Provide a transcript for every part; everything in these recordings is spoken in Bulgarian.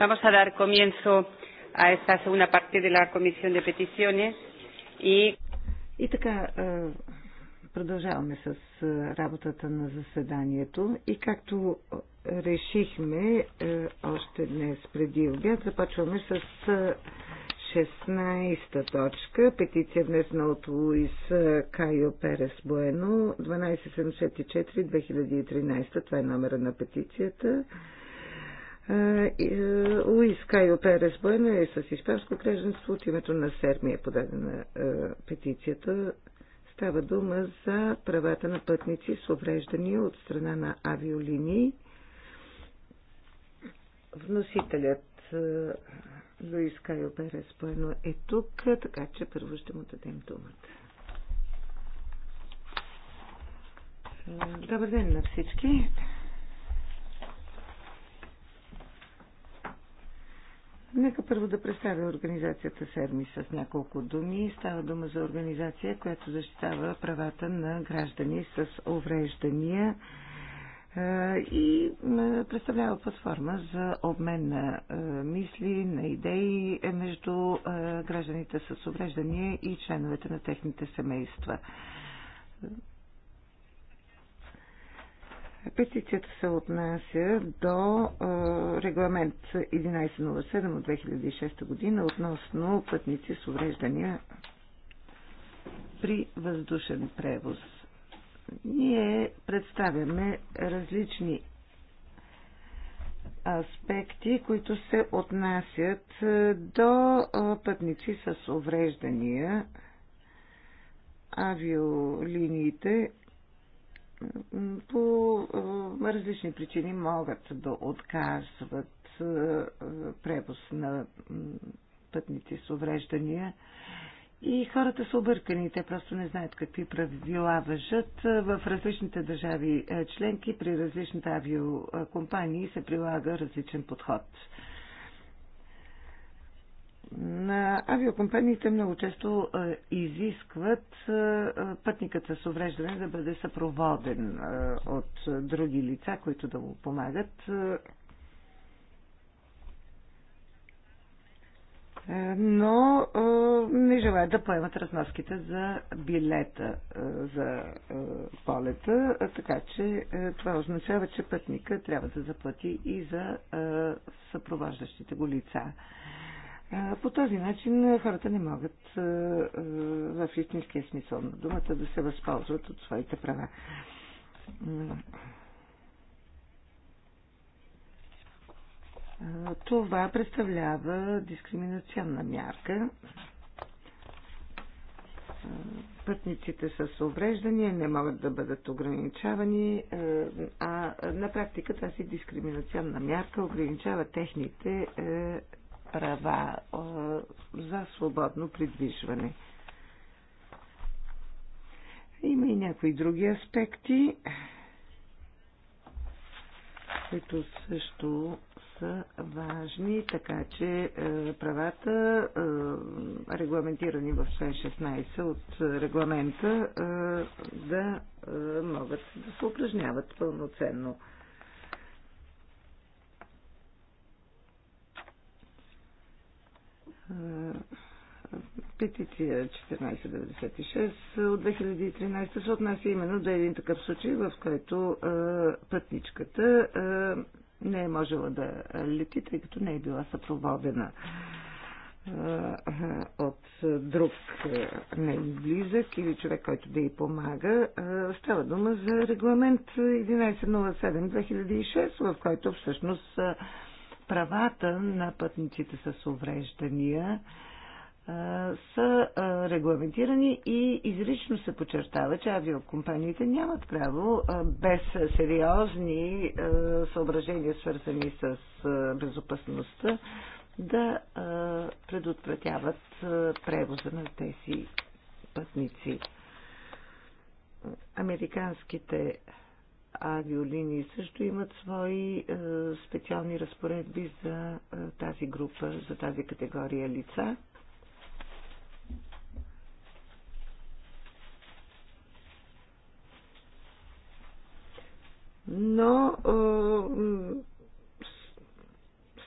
Vamos a dar comienzo a esta segunda parte de la Comisión de Peticiones и... И така, продължаваме с работата на заседанието и както решихме още днес преди обяд, започваме с 16-та точка. Петиция внесена от Луис Кайо Перес Буено 1274-2013. Това е номера на петицията. Е, е, Луис Кайо Перес Буена е с испанско гражданство от името на Сермия подадена е, петицията. Става дума за правата на пътници с увреждания от страна на авиолинии. Вносителят Луис Кайо Перес Буено е тук, така че първо ще му дадем думата. Добър ден на всички. Нека първо да представя организацията СЕРМИ с няколко думи. Става дума за организация, която защитава правата на граждани с увреждания е, и представлява платформа за обмен на е, мисли, на идеи е, между гражданите с увреждания и членовете на техните семейства. Петицията се отнася до регламент 1107 от 2006 година относно пътници с увреждания при въздушен превоз. Ние представяме различни аспекти, които се отнасят до пътници с увреждания, авиолиниите по различни причини могат да отказват превоз на пътници с увреждания. И хората са объркани, те просто не знаят какви правила въжат. В различните държави е, членки при различните авиокомпании се прилага различен подход. На авиокомпаниите много често е, изискват е, пътникът с увреждане да бъде съпроводен е, от други лица, които да му помагат. Но не желаят да поемат разноските за билета за полета, така че това означава, че пътника трябва да заплати и за съпровождащите го лица. По този начин хората не могат в истинския смисъл на думата да се възползват от своите права. Това представлява дискриминационна мярка. Пътниците с увреждания не могат да бъдат ограничавани, а на практика тази дискриминационна мярка ограничава техните е, права за свободно придвижване. Има и някои други аспекти, които също са важни, така че е, правата, е, регламентирани в член 16 от регламента, е, да могат да се упражняват пълноценно. петиция 1496 от 2013 се отнася именно до един такъв случай, в който а, пътничката а, не е можела да лети, тъй като не е била съпроводена от друг не близък или човек, който да й помага. става дума за регламент 1107-2006, в който всъщност правата на пътниците с увреждания са регламентирани и изрично се подчертава, че авиокомпаниите нямат право без сериозни съображения, свързани с безопасността, да предотвратяват превоза на тези пътници. Американските авиолинии също имат свои е, специални разпоредби за е, тази група, за тази категория лица. Но е,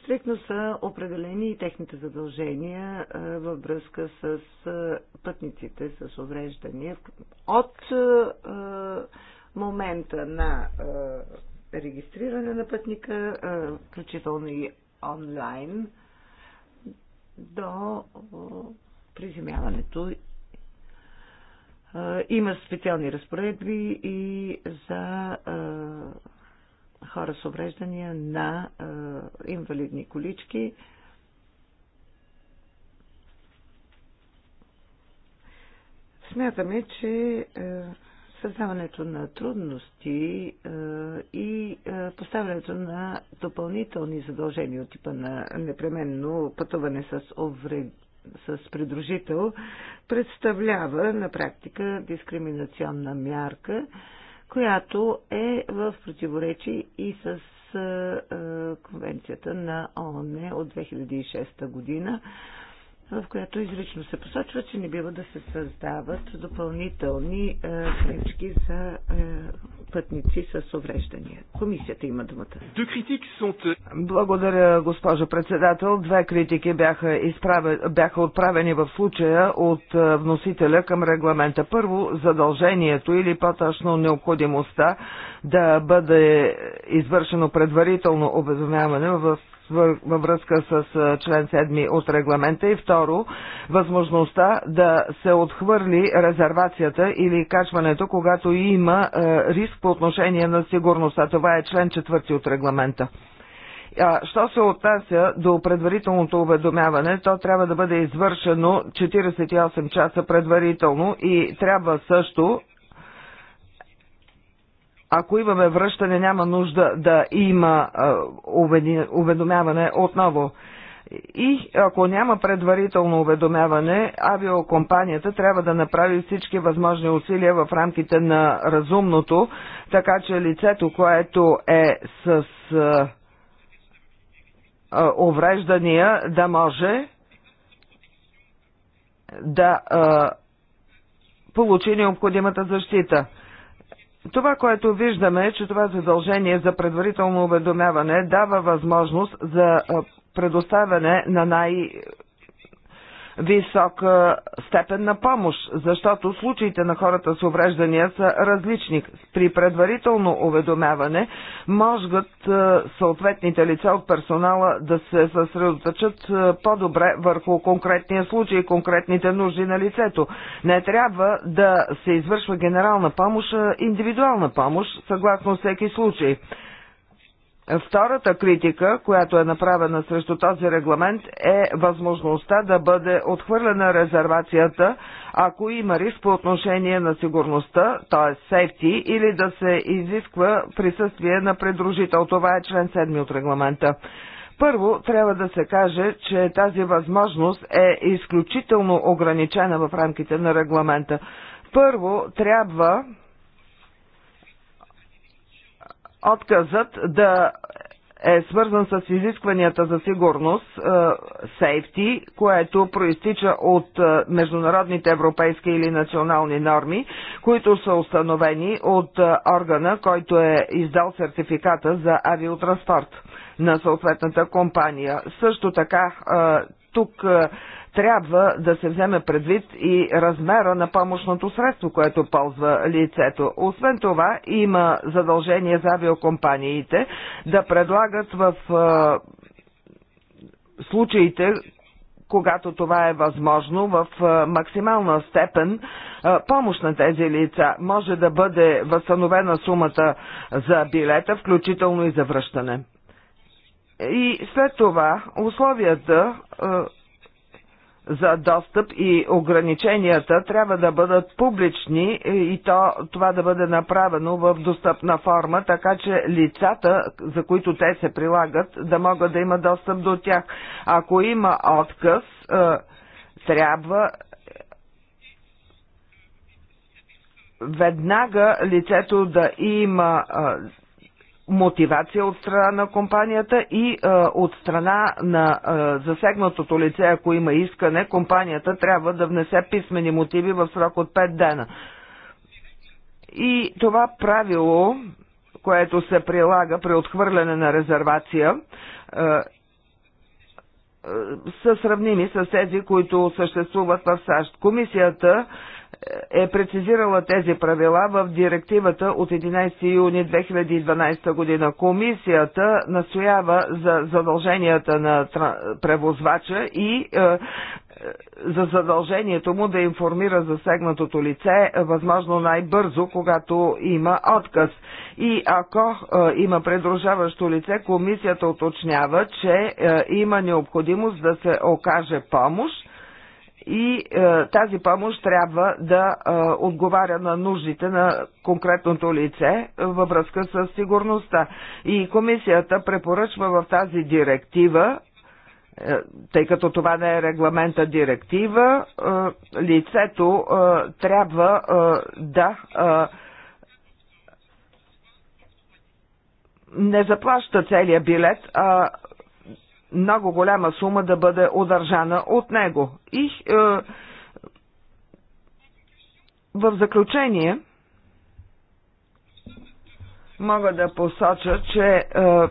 стрикно са определени и техните задължения във връзка с пътниците с увреждания от момента на е, регистриране на пътника, е, включително и онлайн, до е, приземяването. Има специални разпоредби и за хора с обреждания на инвалидни колички. Смятаме, че създаването на трудности и поставянето на допълнителни задължения от типа на непременно пътуване с, овред, с придружител представлява на практика дискриминационна мярка, която е в противоречие и с Конвенцията на ООН от 2006 година в която изрично се посочва, че не бива да се създават допълнителни е, пречки за е, пътници с увреждания. Комисията има думата. Euh, Благодаря, госпожо председател. Две критики бяха, изправе, бяха отправени в случая от е, вносителя към регламента. Първо, задължението или по-точно необходимостта да бъде извършено предварително обезумяване в във връзка с член 7 от регламента и второ, възможността да се отхвърли резервацията или качването, когато има риск по отношение на сигурността. Това е член 4 от регламента. А, що се отнася до предварителното уведомяване, то трябва да бъде извършено 48 часа предварително и трябва също ако имаме връщане, няма нужда да има уведомяване отново. И ако няма предварително уведомяване, авиокомпанията трябва да направи всички възможни усилия в рамките на разумното, така че лицето, което е с увреждания, да може да получи необходимата защита. Това, което виждаме е, че това задължение за предварително уведомяване дава възможност за предоставяне на най- висока степен на помощ, защото случаите на хората с увреждания са различни. При предварително уведомяване могат е, съответните лица от персонала да се съсредоточат е, по-добре върху конкретния случай и конкретните нужди на лицето. Не трябва да се извършва генерална помощ, а индивидуална помощ, съгласно всеки случай. Втората критика, която е направена срещу този регламент е възможността да бъде отхвърлена резервацията, ако има риск по отношение на сигурността, т.е. сейфти, или да се изисква присъствие на предружител. Това е член 7 от регламента. Първо, трябва да се каже, че тази възможност е изключително ограничена в рамките на регламента. Първо, трябва Отказът да е свързан с изискванията за сигурност, сейфти, което проистича от е, международните европейски или национални норми, които са установени от е, органа, който е издал сертификата за авиотранспорт на съответната компания. Също така е, тук трябва да се вземе предвид и размера на помощното средство, което ползва лицето. Освен това, има задължение за авиокомпаниите да предлагат в случаите, когато това е възможно, в максимална степен помощ на тези лица. Може да бъде възстановена сумата за билета, включително и за връщане. И след това условията за достъп и ограниченията трябва да бъдат публични и то, това да бъде направено в достъпна форма, така че лицата, за които те се прилагат, да могат да имат достъп до тях. Ако има отказ, е, трябва веднага лицето да има е, мотивация от страна на компанията и а, е, от страна на а, е, засегнатото лице, ако има искане, компанията трябва да внесе писмени мотиви в срок от 5 дена. И това правило, което се прилага при отхвърляне на резервация, а, е, са сравними с тези, които съществуват в САЩ. Комисията е прецизирала тези правила в директивата от 11 юни 2012 година. Комисията настоява за задълженията на превозвача и е, е, за задължението му да информира засегнатото лице възможно най-бързо, когато има отказ. И ако е, има предружаващо лице, комисията уточнява, че е, има необходимост да се окаже помощ и е, тази помощ трябва да е, отговаря на нуждите на конкретното лице във връзка с сигурността. И комисията препоръчва в тази директива, е, тъй като това не е регламента директива, е, лицето е, трябва е, да. Е, не заплаща целия билет, а много голяма сума да бъде удържана от него. И е, в заключение, Мога да посоча, че е,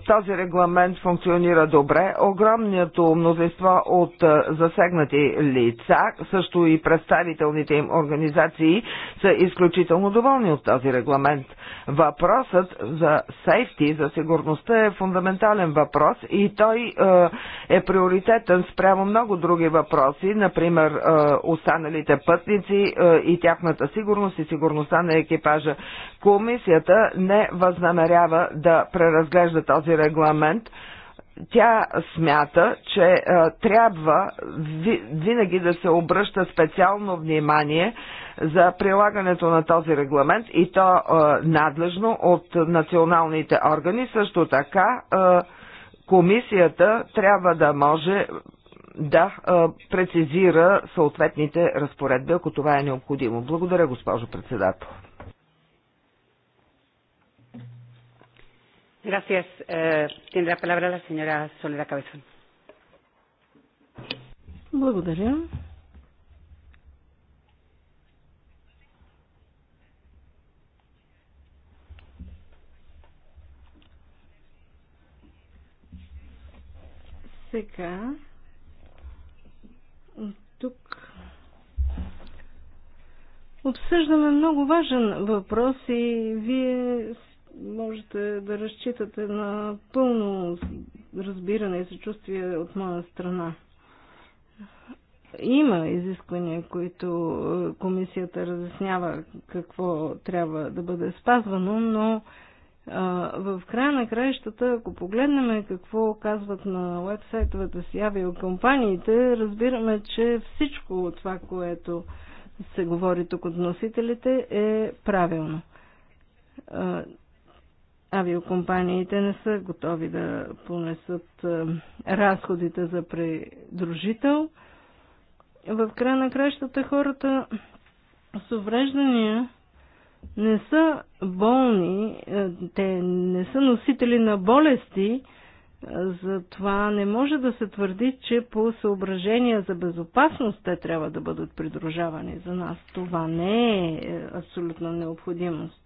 този регламент функционира добре. Огромното мнозинство от е, засегнати лица, също и представителните им организации, са изключително доволни от този регламент. Въпросът за сейфти, за сигурността е фундаментален въпрос и той е, е приоритетен спрямо много други въпроси, например е, останалите пътници е, и тяхната сигурност и сигурността на екипажа. Комисията не възможност възнамерява да преразглежда този регламент. Тя смята, че е, трябва винаги да се обръща специално внимание за прилагането на този регламент и то е, надлежно от националните органи. Също така е, комисията трябва да може да е, прецизира съответните разпоредби, ако това е необходимо. Благодаря, госпожо председател. Gracias. Eh, tiene la palabra la señora Soledad Cabezón. Благодаря. Сега тук обсъждаме много важен въпрос и вие можете да разчитате на пълно разбиране и съчувствие от моя страна. Има изисквания, които е, комисията разяснява какво трябва да бъде спазвано, но е, в края на краищата, ако погледнем какво казват на вебсайтовете си авиокомпаниите, разбираме, че всичко това, което се говори тук от носителите, е правилно. Е, авиокомпаниите не са готови да понесат е, разходите за придружител. В края на кращата хората с увреждания не са болни, е, те не са носители на болести, е, затова не може да се твърди, че по съображения за безопасност те трябва да бъдат придружавани. За нас това не е абсолютна необходимост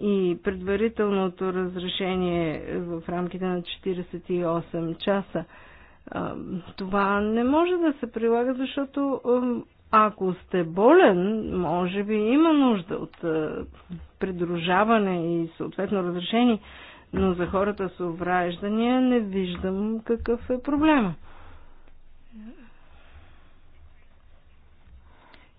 и предварителното разрешение в рамките на 48 часа. Това не може да се прилага, защото ако сте болен, може би има нужда от придружаване и съответно разрешение, но за хората с увреждания не виждам какъв е проблема.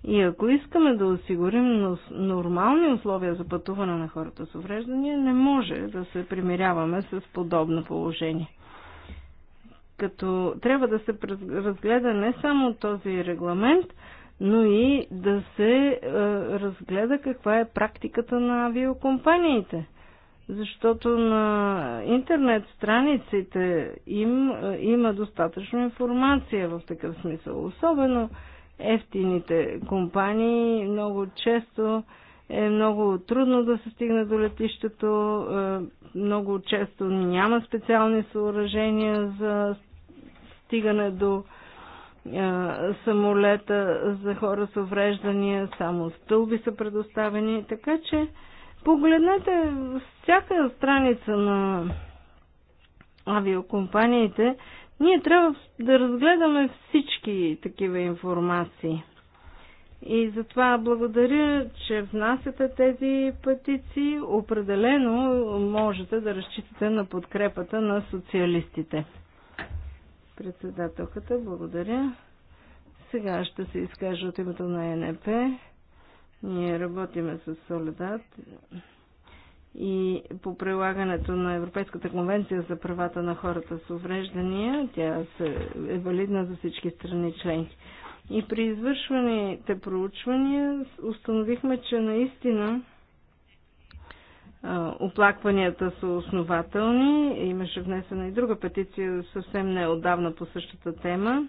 И ако искаме да осигурим нормални условия за пътуване на хората с увреждания, не може да се примиряваме с подобно положение. Като трябва да се разгледа не само този регламент, но и да се е, разгледа каква е практиката на авиокомпаниите. Защото на интернет страниците им е, има достатъчно информация в такъв смисъл. Особено ефтините компании. Много често е много трудно да се стигне до летището, е, много често няма специални съоръжения за стигане до е, самолета за хора с увреждания, само стълби са предоставени, така че погледнете всяка страница на авиокомпаниите, ние трябва да разгледаме всички такива информации. И затова благодаря, че внасяте тези петиции. Определено можете да разчитате на подкрепата на социалистите. Председателката, благодаря. Сега ще се изкажа от името на ЕНП. Ние работиме с Соледат и по прилагането на Европейската конвенция за правата на хората с увреждания. Тя е валидна за всички страни членки. И при извършваните проучвания установихме, че наистина оплакванията са основателни. Имаше внесена и друга петиция съвсем неодавна по същата тема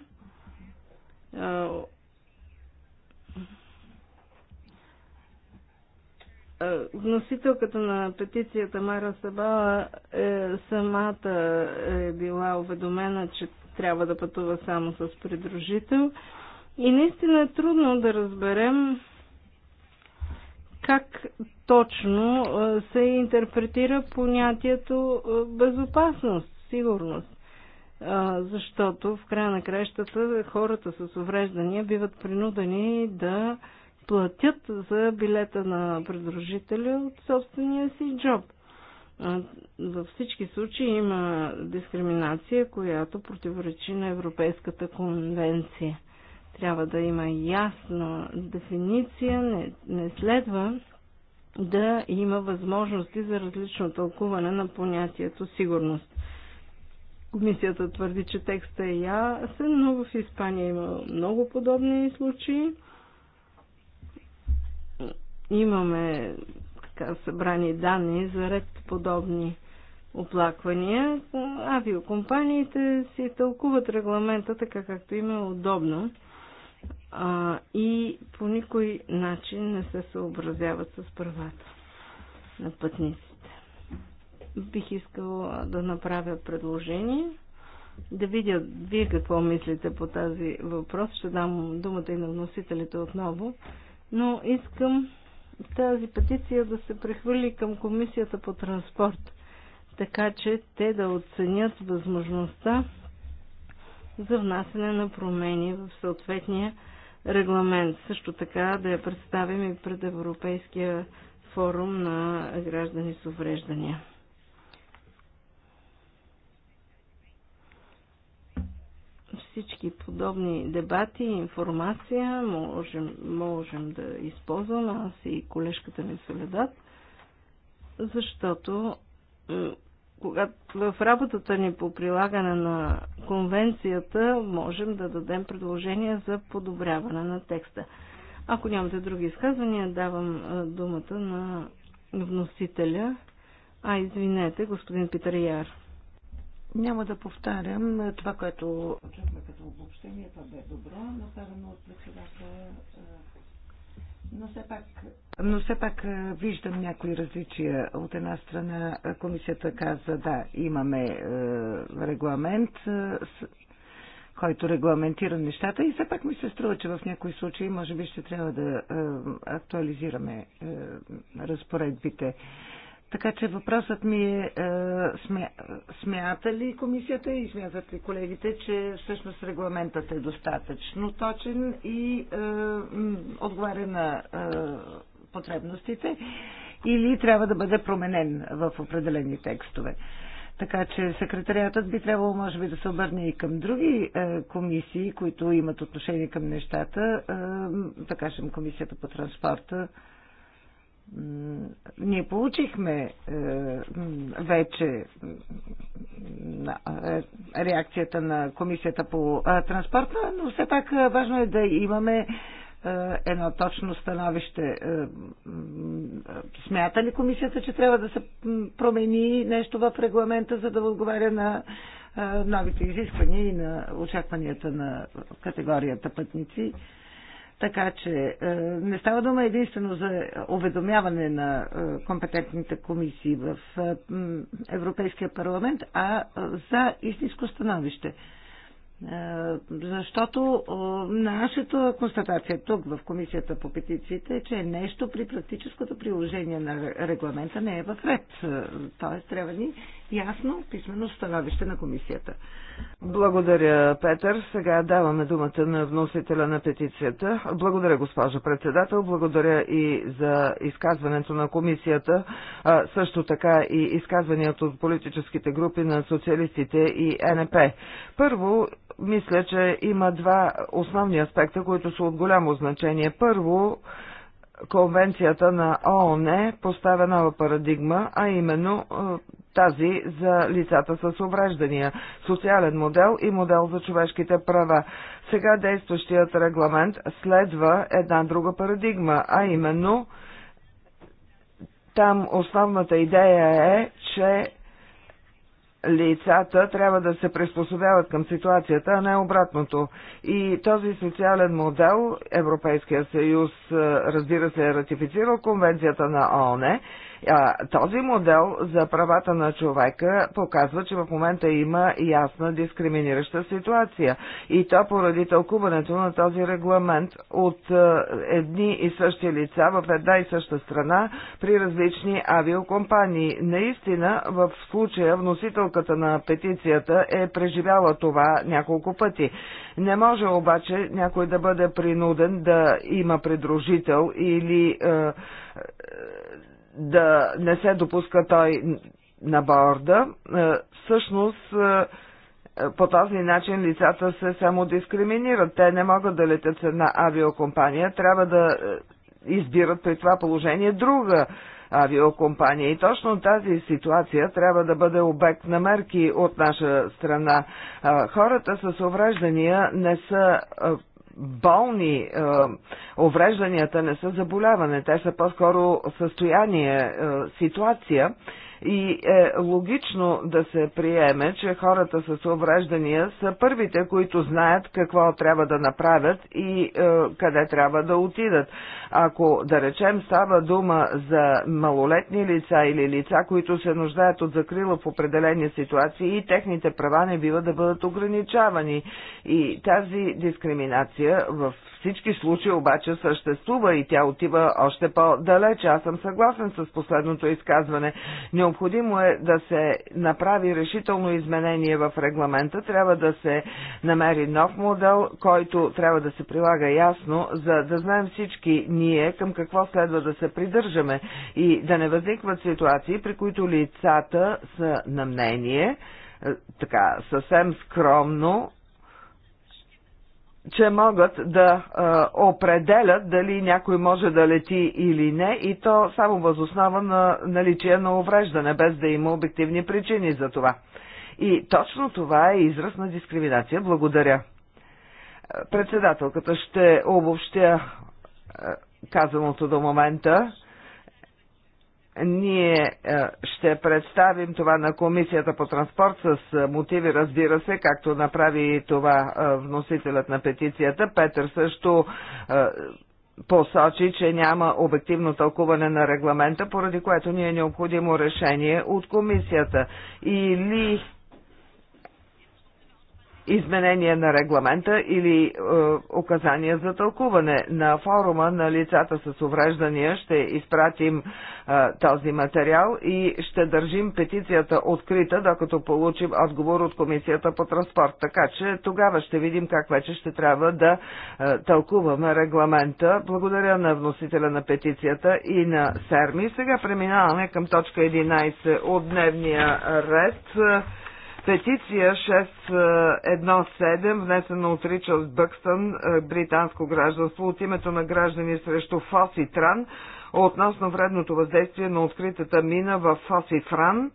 Е, вносителката на петицията Мара Сабала е, самата е била уведомена, че трябва да пътува само с придружител. И наистина е трудно да разберем как точно е, се интерпретира понятието е, безопасност, сигурност. Защото в края на крещата хората с увреждания биват принудени да платят за билета на придружителя от собствения си джоб. Във всички случаи има дискриминация, която противоречи на Европейската конвенция. Трябва да има ясна дефиниция, не, не следва да има възможности за различно тълкуване на понятието сигурност. Комисията твърди, че текста е ясен, но в Испания има много подобни случаи имаме така, събрани данни за ред подобни оплаквания. Авиокомпаниите си тълкуват регламента така, както им е удобно а, и по никой начин не се съобразяват с правата на пътниците. Бих искала да направя предложение, да видя вие какво мислите по тази въпрос. Ще дам думата и на вносителите отново, но искам тази петиция да се прехвърли към Комисията по транспорт, така че те да оценят възможността за внасене на промени в съответния регламент. Също така да я представим и пред Европейския форум на граждани с увреждания. всички подобни дебати и информация можем, можем да използвам аз и колежката ми Соледат, защото когато в работата ни по прилагане на конвенцията можем да дадем предложения за подобряване на текста. Ако нямате други изказвания, давам думата на вносителя. А, извинете, господин Питър Яр. Няма да повтарям това, което чухме като обобщение. Това бе добро, направено от председателя. Но все, пак... Но все пак виждам някои различия. От една страна комисията каза, да, имаме е, регламент, е, който регламентира нещата и все пак ми се струва, че в някои случаи може би ще трябва да е, актуализираме е, разпоредбите. Е, така че въпросът ми е, е, смя, смята ли комисията и смятат ли колегите, че всъщност регламентът е достатъчно точен и е, отговаря на е, потребностите или трябва да бъде променен в определени текстове. Така че секретариатът би трябвало, може би, да се обърне и към други е, комисии, които имат отношение към нещата, е, да кажем комисията по транспорта, ние получихме е, вече е, реакцията на Комисията по е, транспорта, но все пак е, важно е да имаме е, едно точно становище. Е, е, смята ли Комисията, че трябва да се промени нещо в регламента, за да отговаря на е, новите изисквания и на очакванията на категорията пътници? Така че е, не става дума единствено за уведомяване на е, компетентните комисии в е, Европейския парламент, а за истинско становище. Защото нашата констатация тук в Комисията по петициите е, че нещо при практическото приложение на регламента не е в ред. Тоест трябва ни ясно писмено становище на комисията. Благодаря, Петър. Сега даваме думата на вносителя на петицията. Благодаря, госпожо председател. Благодаря и за изказването на комисията, а, също така и изказванията от политическите групи на социалистите и НП. Първо, мисля, че има два основни аспекта, които са от голямо значение. Първо, конвенцията на ООН е поставя нова парадигма, а именно е, тази за лицата с увреждания, социален модел и модел за човешките права. Сега действащият регламент следва една друга парадигма, а именно там основната идея е, че лицата трябва да се приспособяват към ситуацията, а не обратното. И този социален модел Европейския съюз, разбира се, е ратифицирал конвенцията на ООН този модел за правата на човека показва, че в момента има ясна дискриминираща ситуация и то поради тълкуването на този регламент от едни и същи лица в една и съща страна при различни авиокомпании. Наистина, в случая вносителката на петицията е преживяла това няколко пъти. Не може обаче някой да бъде принуден да има придружител или да не се допуска той на борда. Е, всъщност, е, е, по този начин лицата се само дискриминират. Те не могат да летят с една авиокомпания, трябва да избират при това положение друга авиокомпания. И точно тази ситуация трябва да бъде обект на мерки от наша страна. Хората с увреждания не са болни, е, уврежданията не са заболяване, те са по-скоро състояние, е, ситуация и е логично да се приеме, че хората с увреждания са първите, които знаят какво трябва да направят и е, къде трябва да отидат. Ако, да речем, става дума за малолетни лица или лица, които се нуждаят от закрила в определени ситуации и техните права не бива да бъдат ограничавани. И тази дискриминация в всички случаи обаче съществува и тя отива още по-далеч. Аз съм съгласен с последното изказване. Необходимо е да се направи решително изменение в регламента. Трябва да се намери нов модел, който трябва да се прилага ясно, за да знаем всички ние към какво следва да се придържаме и да не възникват ситуации, при които лицата са на мнение, е, така съвсем скромно, че могат да а, определят дали някой може да лети или не и то само възоснова на наличие на увреждане, без да има обективни причини за това. И точно това е израз на дискриминация. Благодаря. Председателката ще обобщя казаното до момента. Ние е, ще представим това на Комисията по транспорт с е, мотиви, разбира се, както направи това е, вносителят на петицията. Петър също посочи, че няма обективно тълкуване на регламента, поради което ни е необходимо решение от комисията. Или изменение на регламента или е, указания за тълкуване. На форума на лицата с увреждания ще изпратим е, този материал и ще държим петицията открита, докато получим отговор от Комисията по транспорт. Така че тогава ще видим как вече ще трябва да е, тълкуваме регламента. Благодаря на вносителя на петицията и на Серми. Сега преминаваме към точка 11 от дневния ред. Петиция 617, е, внесена от Ричард Бъкстън, е, британско гражданство, от името на граждани срещу Фоси Тран, относно вредното въздействие на откритата мина в Фоси Фран.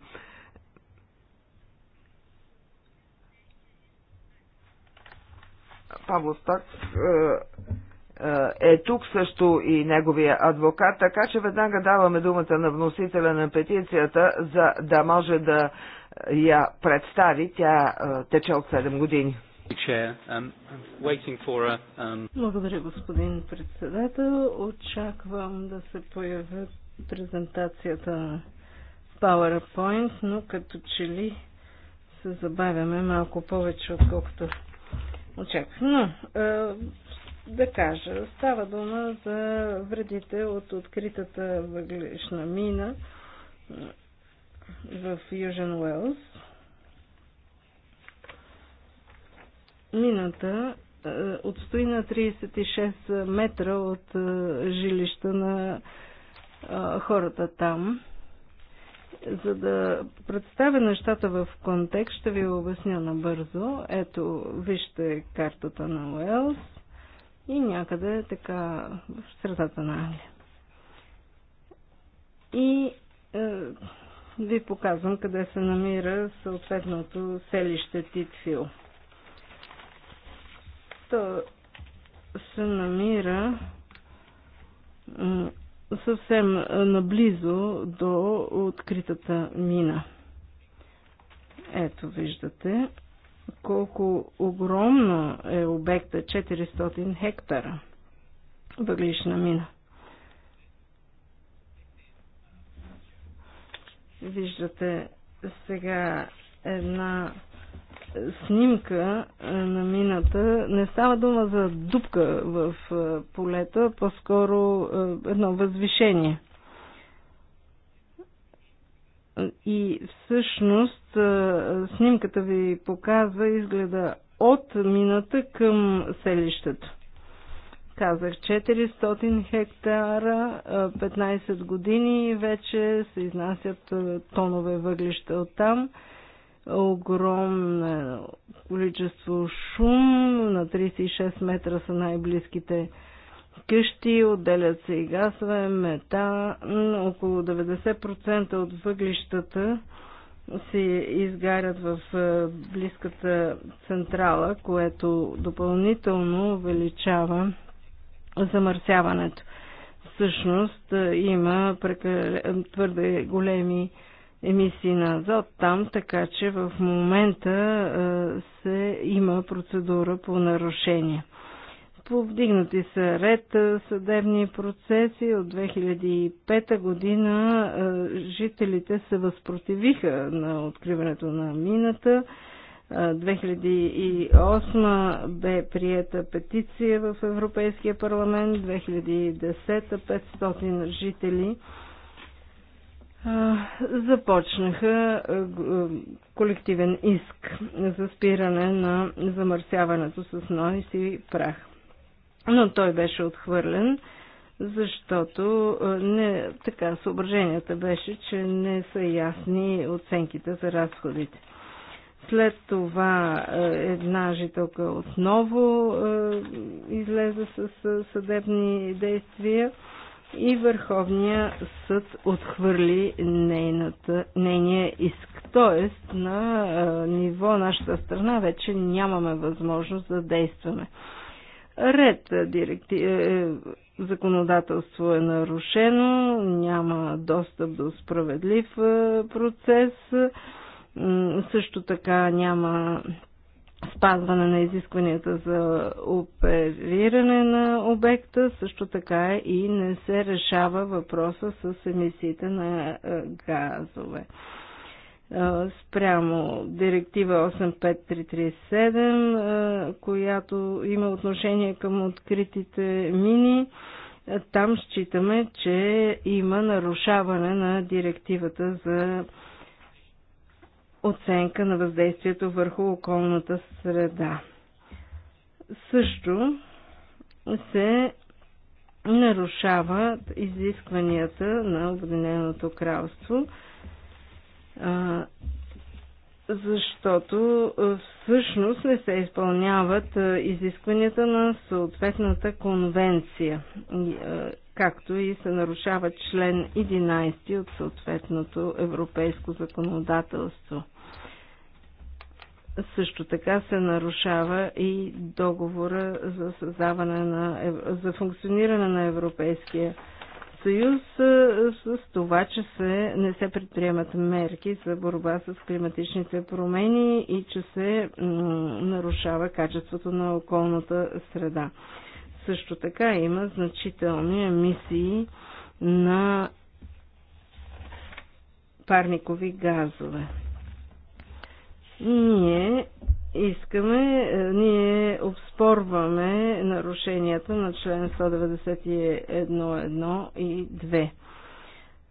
Павло Стак, е, е тук също и неговия адвокат, така че веднага даваме думата на вносителя на петицията, за да може да я представи. Тя е, тече от 7 години. Um, um, Благодаря, господин председател. Очаквам да се появи презентацията на PowerPoint, но като че ли се забавяме малко повече, отколкото очаквам. Но е, да кажа. Става дума за вредите от откритата въглешна мина в Южен Уелс. Мината е, отстои на 36 метра от е, жилища на е, хората там. За да представя нещата в контекст, ще ви обясня набързо. Ето, вижте картата на Уелс и някъде така в средата на Англия. И е, ви показвам къде се намира съответното селище Титфил. То се намира съвсем е, наблизо до откритата мина. Ето виждате, колко огромно е обекта 400 хектара въглишна мина. Виждате сега една снимка е, на мината. Не става дума за дупка в е, полета, по-скоро е, едно възвишение – и всъщност снимката ви показва изгледа от мината към селището. Казах 400 хектара, 15 години вече се изнасят тонове въглища от там. Огромно количество шум, на 36 метра са най-близките къщи, отделят се и газове, мета. около 90% от въглищата се изгарят в близката централа, което допълнително увеличава замърсяването. Всъщност има твърде големи емисии на азот там, така че в момента се има процедура по нарушение. Повдигнати са ред съдебни процеси. От 2005 година жителите се възпротивиха на откриването на мината. 2008 бе приета петиция в Европейския парламент, 2010 500 жители започнаха колективен иск за спиране на замърсяването с нойс и прах но той беше отхвърлен, защото е, не, така, съображенията беше, че не са ясни оценките за разходите. След това е, една жителка отново е, излезе с съдебни действия и Върховния съд отхвърли нейната, нейния иск. Тоест на ниво нашата страна вече нямаме възможност да действаме ред е, директи... Е, е, законодателство е нарушено, няма достъп до справедлив процес, също така няма спазване на изискванията за опериране на обекта, също така и не се решава въпроса с емисиите на газове спрямо директива 85337, която има отношение към откритите мини. Там считаме, че има нарушаване на директивата за оценка на въздействието върху околната среда. Също се нарушават изискванията на Обединеното кралство защото всъщност не се изпълняват изискванията на съответната конвенция, както и се нарушава член 11 от съответното европейско законодателство. Също така се нарушава и договора за създаване на, за функциониране на Европейския съюз с това, че се, не се предприемат мерки за борба с климатичните промени и че се нарушава качеството на околната среда. Също така има значителни емисии на парникови газове. Ние искаме, е, ние обспорваме нарушенията на член 191.1 и 2.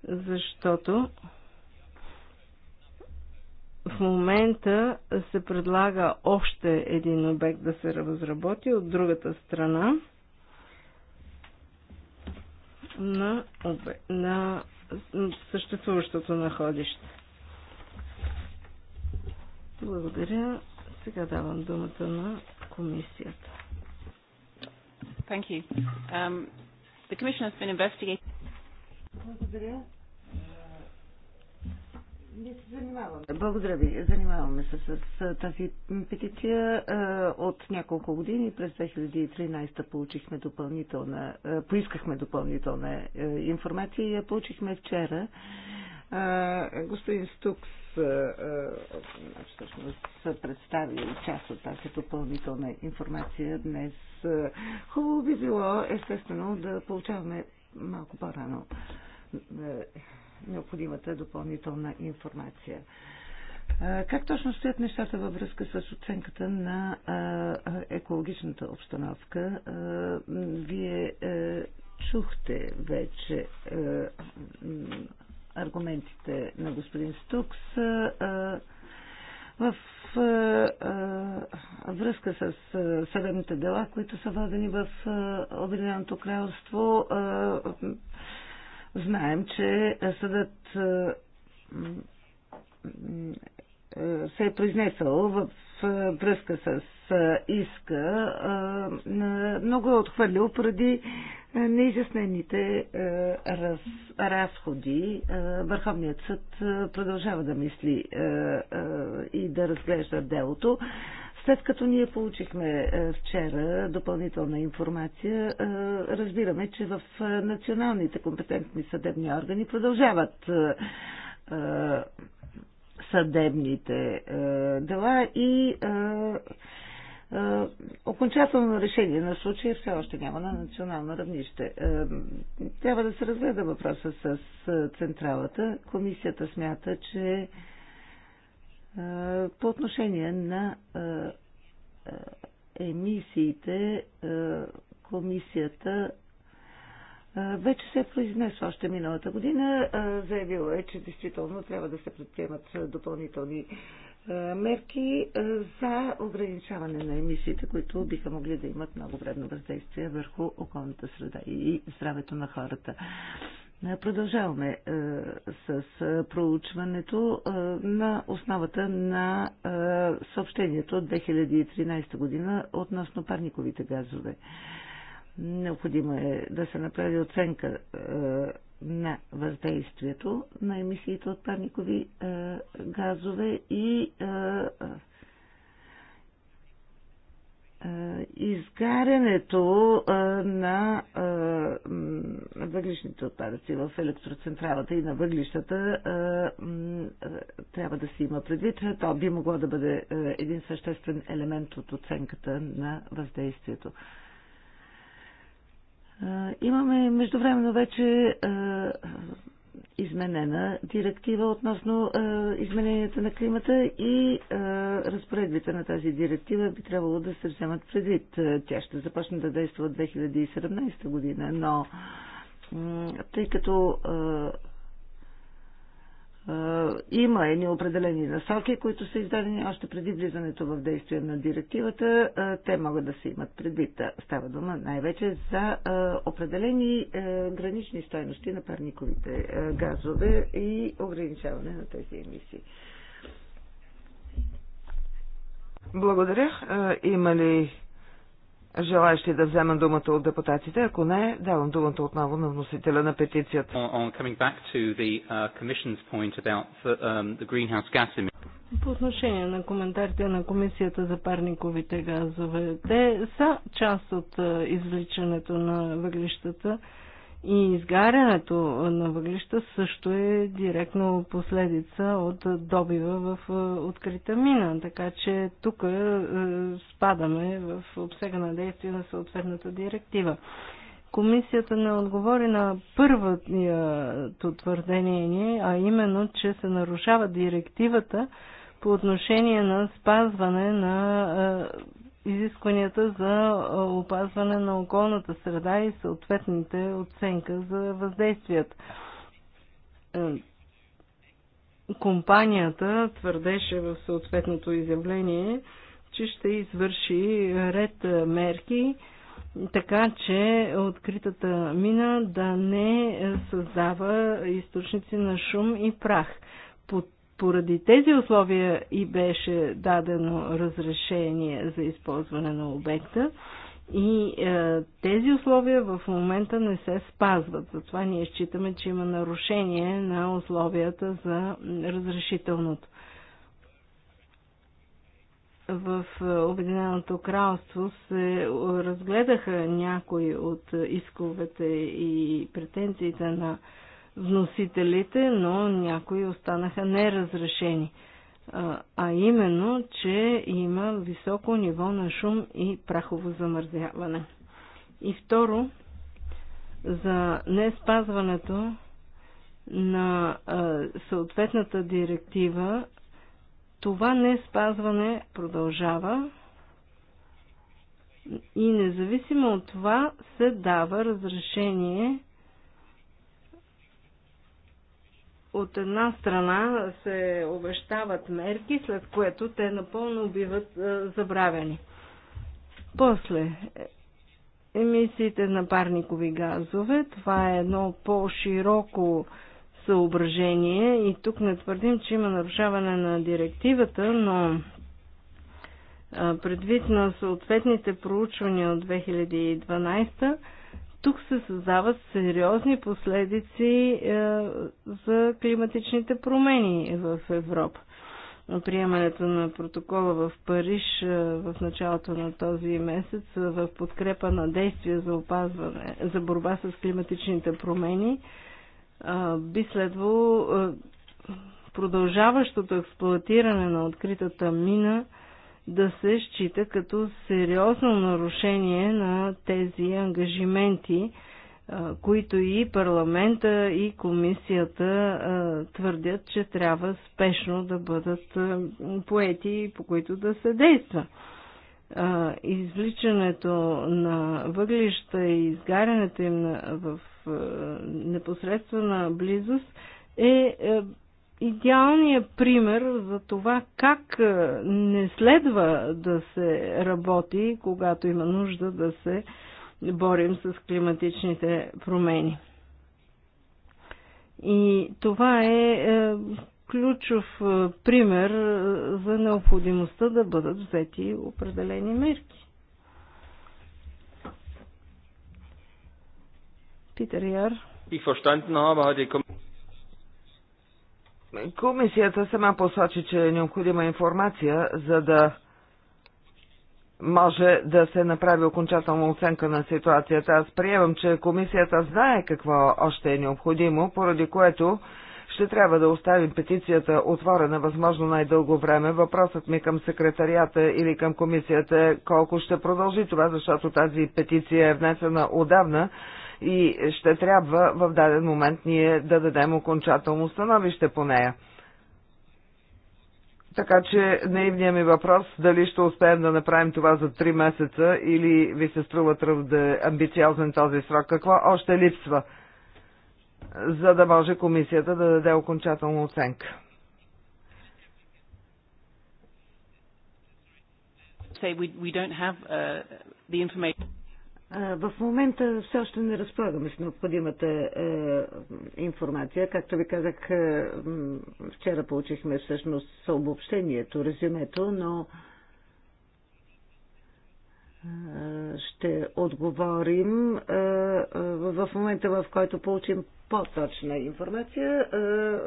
Защото в момента се предлага още един обект да се разработи от другата страна на, обе... на съществуващото находище. Благодаря. Сега давам думата на комисията. Thank you. Um, the commission has been investigating. Благодаря. Ние се занимаваме. Благодаря ви. Занимаваме се с, с тази петиция. От няколко години, през 2013 получихме допълнителна, поискахме допълнителна информация и я получихме вчера. Господин Стукс е, е, всъщност са представили част от тази допълнителна информация днес. Хубаво би било, естествено, да получаваме малко по-рано е, необходимата допълнителна информация. Как точно стоят нещата във връзка с оценката на екологичната обстановка? Вие чухте вече аргументите на господин Стукс в връзка с съдебните дела, които са водени в Обединеното кралство. Знаем, че съдът е, се е произнесъл в връзка с иска, много е отхвърлил поради неизяснените раз, разходи. Върховният съд продължава да мисли и да разглежда делото. След като ние получихме вчера допълнителна информация, разбираме, че в националните компетентни съдебни органи продължават съдебните е, дела и е, е, окончателно решение на случая все още няма на национално равнище. Трябва да се разгледа въпроса с централата. Комисията смята, че по отношение на емисиите комисията вече се е произнесла още миналата година. Заявила е, че действително трябва да се предприемат допълнителни мерки за ограничаване на емисиите, които биха могли да имат много вредно въздействие върху околната среда и здравето на хората. Продължаваме с проучването на основата на съобщението от 2013 година относно парниковите газове. Необходимо е да се направи оценка е, на въздействието на емисиите от парникови е, газове и е, изгарянето на въглишните отпадъци в електроцентралата и на въглищата трябва да се има предвид. То би могло да бъде един съществен елемент от оценката на въздействието. Имаме междувременно вече изменена директива относно измененията на климата и разпоредбите на тази директива би трябвало да се вземат предвид. Тя ще започне да действа от 2017 година, но тъй като е, има едни определени насоки, които са издадени още преди влизането в действие на директивата. Е, те могат да се имат предвид. Е, става дума най-вече за определени гранични стойности на парниковите газове и ограничаване на тези емисии. Благодаря. Има ли Желаещи да взема думата от депутатите? Ако не, давам думата отново на вносителя на петицията. Uh, um, По отношение на коментарите на Комисията за парниковите газове, те са част от извличането на въглищата и изгарянето на въглища също е директно последица от добива в е, открита мина, така че тук е, спадаме в обсега на действие на съответната директива. Комисията не отговори на първото твърдение, а именно, че се нарушава директивата по отношение на спазване на е, изискванията за опазване на околната среда и съответните оценка за въздействията. Е, компанията твърдеше в съответното изявление, че ще извърши ред мерки, така че откритата мина да не създава източници на шум и прах. По поради тези условия и беше дадено разрешение за използване на обекта. И е, тези условия в момента не се спазват. Затова ние считаме, че има нарушение на условията за разрешителното. В е, Обединеното кралство се е, разгледаха някои от исковете и претенциите на вносителите, но някои останаха неразрешени. А именно, че има високо ниво на шум и прахово замързяване. И второ, за не спазването на съответната директива, това не спазване продължава и независимо от това се дава разрешение от една страна се обещават мерки, след което те напълно биват е, забравени. После е, емисиите на парникови газове, това е едно по-широко съображение и тук не твърдим, че има нарушаване на директивата, но е, предвид на съответните проучвания от 2012 тук се създават сериозни последици е, за климатичните промени в Европа. Приемането на протокола в Париж е, в началото на този месец е, в подкрепа на действия за опазване, за борба с климатичните промени би следвало продължаващото експлуатиране на откритата мина – да се счита като сериозно нарушение на тези ангажименти, които и парламента, и комисията твърдят, че трябва спешно да бъдат поети и по които да се действа. Извличането на въглища и изгарянето им в непосредствена близост е, е идеалният пример за това как е, не следва да се работи, когато има нужда да се борим с климатичните промени. И това е, е ключов е, пример за необходимостта да бъдат взети определени мерки. Питер Яр. Ich verstanden habe, hat die Комисията сама посочи, че е необходима информация, за да може да се направи окончателна оценка на ситуацията. Аз приемам, че комисията знае какво още е необходимо, поради което ще трябва да оставим петицията отворена възможно най-дълго време. Въпросът ми към секретарията или към комисията е колко ще продължи това, защото тази петиция е внесена отдавна и ще трябва в даден момент ние да дадем окончателно становище по нея. Така че наивният ми въпрос, дали ще успеем да направим това за 3 месеца или ви се струва е амбициозен този срок, какво още липсва, за да може комисията да даде окончателна оценка? say we, we don't have uh, the information. В момента все още не разполагаме с необходимата е, информация. Както ви казах, е, вчера получихме всъщност съобщението, резюмето, но е, ще отговорим е, е, в момента, в който получим по-точна информация. Е,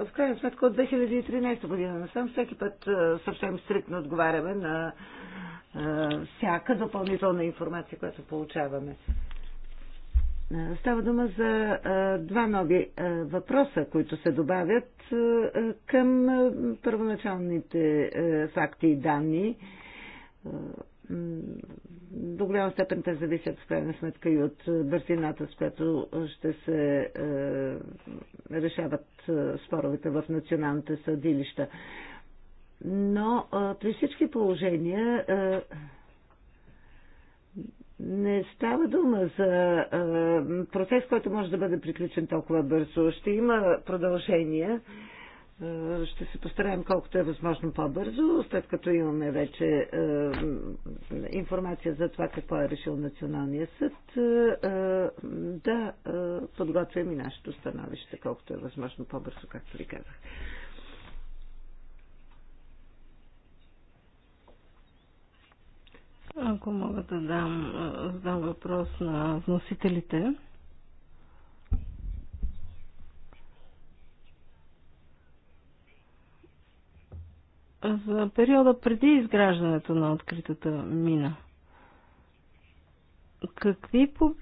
в крайна сметка от 2013 година насам всеки път е, съвсем стриктно отговаряме на е, е, всяка допълнителна информация, която получаваме. Е, става дума за е, два нови въпроса, които се добавят към първоначалните факти и данни. До голяма степен те зависят в крайна сметка и от бързината, с която ще се решават споровете в националните съдилища но при всички положения не става дума за а, процес, който може да бъде приключен толкова бързо. Ще има продължения. А, ще се постараем колкото е възможно по-бързо, след като имаме вече а, информация за това какво е решил Националния съд, а, да а, подготвим и нашето становище колкото е възможно по-бързо, както ви казах. Ако мога да дам, задам въпрос на вносителите. За периода преди изграждането на откритата мина, какви по...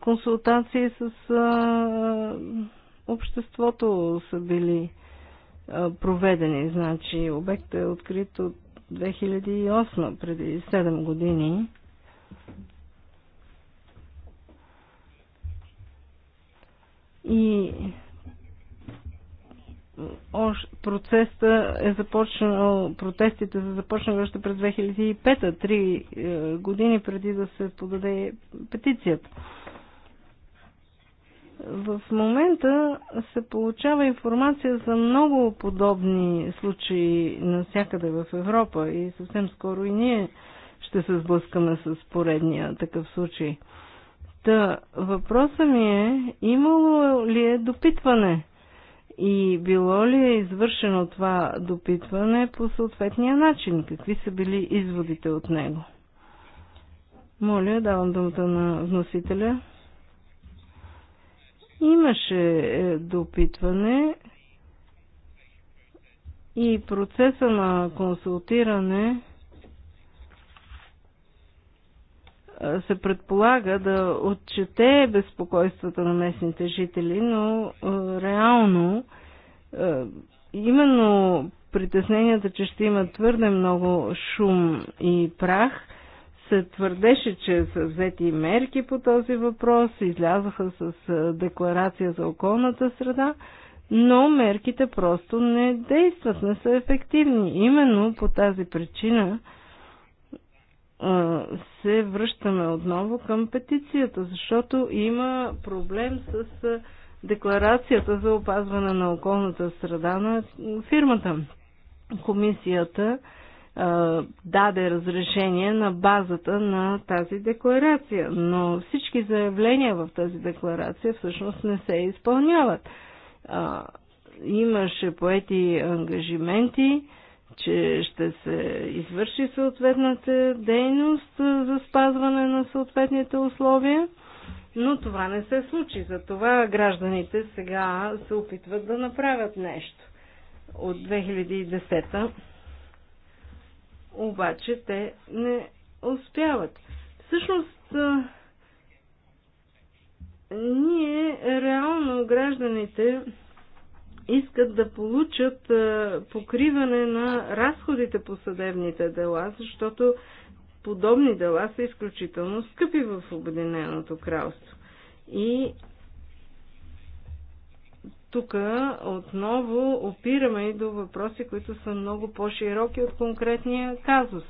консултации с а, обществото са били проведени? Значи обектът е открит от 2008, преди 7 години, и процеса е започнал, протестите са започнали още през 2005, три е, години преди да се подаде петицията. В момента се получава информация за много подобни случаи навсякъде в Европа и съвсем скоро и ние ще се сблъскаме с поредния такъв случай. Та, въпросът ми е, имало ли е допитване? И било ли е извършено това допитване по съответния начин? Какви са били изводите от него? Моля, давам думата на вносителя. Имаше е, допитване и процеса на консултиране е, се предполага да отчете безпокойствата на местните жители, но е, реално именно притесненията, че ще има твърде много шум и прах – се твърдеше, че са взети мерки по този въпрос, излязоха с декларация за околната среда, но мерките просто не действат, не са ефективни. Именно по тази причина се връщаме отново към петицията, защото има проблем с декларацията за опазване на околната среда на фирмата. Комисията даде разрешение на базата на тази декларация. Но всички заявления в тази декларация всъщност не се изпълняват. А, имаше поети ангажименти, че ще се извърши съответната дейност за спазване на съответните условия, но това не се случи. Затова гражданите сега се опитват да направят нещо. От 2010 обаче те не успяват. Всъщност, ние реално гражданите искат да получат покриване на разходите по съдебните дела, защото подобни дела са изключително скъпи в Обединеното кралство. И тук отново опираме и до въпроси, които са много по-широки от конкретния казус.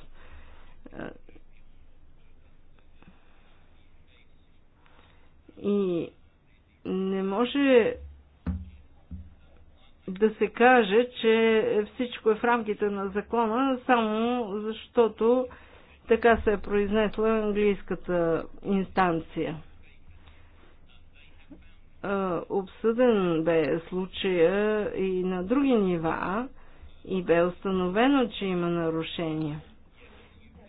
И не може да се каже, че всичко е в рамките на закона, само защото така се е произнесла английската инстанция обсъден бе случая и на други нива и бе установено, че има нарушения.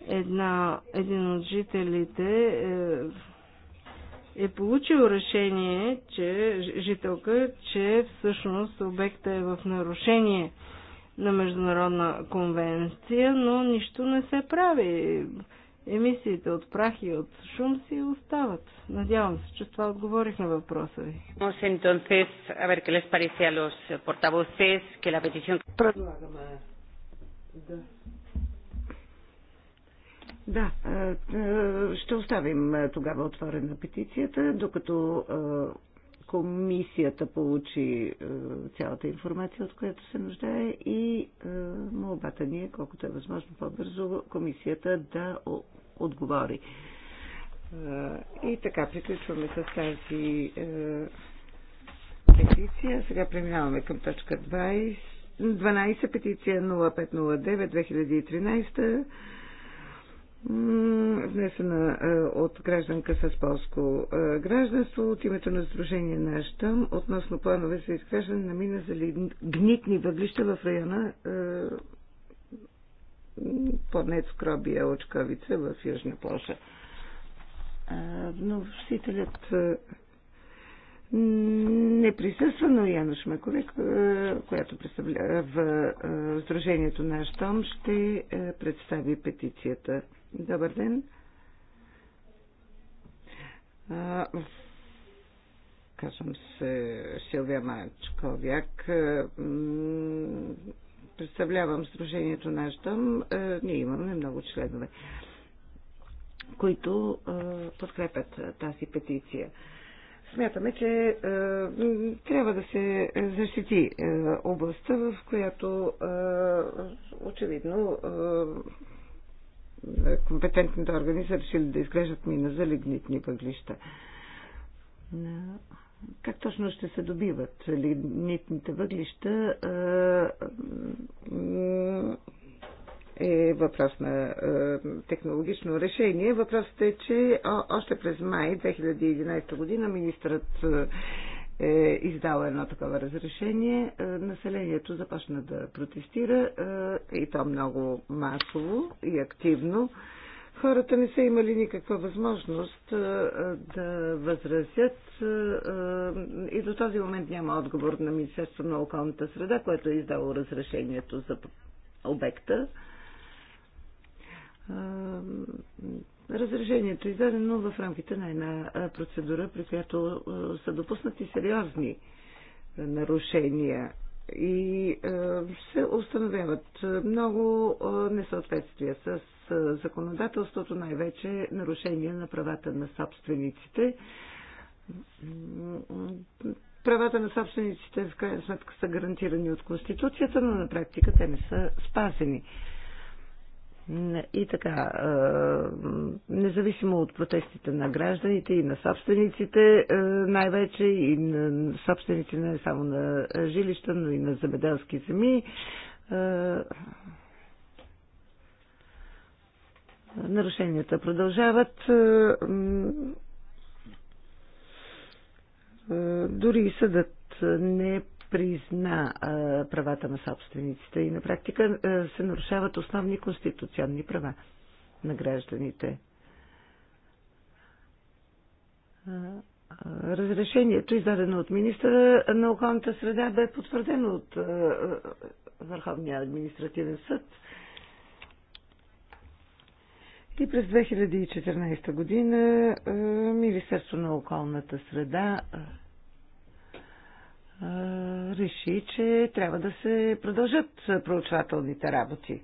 Една, един от жителите е, е получил решение, че жителка, че всъщност обекта е в нарушение на международна конвенция, но нищо не се прави. Е, емисиите от прах и от шум си остават. Надявам се, че това отговорих на въпроса ви. Предлагаме да. Да, е, е, ще оставим е, тогава отворена петицията, докато комисията получи е, цялата информация, от която се нуждае и е, молбата ни е, колкото е възможно по-бързо, комисията да отговори. Е, и така, приключваме с тази петиция. Сега преминаваме към точка 20. 12 петиция 0509-2013 внесена е, от гражданка с полско е, гражданство от името на Сдружение на Штъм относно планове за изграждане на мина за гнитни въглища в района е, Порнец Кробия Очковица в Южна Польша. Но вносителят не присъства, но Яна Маковек, която представлява Сдружението на Штом, ще представи петицията. Добър ден. Казвам се Силвия Мачковяк. Представлявам Сдружението наш дом. Ние имаме много членове, които подкрепят тази петиция смятаме, че е, трябва да се защити е, областта, в която е, очевидно компетентните органи са решили да изглеждат мина за лигнитни въглища. Как точно ще се добиват лигнитните въглища е въпрос на технологично решение. Въпросът е, че още през май 2011 година министърът е издала едно такова разрешение, е, населението започна да протестира е, и то много масово и активно. Хората не са имали никаква възможност е, да възразят и до този момент няма отговор на Министерство на околната среда, което е издало разрешението за обекта Разрежението е издадено в рамките на една процедура, при която са допуснати сериозни нарушения и се установяват много несъответствия с законодателството, най-вече нарушения на правата на собствениците. Правата на собствениците в крайна сметка са гарантирани от Конституцията, но на практика те не са спазени. И така, независимо от протестите на гражданите и на собствениците, най-вече и на собственици не само на жилища, но и на земеделски земи, нарушенията продължават. Дори и съдът не призна правата на собствениците и на практика се нарушават основни конституционни права на гражданите. Разрешението, издадено от министра на околната среда, бе потвърдено от Върховния административен съд. И през 2014 година Министерство на околната среда реши, че трябва да се продължат проучвателните работи.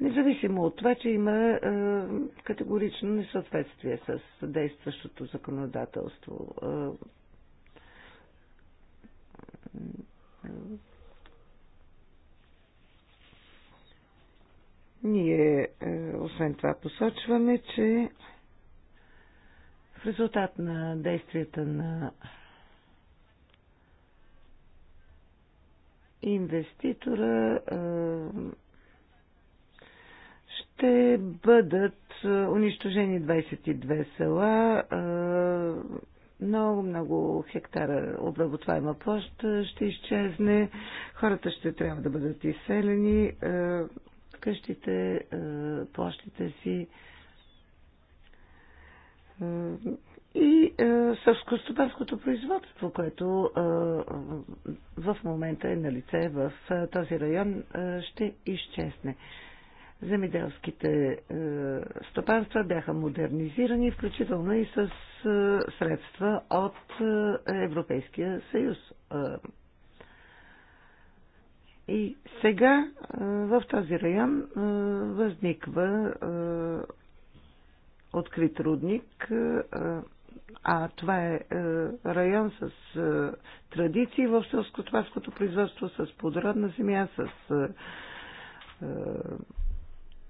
Независимо от това, че има категорично несъответствие с действащото законодателство. Ние, е, освен това, посочваме, че в резултат на действията на инвеститора ще бъдат унищожени 22 села, много, много хектара обработваема площ ще изчезне, хората ще трябва да бъдат изселени, къщите, площите си и е, сърско-стопанското производство, което е, в момента е на лице в е, този район, ще изчезне. Земеделските стопанства бяха модернизирани, включително и с средства от Европейския съюз. И сега в този район възниква открит рудник, е, а това е, е район с е, традиции в селско-тварското производство, с плодородна земя, с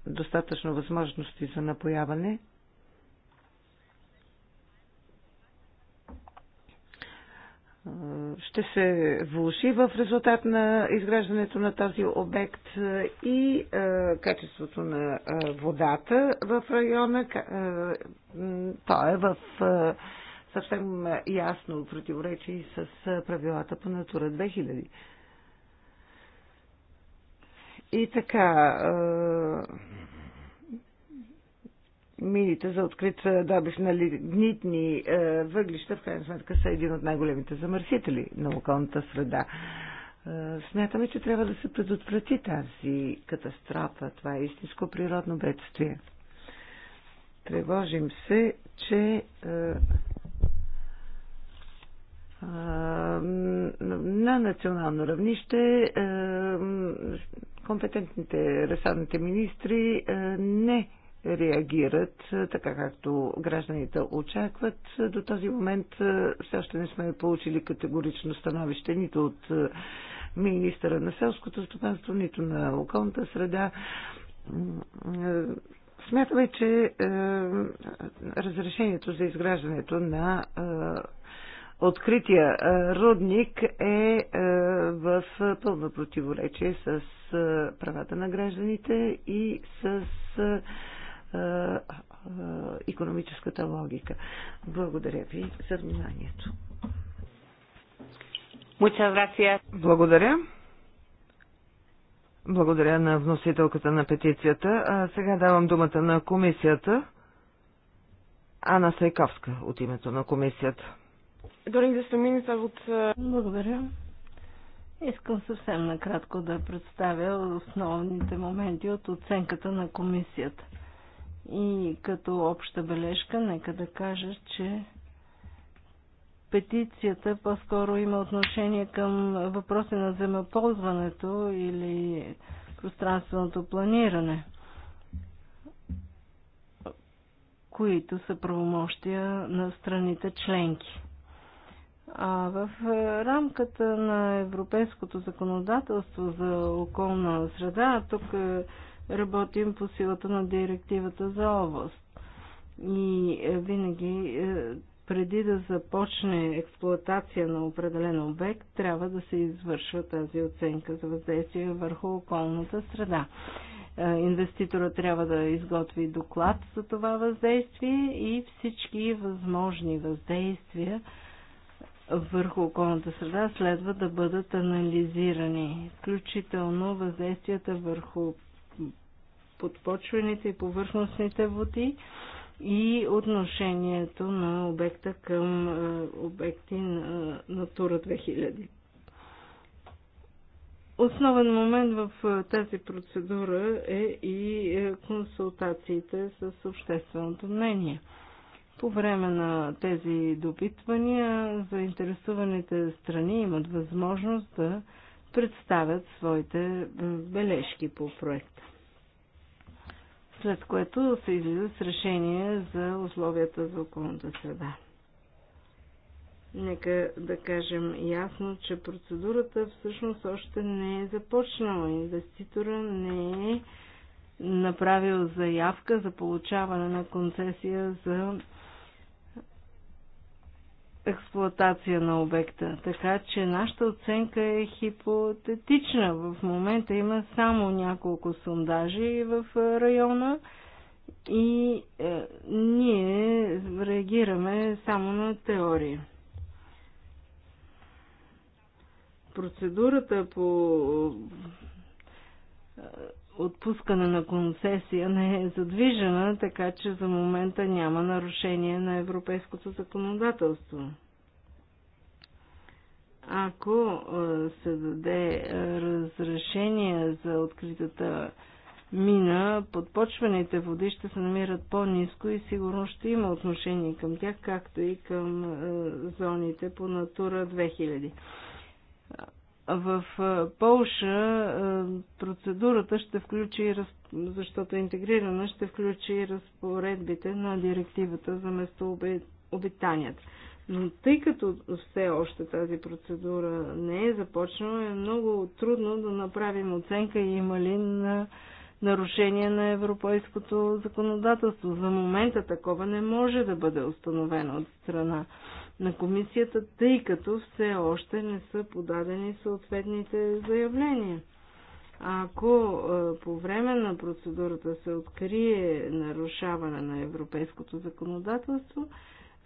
достатъчно възможности за напояване. ще се влуши в резултат на изграждането на този обект и качеството на водата в района. То е в съвсем ясно противоречие с правилата по Натура 2000. И така, мините за открит е, добив на лигнитни е, въглища, в крайна сметка са един от най-големите замърсители на околната среда. Е, смятаме, че трябва да се предотврати тази катастрофа. Това е истинско природно бедствие. Тревожим се, че на национално равнище компетентните ресадните министри не реагират така както гражданите очакват. До този момент все още не сме получили категорично становище нито от министъра на селското стопанство, нито на околната среда. Смятаме, че разрешението за изграждането на открития родник е в пълно противоречие с правата на гражданите и с економическата логика. Благодаря ви за вниманието. Благодаря. Благодаря на вносителката на петицията. А сега давам думата на комисията. Ана Сайковска от името на комисията. Дори да от... Благодаря. Искам съвсем накратко да представя основните моменти от оценката на комисията. И като обща бележка, нека да кажа, че петицията по-скоро има отношение към въпроси на земеползването или пространственото планиране, които са правомощия на страните членки. А в рамката на европейското законодателство за околна среда, тук работим по силата на директивата за област. И е, винаги е, преди да започне експлоатация на определен обект, трябва да се извършва тази оценка за въздействие върху околната среда. Е, инвеститора трябва да изготви доклад за това въздействие и всички възможни въздействия върху околната среда следва да бъдат анализирани, включително въздействията върху подпочвените и повърхностните води и отношението на обекта към е, обекти на Натура 2000. Основен момент в е, тази процедура е и е, консултациите с общественото мнение. По време на тези допитвания заинтересуваните страни имат възможност да представят своите бележки по проекта след което се излиза с решение за условията за околната среда. Нека да кажем ясно, че процедурата всъщност още не е започнала. Инвеститора не е направил заявка за получаване на концесия за експлоатация на обекта. Така че нашата оценка е хипотетична. В момента има само няколко сондажи в е, района и е, ние реагираме само на теории. Процедурата по е, отпускане на концесия не е задвижена, така че за момента няма нарушение на европейското законодателство. Ако е, се даде е, разрешение за откритата мина, подпочваните води ще се намират по-низко и сигурно ще има отношение към тях, както и към е, зоните по Натура 2000. В Полша процедурата ще включи, защото е интегрирана, ще включи разпоредбите на директивата за местообитанията. Но тъй като все още тази процедура не е започнала, е много трудно да направим оценка и има ли на нарушение на европейското законодателство. За момента такова не може да бъде установено от страна на комисията, тъй като все още не са подадени съответните заявления. Ако е, по време на процедурата се открие нарушаване на европейското законодателство,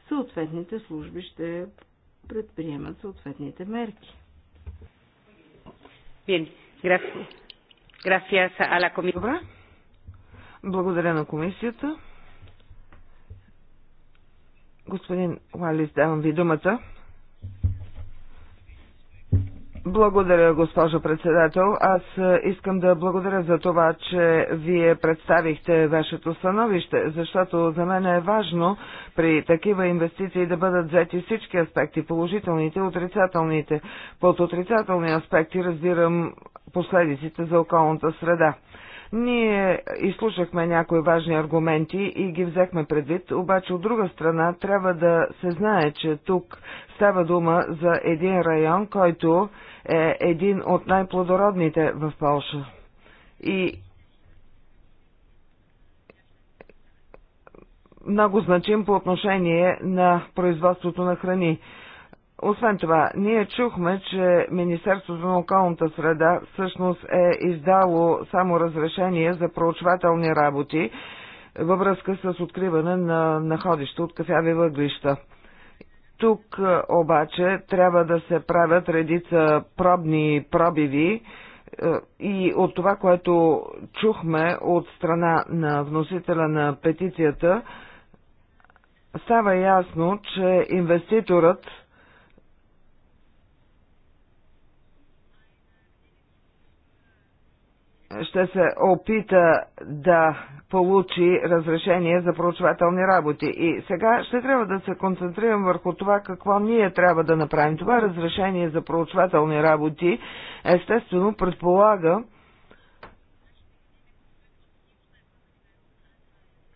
съответните служби ще предприемат съответните мерки. Bien, gracias. Gracias a la Благодаря на комисията. Господин Уалис, давам ви думата. Благодаря, госпожо председател. Аз е, искам да благодаря за това, че вие представихте вашето становище, защото за мен е важно при такива инвестиции да бъдат взети всички аспекти, положителните и отрицателните. Под отрицателни аспекти разбирам последиците за околната среда. Ние изслушахме някои важни аргументи и ги взехме предвид, обаче от друга страна трябва да се знае, че тук става дума за един район, който е един от най-плодородните в Польша. И много значим по отношение на производството на храни. Освен това, ние чухме, че Министерството на околната среда всъщност е издало само разрешение за проучвателни работи във връзка с откриване на находище от кафяви въглища. Тук е, обаче трябва да се правят редица пробни пробиви е, и от това, което чухме от страна на вносителя на петицията, става ясно, че инвеститорът ще се опита да получи разрешение за проучвателни работи. И сега ще трябва да се концентрирам върху това какво ние трябва да направим. Това разрешение за проучвателни работи естествено предполага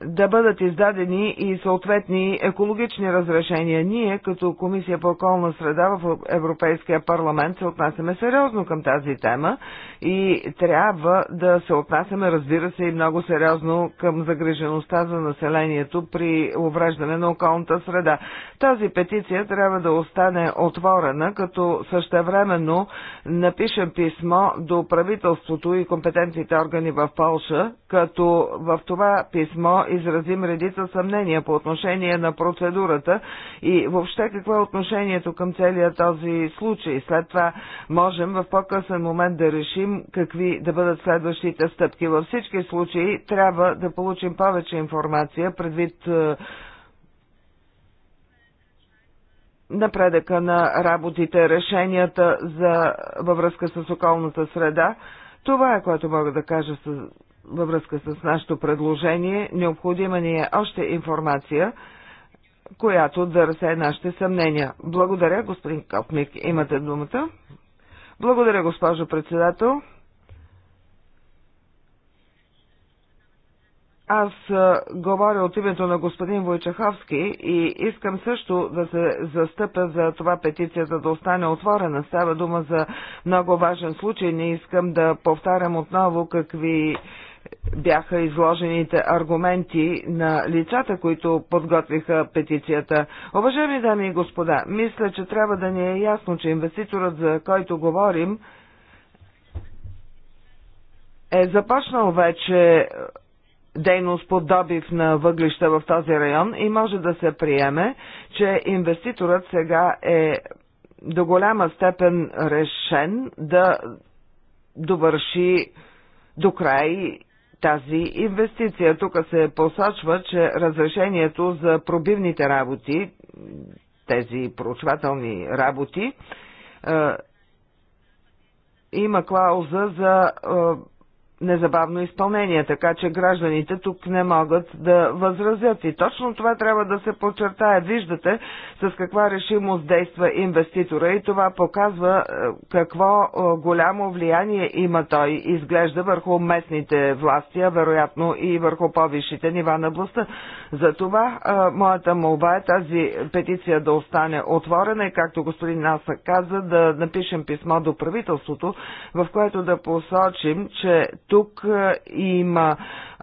да бъдат издадени и съответни екологични разрешения. Ние, като Комисия по околна среда в Европейския парламент, се отнасяме сериозно към тази тема и трябва да се отнасяме, разбира се, и много сериозно към загрижеността за населението при увреждане на околната среда. Тази петиция трябва да остане отворена, като същевременно напишем писмо до правителството и компетентните органи в Полша, като в това писмо изразим редица съмнения по отношение на процедурата и въобще какво е отношението към целия този случай. След това можем в по-късен момент да решим какви да бъдат следващите стъпки. Във всички случаи трябва да получим повече информация предвид е, напредъка на работите, решенията за, във връзка с околната среда. Това е, което мога да кажа с във връзка с нашето предложение. Необходима ни е още информация, която да разсее нашите съмнения. Благодаря, господин Копник. Имате думата. Благодаря, госпожо председател. Аз говоря от името на господин Войчаховски и искам също да се застъпя за това петицията да остане отворена. Става дума за много важен случай. Не искам да повтарям отново какви бяха изложените аргументи на лицата, които подготвиха петицията. Уважаеми дами и господа, мисля, че трябва да ни е ясно, че инвеститорът, за който говорим, е започнал вече дейност по добив на въглища в този район и може да се приеме, че инвеститорът сега е до голяма степен решен да довърши до край тази инвестиция. Тук се посочва, че разрешението за пробивните работи, тези проучвателни работи, е, има клауза за е, незабавно изпълнение, така че гражданите тук не могат да възразят. И точно това трябва да се подчертае. Виждате с каква решимост действа инвеститора и това показва е, какво е, голямо влияние има той, изглежда върху местните власти, а вероятно и върху по-висшите нива на властта. Затова е, моята молба е тази петиция да остане отворена и, както господин Наса каза, да напишем писмо до правителството, в което да посочим, че тук е, има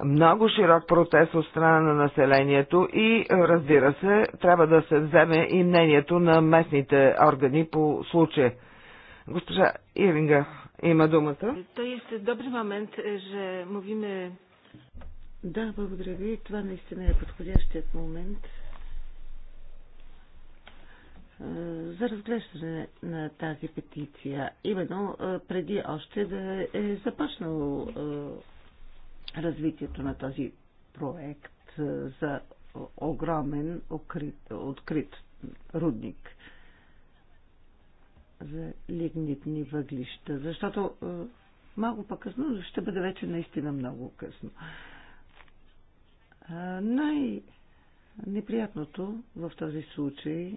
много широк протест от страна на населението и е, разбира се, трябва да се вземе и мнението на местните органи по случая. Госпожа Иринга има думата. То е добър момент, е, че мовиме... Да, благодаря ви. Това наистина е подходящият момент за разглеждане на тази петиция, именно преди още да е започнало развитието на този проект за огромен открит, открит рудник за лигнитни въглища, защото малко по-късно ще бъде вече наистина много късно. Най- Неприятното в този случай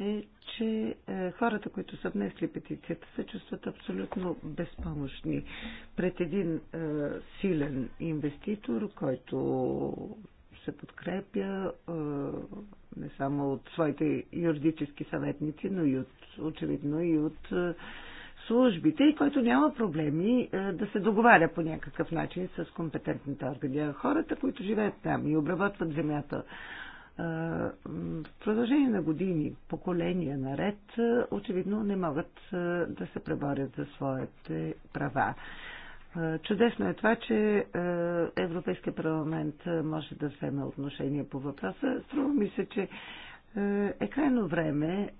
е, че е, хората, които са внесли петицията, се чувстват абсолютно безпомощни пред един е, силен инвеститор, който се подкрепя е, не само от своите юридически съветници, но и от, очевидно и от службите и който няма проблеми да се договаря по някакъв начин с компетентните органи. хората, които живеят там и обработват земята е, в продължение на години, поколения наред, е, очевидно не могат е, да се преборят за своите права. Чудесно е това, че Европейския парламент може да вземе отношение по въпроса. Струва ми се, че е крайно време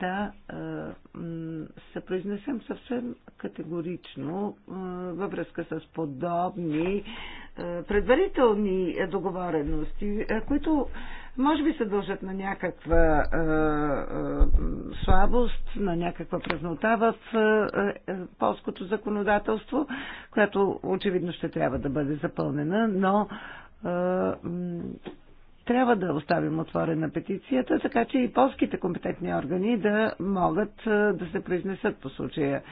да се произнесем съвсем категорично във връзка с подобни предварителни договорености, които може би се дължат на някаква е, е, слабост, на някаква празнота в е, е, полското законодателство, която очевидно ще трябва да бъде запълнена, но е, трябва да оставим отворена петицията, така че и полските компетентни органи да могат е, да се произнесат по случая.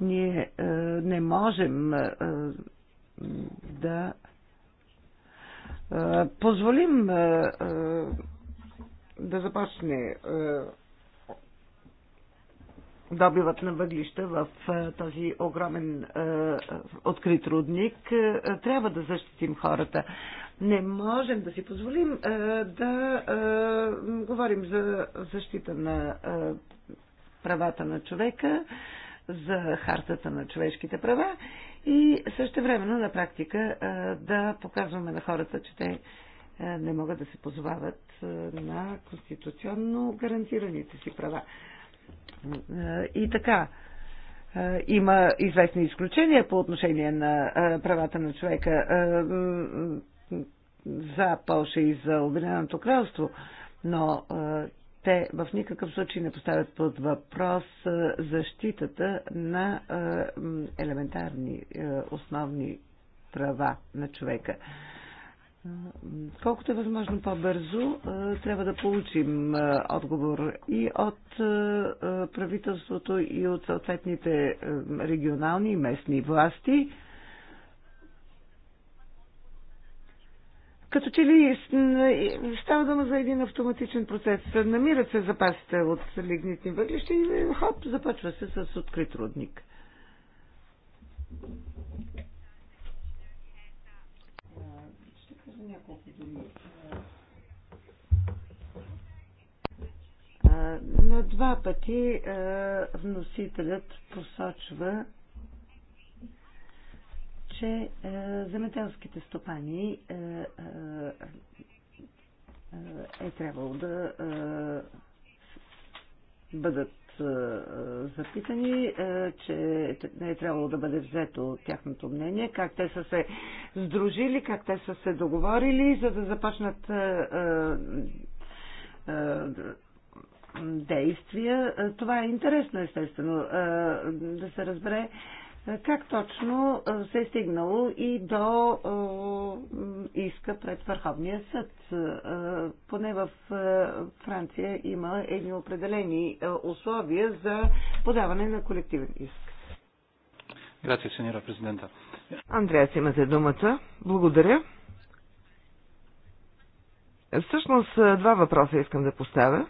Ние е, не можем е, е да позволим да започне добивът на въглища в този огромен открит рудник, трябва да защитим хората. Не можем да си позволим да говорим за защита на правата на човека, за хартата на човешките права и също времено на практика да показваме на хората, че те не могат да се позовават на конституционно гарантираните си права. И така, има известни изключения по отношение на правата на човека за Польша и за Обединеното кралство, но те в никакъв случай не поставят под въпрос защитата на елементарни основни права на човека. Колкото е възможно по-бързо, трябва да получим отговор и от правителството, и от съответните регионални и местни власти като че ли става дума за един автоматичен процес. Намират се запасите от лигнитни въглища и е, хоп, започва се с открит родник. Ще кажа няколко думи. На два пъти вносителят посочва че е, земеделските стопани е, е, е, е трябвало да е, бъдат е, запитани, е, че не е трябвало да бъде взето тяхното мнение, как те са се сдружили, как те са се договорили, за да започнат действия. Това е интересно, естествено, да се разбере как точно се е стигнало и до иска пред Върховния съд. Поне в Франция има едни определени условия за подаване на колективен иск. Грация, сеньора президента. Андреас, имате думата. Благодаря. Всъщност, два въпроса искам да поставя.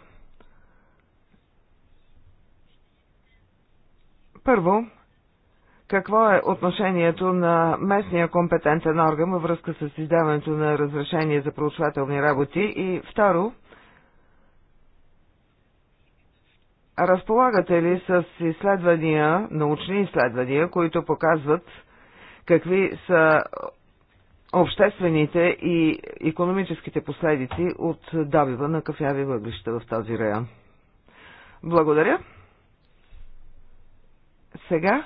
Първо, какво е отношението на местния компетентен орган във връзка с издаването на разрешение за проучвателни работи? И второ, разполагате ли с изследвания, научни изследвания, които показват какви са обществените и економическите последици от добива на кафяви въглища в този район? Благодаря. Сега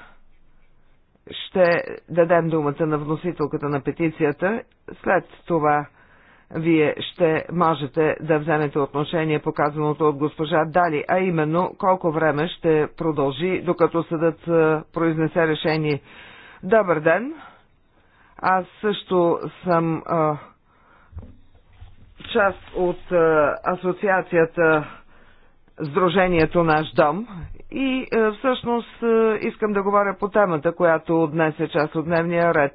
ще дадем думата на вносителката на петицията. След това вие ще можете да вземете отношение показаното от госпожа Дали, а именно колко време ще продължи, докато съдът произнесе решение. Добър ден! Аз също съм а, част от а, асоциацията Сдружението Наш дом и е, всъщност е, искам да говоря по темата, която днес е част от дневния ред.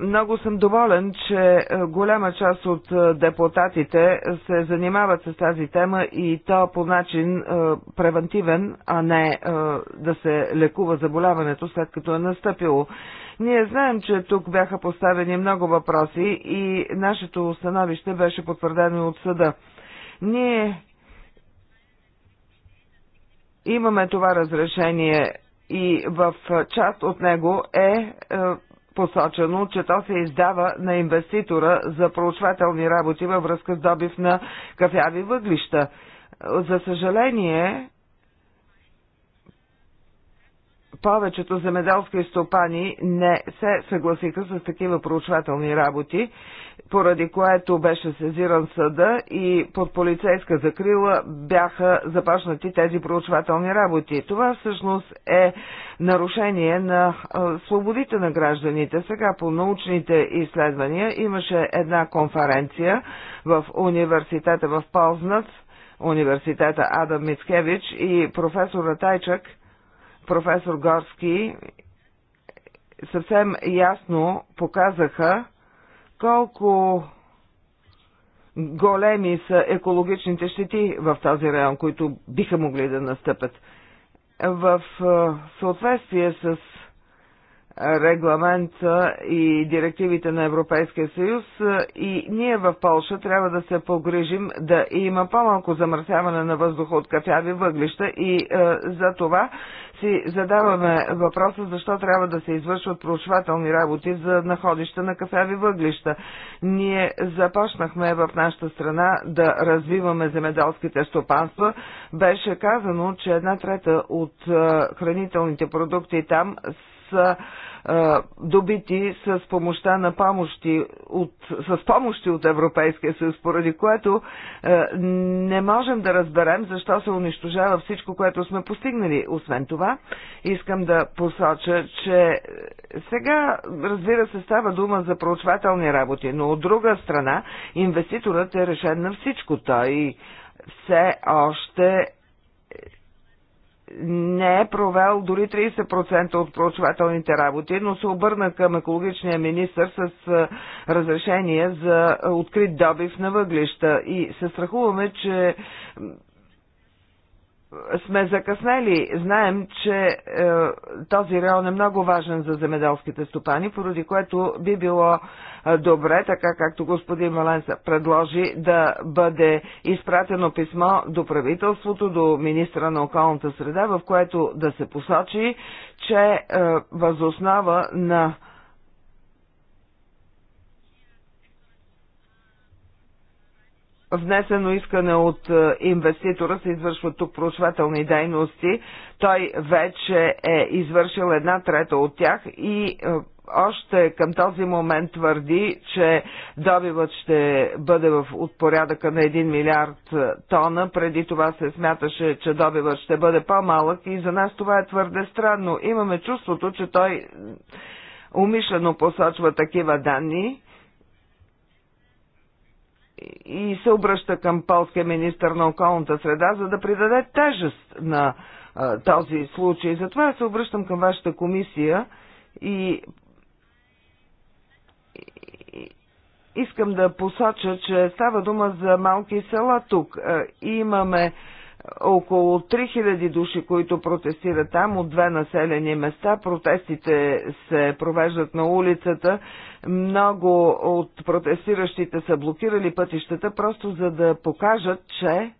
Много съм доволен, че е, голяма част от депутатите се занимават с тази тема и то по начин превентивен, а не да се лекува заболяването след като е настъпило. Ние знаем, че тук бяха поставени много въпроси и нашето становище беше потвърдено от съда. Ние имаме това разрешение и в част от него е, е посочено, че то се издава на инвеститора за проучвателни работи във връзка с добив на кафяви въглища. За съжаление, повечето земеделски стопани не се съгласиха с такива проучвателни работи, поради което беше сезиран съда и под полицейска закрила бяха започнати тези проучвателни работи. Това всъщност е нарушение на свободите на гражданите. Сега по научните изследвания имаше една конференция в университета в Ползнат, университета Адам Мицкевич и професора Тайчак – професор Горски съвсем ясно показаха колко големи са екологичните щети в този район, които биха могли да настъпят. В съответствие с регламента и директивите на Европейския съюз и ние в Полша трябва да се погрижим да има по-малко замърсяване на въздуха от кафяви въглища и е, за това си задаваме въпроса защо трябва да се извършват проучвателни работи за находища на кафяви въглища. Ние започнахме в нашата страна да развиваме земеделските стопанства. Беше казано, че една трета от хранителните продукти там са добити с помощта на помощи от, с помощи от Европейския съюз, поради което е, не можем да разберем защо се унищожава всичко, което сме постигнали. Освен това, искам да посоча, че сега, разбира се, става дума за проучвателни работи, но от друга страна, инвеститорът е решен на всичко. Той все още не е провел дори 30% от проучвателните работи, но се обърна към екологичния министр с разрешение за открит добив на въглища и се страхуваме, че сме закъснели. Знаем, че е, този район е много важен за земеделските стопани, поради което би било е, добре, така както господин Маленса предложи, да бъде изпратено писмо до правителството, до министра на околната среда, в което да се посочи, че е, възоснова на внесено искане от е, инвеститора се извършват тук проучвателни дейности. Той вече е извършил една трета от тях и е, още към този момент твърди, че добивът ще бъде в отпорядъка на 1 милиард е, тона. Преди това се смяташе, че добивът ще бъде по-малък и за нас това е твърде странно. Имаме чувството, че той умишлено посочва такива данни и се обръща към полския министр на околната среда, за да придаде тежест на а, този случай. Затова се обръщам към вашата комисия и искам да посоча, че става дума за малки села тук. Имаме около 3000 души, които протестират там от две населени места. Протестите се провеждат на улицата. Много от протестиращите са блокирали пътищата, просто за да покажат, че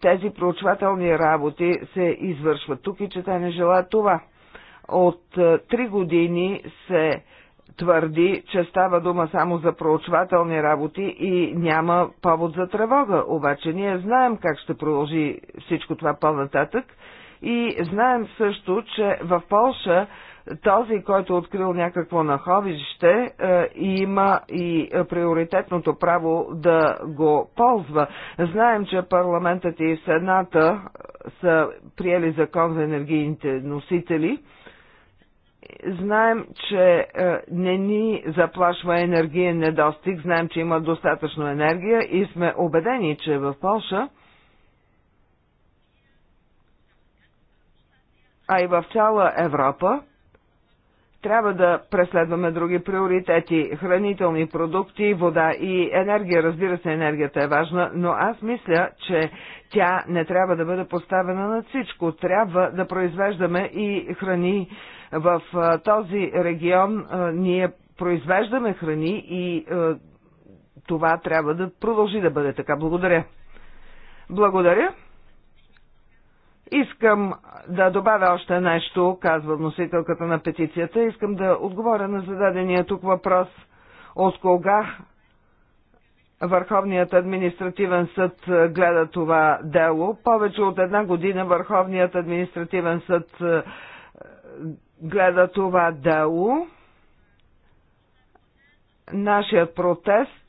тези проучвателни работи се извършват тук и че те не желаят това. От е, три години се твърди, че става дума само за проучвателни работи и няма повод за тревога. Обаче ние знаем как ще продължи всичко това по-нататък и знаем също, че в Полша този, който е открил някакво наховище, е, има и приоритетното право да го ползва. Знаем, че парламентът и Сената са приели закон за енергийните носители – знаем, че е, не ни заплашва енергиен недостиг, знаем, че има достатъчно енергия и сме убедени, че е в Польша, а и в цяла Европа, трябва да преследваме други приоритети – хранителни продукти, вода и енергия. Разбира се, енергията е важна, но аз мисля, че тя не трябва да бъде поставена на всичко. Трябва да произвеждаме и храни. В този регион ние произвеждаме храни и това трябва да продължи да бъде така. Благодаря. Благодаря. Искам да добавя още нещо, казва вносителката на петицията. Искам да отговоря на зададения тук въпрос от кога Върховният административен съд гледа това дело. Повече от една година Върховният административен съд е, гледа това дело. Нашият протест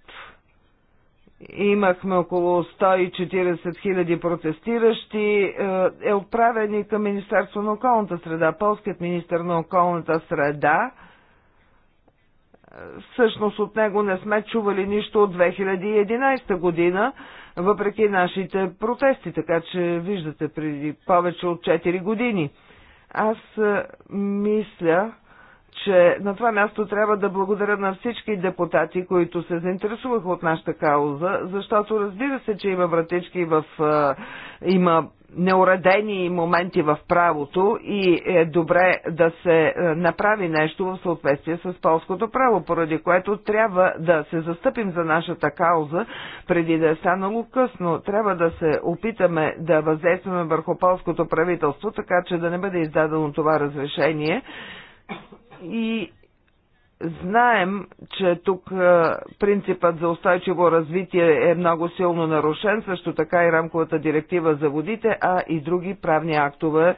имахме около 140 хиляди протестиращи, е, е отправени към Министерство на околната среда. Полският министр на околната среда, е, всъщност от него не сме чували нищо от 2011 година, въпреки нашите протести, така че виждате преди повече от 4 години. Аз е, мисля, че на това място трябва да благодаря на всички депутати, които се заинтересуваха от нашата кауза, защото разбира се, че има вратички в... има неуредени моменти в правото и е добре да се направи нещо в съответствие с полското право, поради което трябва да се застъпим за нашата кауза преди да е станало късно. Трябва да се опитаме да въздействаме върху полското правителство, така че да не бъде издадено това разрешение и знаем, че тук е, принципът за устойчиво развитие е много силно нарушен, също така и рамковата директива за водите, а и други правни актове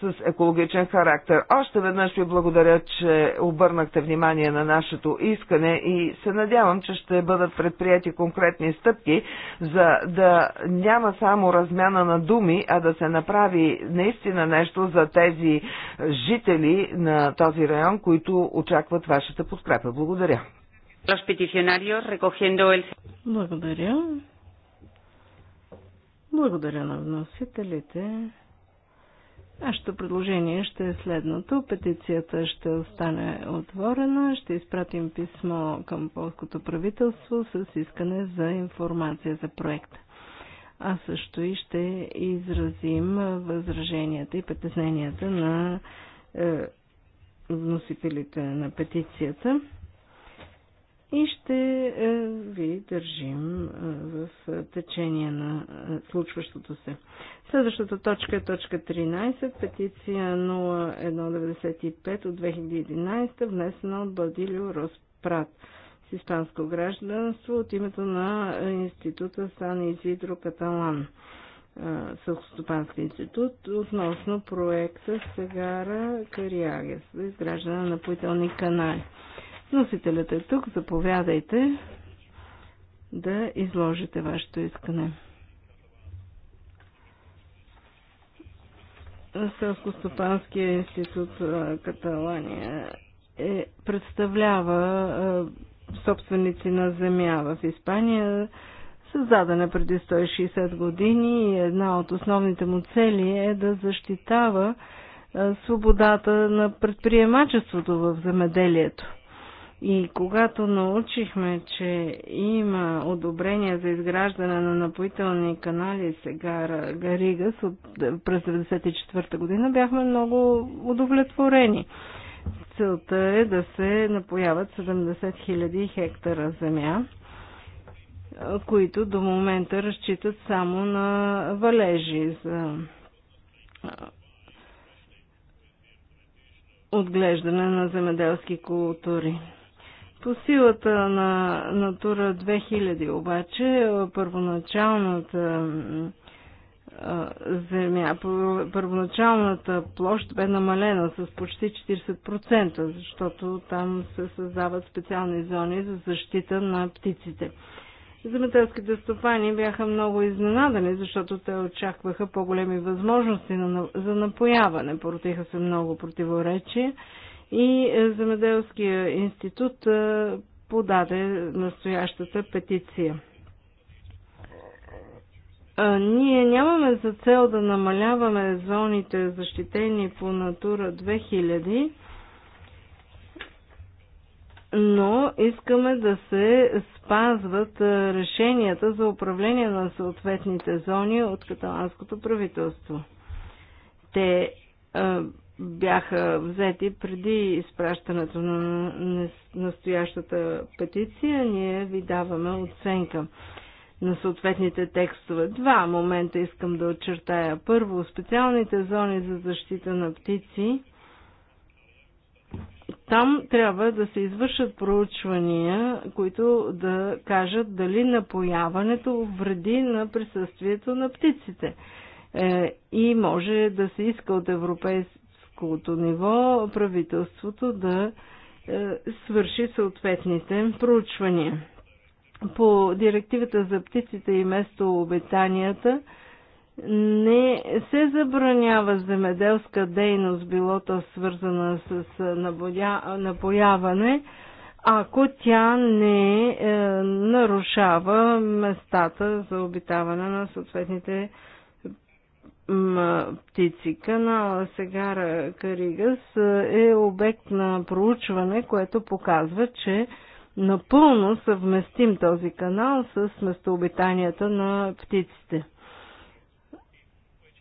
с екологичен характер. Още веднъж ви благодаря, че обърнахте внимание на нашето искане и се надявам, че ще бъдат предприяти конкретни стъпки, за да няма само размяна на думи, а да се направи наистина нещо за тези жители на този район, които очакват вашата подкрепа. Благодаря. Благодаря. Благодаря на вносителите. Нашето предложение ще е следното. Петицията ще остане отворена. Ще изпратим писмо към полското правителство с искане за информация за проекта. А също и ще изразим възраженията и притесненията на е, вносителите на петицията и ще е, ви държим е, в течение на е, случващото се. Следващата точка е точка 13, петиция 0195 от 2011, внесена от Бадилио Роспрат с испанско гражданство от името на института Сан Изидро Каталан. Селскостопански институт относно проекта Сегара Кариагес за изграждане на напоителни канали. Носителят е тук, заповядайте да изложите вашето искане. Селско-стопанския институт Каталания е, представлява е, собственици на земя в Испания, създадена преди 160 години и една от основните му цели е да защитава е, свободата на предприемачеството в земеделието. И когато научихме, че има одобрение за изграждане на напоителни канали сега Гаригас от, през 1994 година, бяхме много удовлетворени. Целта е да се напояват 70 000 хектара земя, които до момента разчитат само на валежи за отглеждане на земеделски култури. По силата на Натура 2000 обаче, първоначалната земя, първоначалната площ бе намалена с почти 40%, защото там се създават специални зони за защита на птиците. Земеделските стопани бяха много изненадани, защото те очакваха по-големи възможности за напояване. Поротиха се много противоречия и е, Земеделския институт е, подаде настоящата петиция. Е, ние нямаме за цел да намаляваме зоните защитени по Натура 2000, но искаме да се спазват решенията за управление на съответните зони от каталанското правителство. Те бяха взети преди изпращането на настоящата петиция, ние ви даваме оценка на съответните текстове. Два момента искам да очертая. Първо, специалните зони за защита на птици. Там трябва да се извършат проучвания, които да кажат дали напояването вреди на присъствието на птиците. Е, и може да се иска от европейски политическото ниво правителството да е, свърши съответните проучвания. По директивата за птиците и место обитанията не се забранява земеделска дейност, било то свързана с напояване, ако тя не е, нарушава местата за обитаване на съответните птици. Канала Сегара Каригас е, е обект на проучване, което показва, че напълно съвместим този канал с местообитанията на птиците.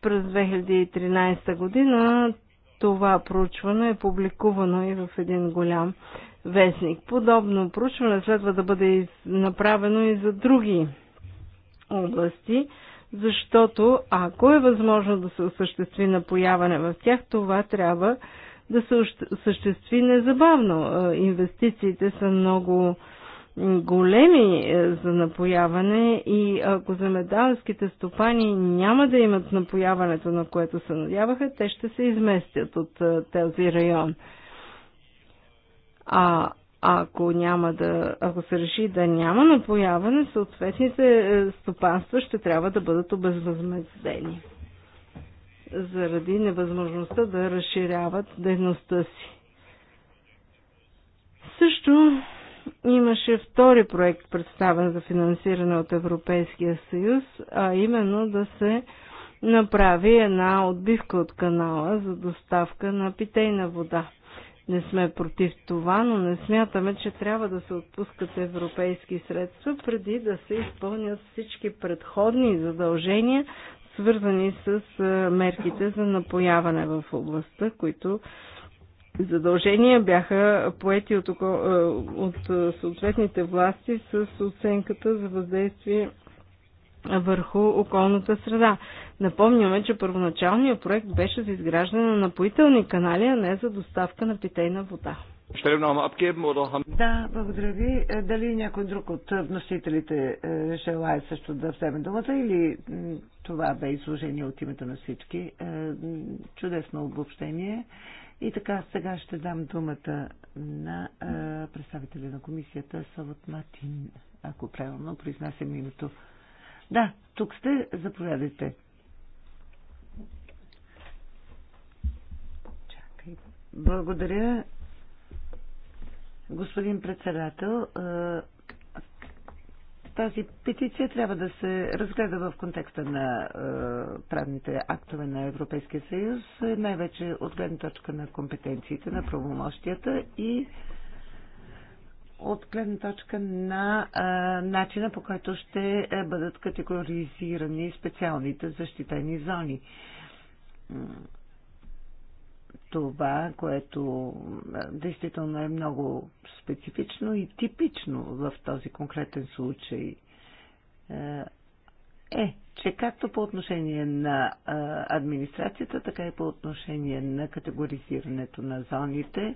През 2013 година това проучване е публикувано и в един голям вестник. Подобно проучване следва да бъде направено и за други области защото ако е възможно да се осъществи напояване в тях, това трябва да се осъществи незабавно. Е, инвестициите са много големи е, за напояване и ако замедалските стопани няма да имат напояването, на което се надяваха, те ще се изместят от е, този район. А ако, няма да, ако се реши да няма напояване, съответните е, стопанства ще трябва да бъдат обезвъзмездени заради невъзможността да разширяват дейността си. Също имаше втори проект представен за финансиране от Европейския съюз, а именно да се направи една отбивка от канала за доставка на питейна вода не сме против това, но не смятаме, че трябва да се отпускат европейски средства преди да се изпълнят всички предходни задължения, свързани с мерките за напояване в областта, които задължения бяха поети от, от съответните власти с оценката за въздействие върху околната среда. Напомняме, че първоначалният проект беше за изграждане на напоителни канали, а не за доставка на питейна вода. Да, благодаря ви. Е, дали някой друг от е, вносителите е, желая също да вземе думата или това бе изложение от името на всички? Чудесно обобщение. И така, сега ще дам думата на представителя на комисията Савот Матин, ако правилно произнасям името. Да, тук сте, заповядайте. Чакай. Благодаря, господин председател. Тази петиция трябва да се разгледа в контекста на правните актове на Европейския съюз, най-вече от гледна точка на компетенциите, на правомощията и от гледна точка на а, начина по който ще бъдат категоризирани специалните защитени зони. Това, което действително е много специфично и типично в този конкретен случай, е, че както по отношение на администрацията, така и по отношение на категоризирането на зоните,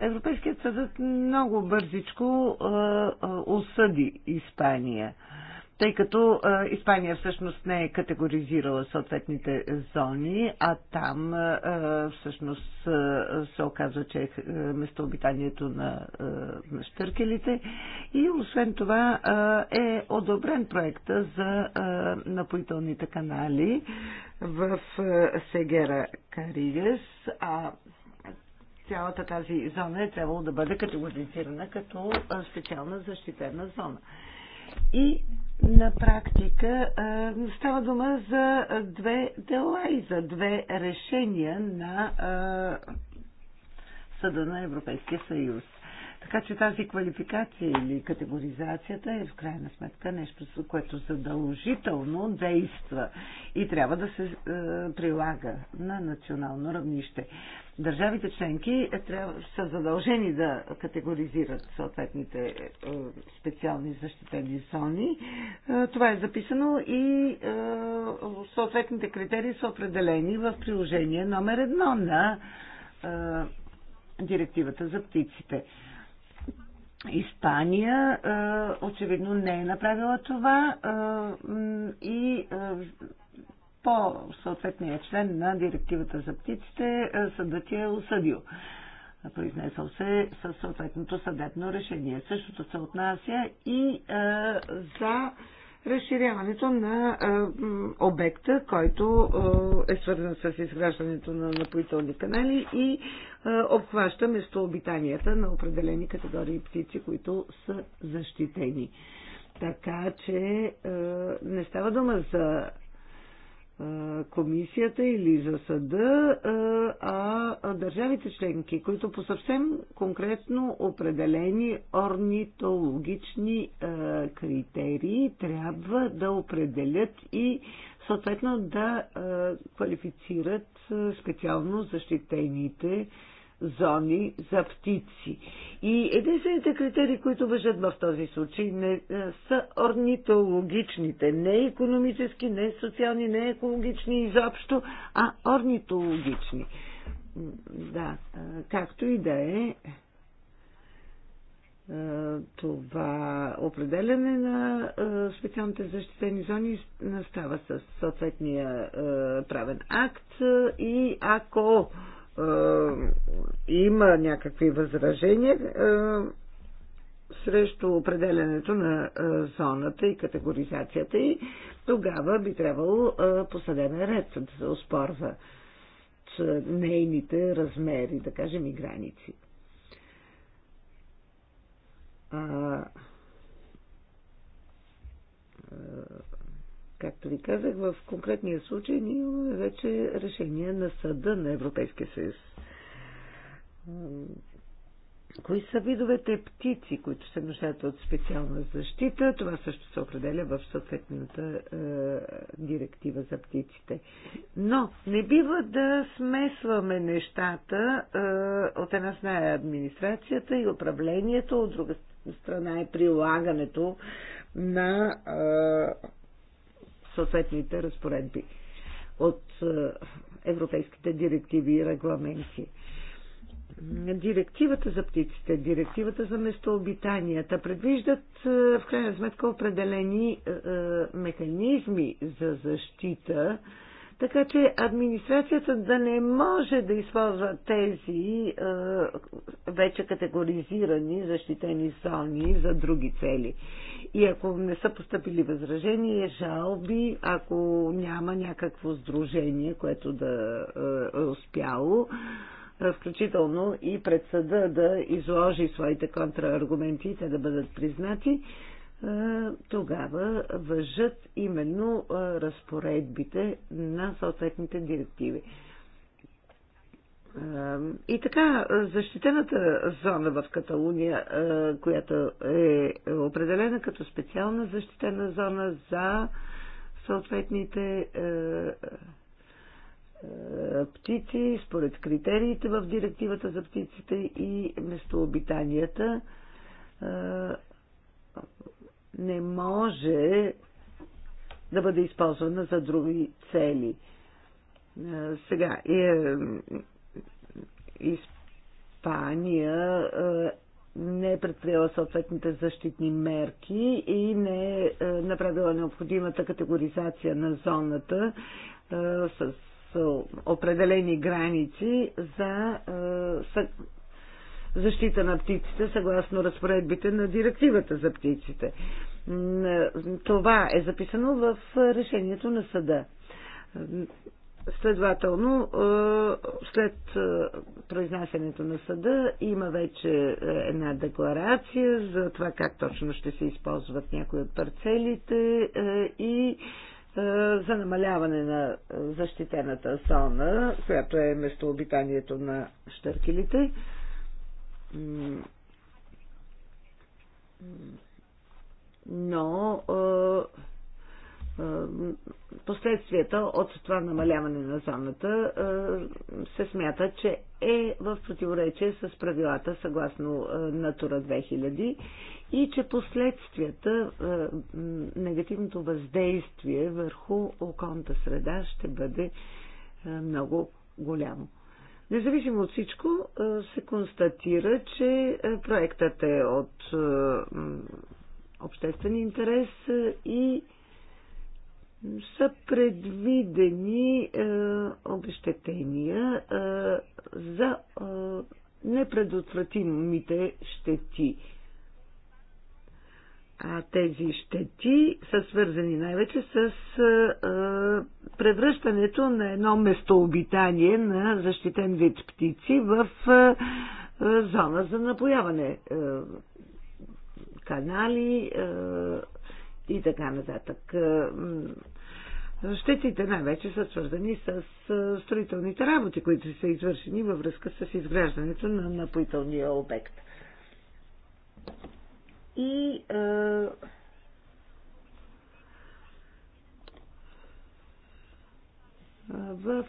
Европейският съд много бързичко осъди Испания, тъй като Испания всъщност не е категоризирала съответните зони, а там всъщност се оказва, че е, е местообитанието на щъркелите. И освен това е одобрен проекта за напоителните канали в Сегера Каригес, а цялата тази зона е трябвало да бъде категоризирана като специална защитена зона. И на практика става дума за две дела и за две решения на Съда на Европейския съюз. Така че тази квалификация или категоризацията е в крайна сметка нещо, което задължително действа и трябва да се е, прилага на национално равнище. Държавите членки е, трябва, са задължени да категоризират съответните е, специални защитени зони. Е, това е записано и е, съответните критерии са определени в приложение номер едно на е, директивата за птиците. Испания очевидно не е направила това и по съответния член на директивата за птиците съдът е осъдил. Произнесъл се със съответното съдебно решение. Същото се отнася и за разширяването на е, обекта, който е, е свързан с изграждането на напоителни канали и е, обхваща местообитанията на определени категории птици, които са защитени. Така че не става дума за комисията или за съда, а държавите членки, които по съвсем конкретно определени орнитологични критерии трябва да определят и съответно да квалифицират специално защитените зони за птици. И единствените критерии, които въжат в този случай, не, е, са орнитологичните, не економически, не социални, не екологични изобщо, а орнитологични. Да, е, както и да е, е това определяне на специалните защитени зони става с съответния правен акт и ако е, има някакви възражения е, срещу определенето на е, зоната и категоризацията и тогава би трябвало по съдебен ред да се оспорва нейните размери, да кажем и граници. А, Както ви казах, в конкретния случай ние имаме вече решение на съда на Европейския съюз. Кои са видовете птици, които се нуждаят от специална защита? Това също се определя в съответната е, директива за птиците. Но не бива да смесваме нещата. Е, от една страна е администрацията и управлението, от друга страна е прилагането на е, съответните разпоредби от е, европейските директиви и регламенти. Директивата за птиците, директивата за местообитанията предвиждат е, в крайна сметка определени е, механизми за защита така че администрацията да не може да използва тези е, вече категоризирани защитени зони за други цели. И ако не са поступили възражения, жалби, ако няма някакво сдружение, което да е, е успяло, е, включително и пред съда да изложи своите контрааргументи и те да бъдат признати, е, тогава въжат именно е, разпоредбите на съответните директиви. Е, и така, защитената зона в Каталуния, която е определена като специална защитена зона за съответните птици, според критериите в директивата за птиците и местообитанията, не може да бъде използвана за други цели. Сега, е, Испания не е предприела съответните защитни мерки и не е направила необходимата категоризация на зоната с определени граници за защита на птиците съгласно разпоредбите на директивата за птиците. Това е записано в решението на съда. Следователно, е, след е, произнасянето на съда има вече е, една декларация за това как точно ще се използват някои от парцелите и за намаляване на защитената зона, която е местообитанието на щъркелите но последствията от това намаляване на зоната се смята, че е в противоречие с правилата съгласно Натура 2000 и че последствията, негативното въздействие върху околната среда ще бъде много голямо. Независимо от всичко, се констатира, че проектът е от обществен интерес и са предвидени обещетения за непредотвратимите щети а тези щети са свързани най-вече с превръщането на едно местообитание на защитен вид птици в зона за напояване. канали и така нататък. Щетите най-вече са свързани с строителните работи, които са извършени във връзка с изграждането на напоителния обект и е, в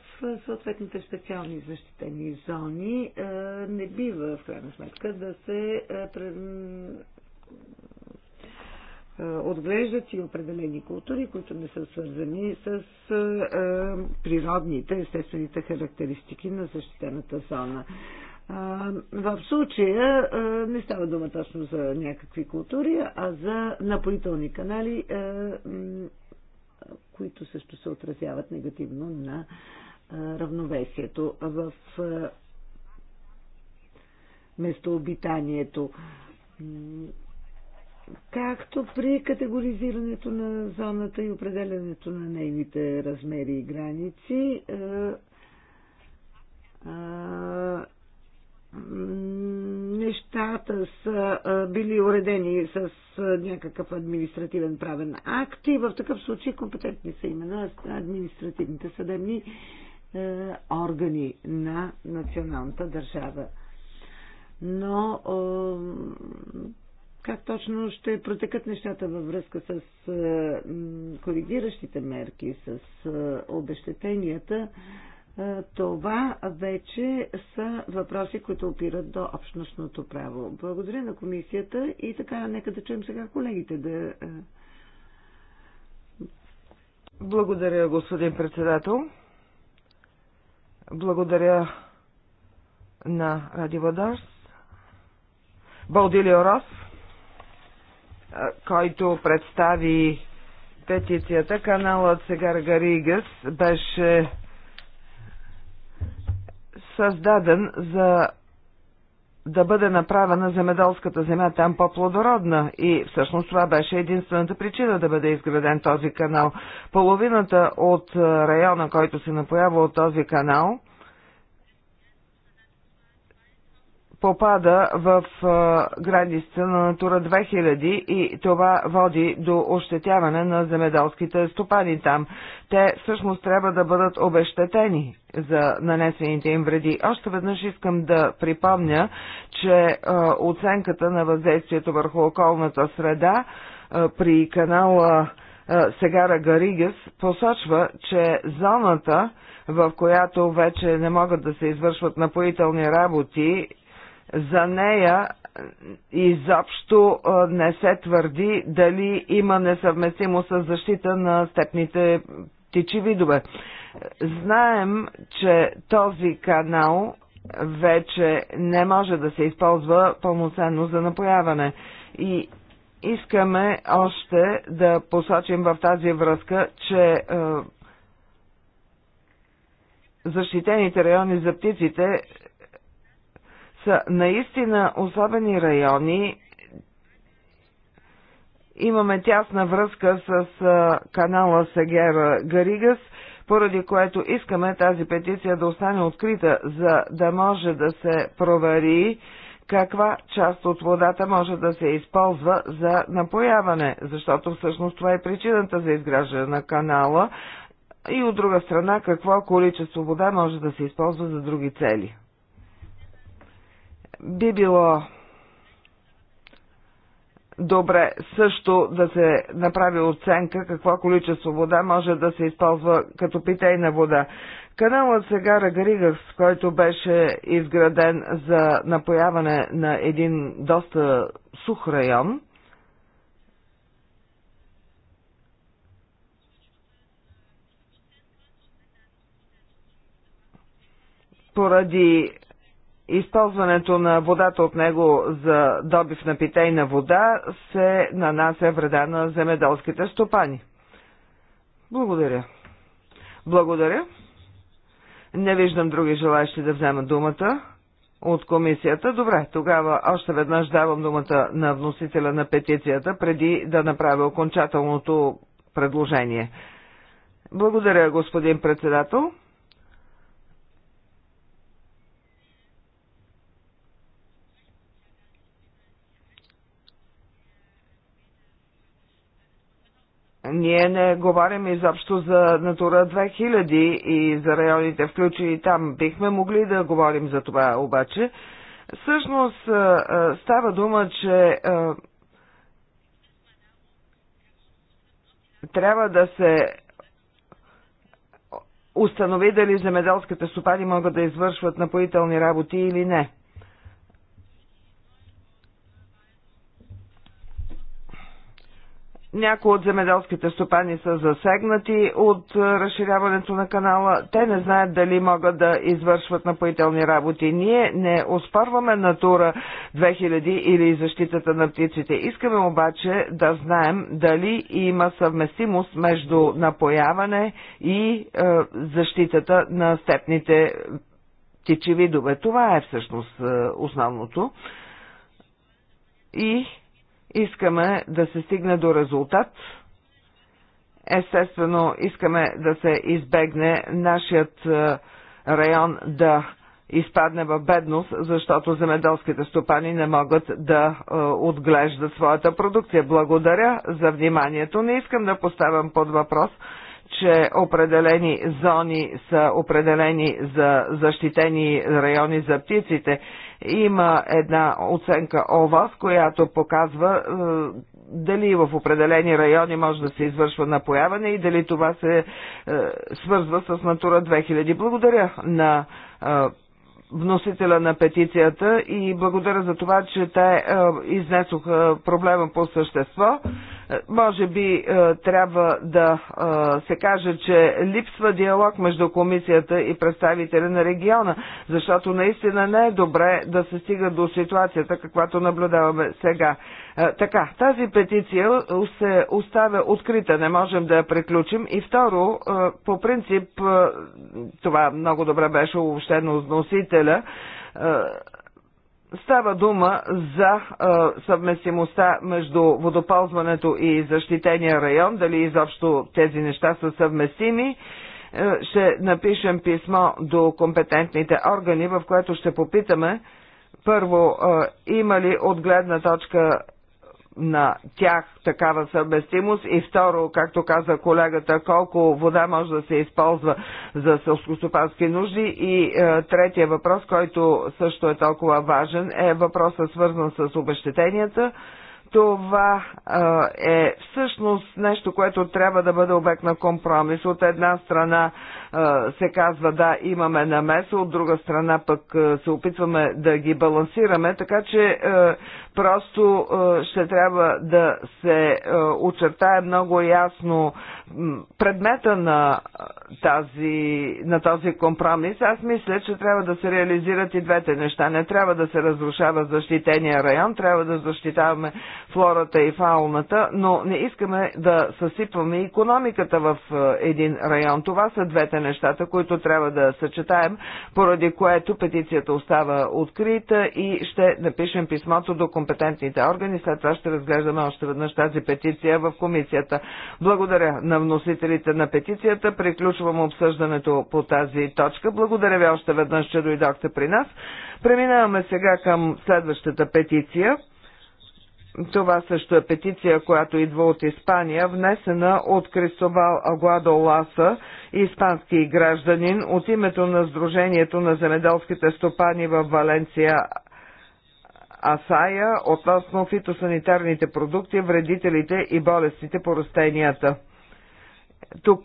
съответните специални защитени зони е, не бива в крайна сметка да се е, отглеждат и определени култури, които не са свързани с природните, естествените характеристики на защитената зона. В случая не става дума точно за някакви култури, а за напоителни канали, които също се отразяват негативно на равновесието в местообитанието. Както при категоризирането на зоната и определянето на нейните размери и граници, нещата са били уредени с някакъв административен правен акт и в такъв случай компетентни са именно административните съдебни е, органи на националната държава. Но как точно ще протекат нещата във връзка с коригиращите мерки, с обещетенията, е, това вече са въпроси, които опират до общностното право. Благодаря на комисията и така, нека да чуем сега колегите да. Е. Благодаря, господин председател. Благодаря на Ради Вадарс, Балдилио Рос, е, който представи петицията. Каналът Сегар Гаригас беше създаден за да бъде направена земеделската земя там по-плодородна и всъщност това беше единствената причина да бъде изграден този канал. Половината от е, района, който се напоява от този канал, попада в границата на Натура 2000 и това води до ощетяване на земеделските стопани там. Те всъщност трябва да бъдат обещетени за нанесените им вреди. Още веднъж искам да припомня, че оценката на въздействието върху околната среда при канала Сегара Гаригес посочва, че зоната, в която вече не могат да се извършват напоителни работи, за нея изобщо не се твърди дали има несъвместимост с защита на степните птичи видове. Знаем, че този канал вече не може да се използва пълноценно за напояване. И искаме още да посочим в тази връзка, че е, защитените райони за птиците са наистина особени райони. Имаме тясна връзка с канала Сегера Гаригас, поради което искаме тази петиция да остане открита, за да може да се провери каква част от водата може да се използва за напояване, защото всъщност това е причината за изграждане на канала и от друга страна какво количество вода може да се използва за други цели. Би било добре също да се направи оценка какво количество вода може да се използва като питейна вода. Каналът сега Рагаригас, който беше изграден за напояване на един доста сух район, поради използването на водата от него за добив на питейна вода се нанася вреда на земеделските стопани. Благодаря. Благодаря. Не виждам други желащи да вземат думата от комисията. Добре, тогава още веднъж давам думата на вносителя на петицията, преди да направя окончателното предложение. Благодаря, господин председател. Ние не говорим изобщо за Натура 2000 и за районите включени там. Бихме могли да говорим за това, обаче. Всъщност става дума, че трябва да се установи дали земеделските стопани могат да извършват напоителни работи или не. Някои от земеделските стопани са засегнати от е, разширяването на канала. Те не знаят дали могат да извършват напоителни работи. Ние не оспорваме натура 2000 или защитата на птиците. Искаме обаче да знаем дали има съвместимост между напояване и е, защитата на степните птичи видове. Това е всъщност е, основното. И Искаме да се стигне до резултат. Естествено, искаме да се избегне нашият е, район да изпадне в бедност, защото земеделските стопани не могат да е, отглеждат своята продукция. Благодаря за вниманието. Не искам да поставям под въпрос, че определени зони са определени за защитени райони за птиците има една оценка ОВАС, която показва е, дали в определени райони може да се извършва напояване и дали това се е, свързва с Натура 2000. Благодаря на е, вносителя на петицията и благодаря за това, че те изнесоха проблема по същество. Може би е, трябва да е, се каже, че липсва диалог между комисията и представителя на региона, защото наистина не е добре да се стига до ситуацията, каквато наблюдаваме сега. Е, така, тази петиция се оставя открита, не можем да я приключим. И второ, по принцип, това много добре беше обобщено от носителя, Става дума за а, съвместимостта между водоползването и защитения район, дали изобщо тези неща са съвместими. Е, ще напишем писмо до компетентните органи, в което ще попитаме първо, има ли от гледна точка на тях такава съвместимост и второ, както каза колегата, колко вода може да се използва за селскостопански нужди и е, третия въпрос, който също е толкова важен, е въпросът свързан с обещетенията. Това е всъщност нещо, което трябва да бъде обект на компромис. От една страна се казва да, имаме намеса, от друга страна пък се опитваме да ги балансираме, така че просто ще трябва да се очертае много ясно предмета на, тази, на този компромис. Аз мисля, че трябва да се реализират и двете неща. Не трябва да се разрушава защитения район, трябва да защитаваме флората и фауната, но не искаме да съсипваме економиката в един район. Това са двете нещата, които трябва да съчетаем, поради което петицията остава открита и ще напишем писмото до компетентните органи. След това ще разглеждаме още веднъж тази петиция в комисията. Благодаря на вносителите на петицията. Приключвам обсъждането по тази точка. Благодаря ви още веднъж, че дойдохте при нас. Преминаваме сега към следващата петиция. Това също е петиция, която идва от Испания, внесена от Кристобал Агуадо Ласа, испански гражданин, от името на Сдружението на земеделските стопани в Валенция Асая относно фитосанитарните продукти, вредителите и болестите по растенията. Тук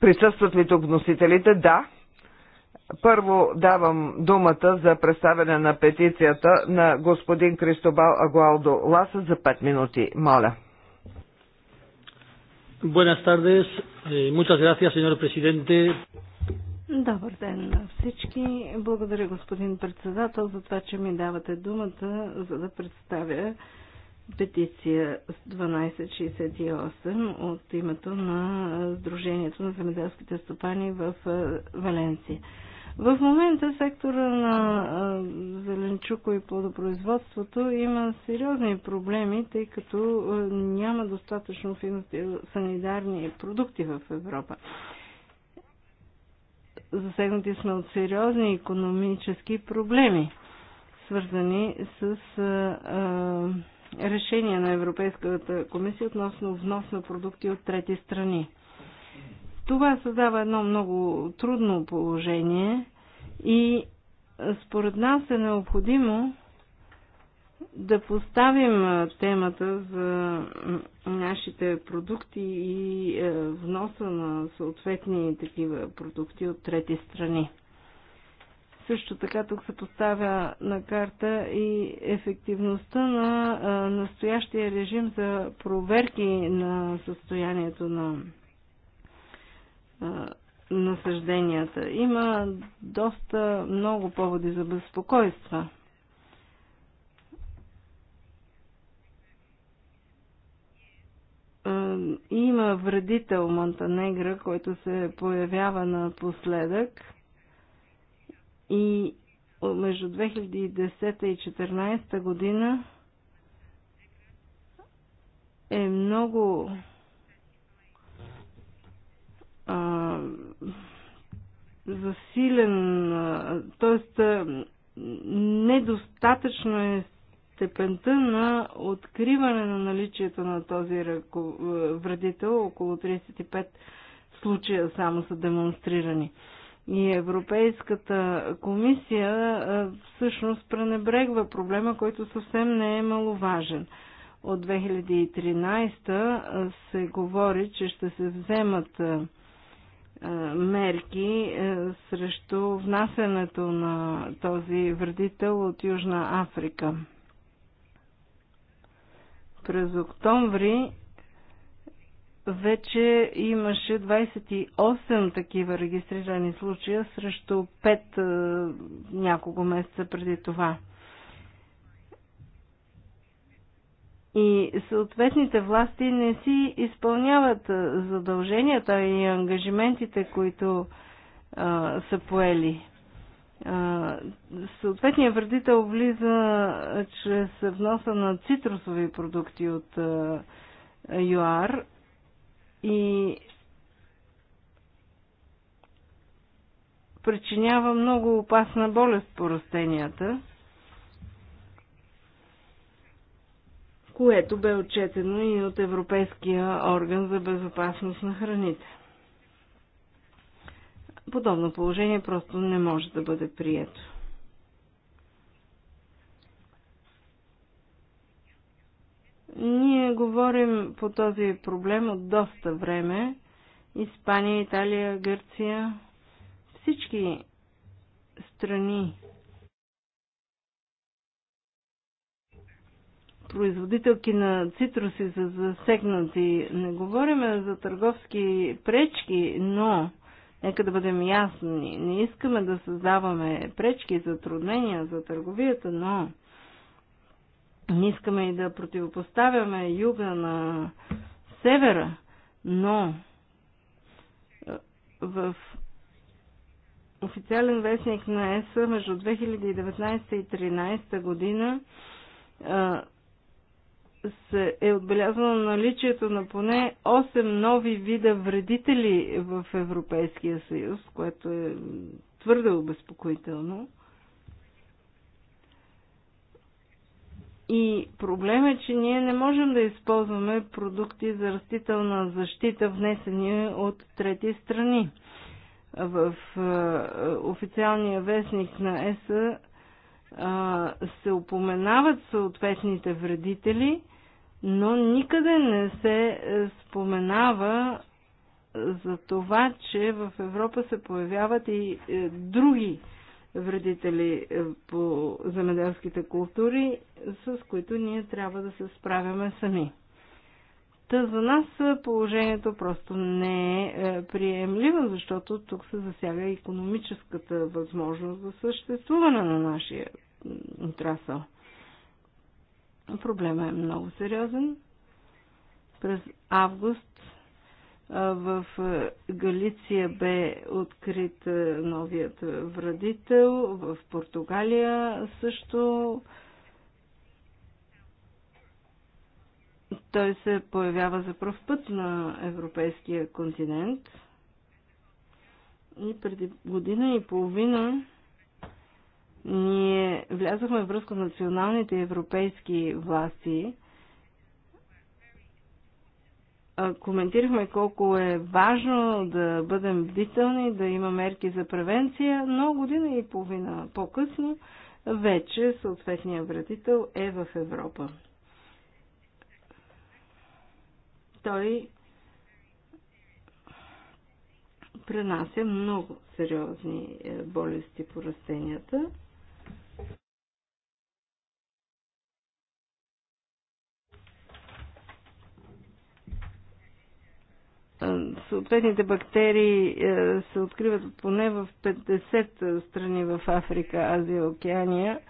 присъстват ли тук вносителите? Да. Първо давам думата за представяне на петицията на господин Кристобал Агуалдо Ласа за 5 минути. Моля. Buenas tardes. Eh, muchas gracias, señor presidente. Добър ден на всички. Благодаря, господин председател, за това, че ми давате думата, за да представя петиция 1268 от името на Сдружението на земеделските стопани в е, Валенция. В момента сектора на зеленчуко и плодопроизводството има сериозни проблеми, тъй като няма достатъчно санитарни продукти в Европа. Засегнати сме от сериозни економически проблеми, свързани с решение на Европейската комисия относно внос на продукти от трети страни. Това създава едно много трудно положение и според нас е необходимо да поставим темата за нашите продукти и вноса на съответни такива продукти от трети страни. Също така тук се поставя на карта и ефективността на настоящия режим за проверки на състоянието на насъжденията. Има доста много поводи за безпокойства. Има вредител Монтанегра, който се появява напоследък и между 2010 и 2014 година е много засилен, т.е. недостатъчно е степента на откриване на наличието на този вредител, около 35 случая само са демонстрирани. И Европейската комисия всъщност пренебрегва проблема, който съвсем не е маловажен. От 2013 се говори, че ще се вземат мерки срещу внасянето на този вредител от Южна Африка. През октомври вече имаше 28 такива регистрирани случая срещу 5 няколко месеца преди това. и съответните власти не си изпълняват задълженията и ангажиментите, които а, са поели. А, съответният вредител влиза чрез вноса на цитрусови продукти от а, ЮАР и причинява много опасна болест по растенията. което бе отчетено и от Европейския орган за безопасност на храните. Подобно положение просто не може да бъде прието. Ние говорим по този проблем от доста време. Испания, Италия, Гърция, всички страни производителки на цитруси са засегнати. Не говорим за търговски пречки, но нека да бъдем ясни. Не искаме да създаваме пречки, затруднения за търговията, но не искаме и да противопоставяме юга на севера, но е, в официален вестник на ЕСА между 2019 и 2013 година е, се е отбелязано наличието на поне 8 нови вида вредители в Европейския съюз, което е твърде обезпокоително. И проблем е, че ние не можем да използваме продукти за растителна защита, внесени от трети страни. В е, официалния вестник на ЕСА се упоменават съответните вредители – но никъде не се е, споменава е, за това, че в Европа се появяват и е, други вредители по земеделските култури, с които ние трябва да се справяме сами. Та за нас положението просто не е приемливо, защото тук се засяга економическата възможност за съществуване на нашия отрасъл. Проблема е много сериозен. През август в Галиция бе открит новият вредител, в Португалия също той се появява за пръв път на европейския континент. И преди година и половина ние влязохме в връзка с националните европейски власти. Коментирахме колко е важно да бъдем бдителни, да има мерки за превенция, но година и половина по-късно вече съответният вредител е в Европа. Той пренася много сериозни е, болести по растенията. Е, съответните бактерии е, се откриват поне в 50 е, страни в Африка, Азия, Океания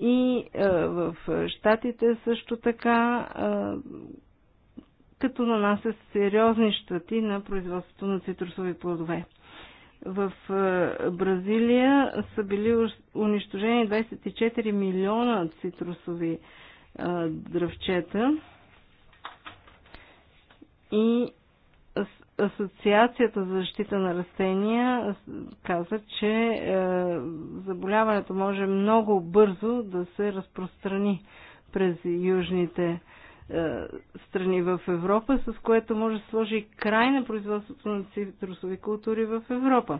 и в Штатите също така, като нанасят сериозни щати на производството на цитрусови плодове. В Бразилия са били унищожени 24 милиона цитрусови дръвчета и Асоциацията за защита на растения каза, че е, заболяването може много бързо да се разпространи през южните е, страни в Европа, с което може да сложи край на производството на цитрусови култури в Европа.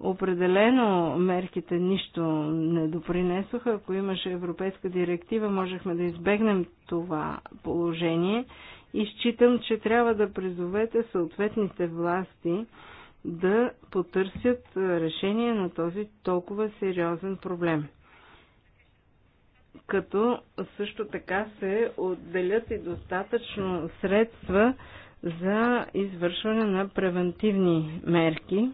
Определено мерките нищо не допринесоха. Ако имаше европейска директива, можехме да избегнем това положение и считам, че трябва да призовете съответните власти да потърсят решение на този толкова сериозен проблем. Като също така се отделят и достатъчно средства за извършване на превентивни мерки,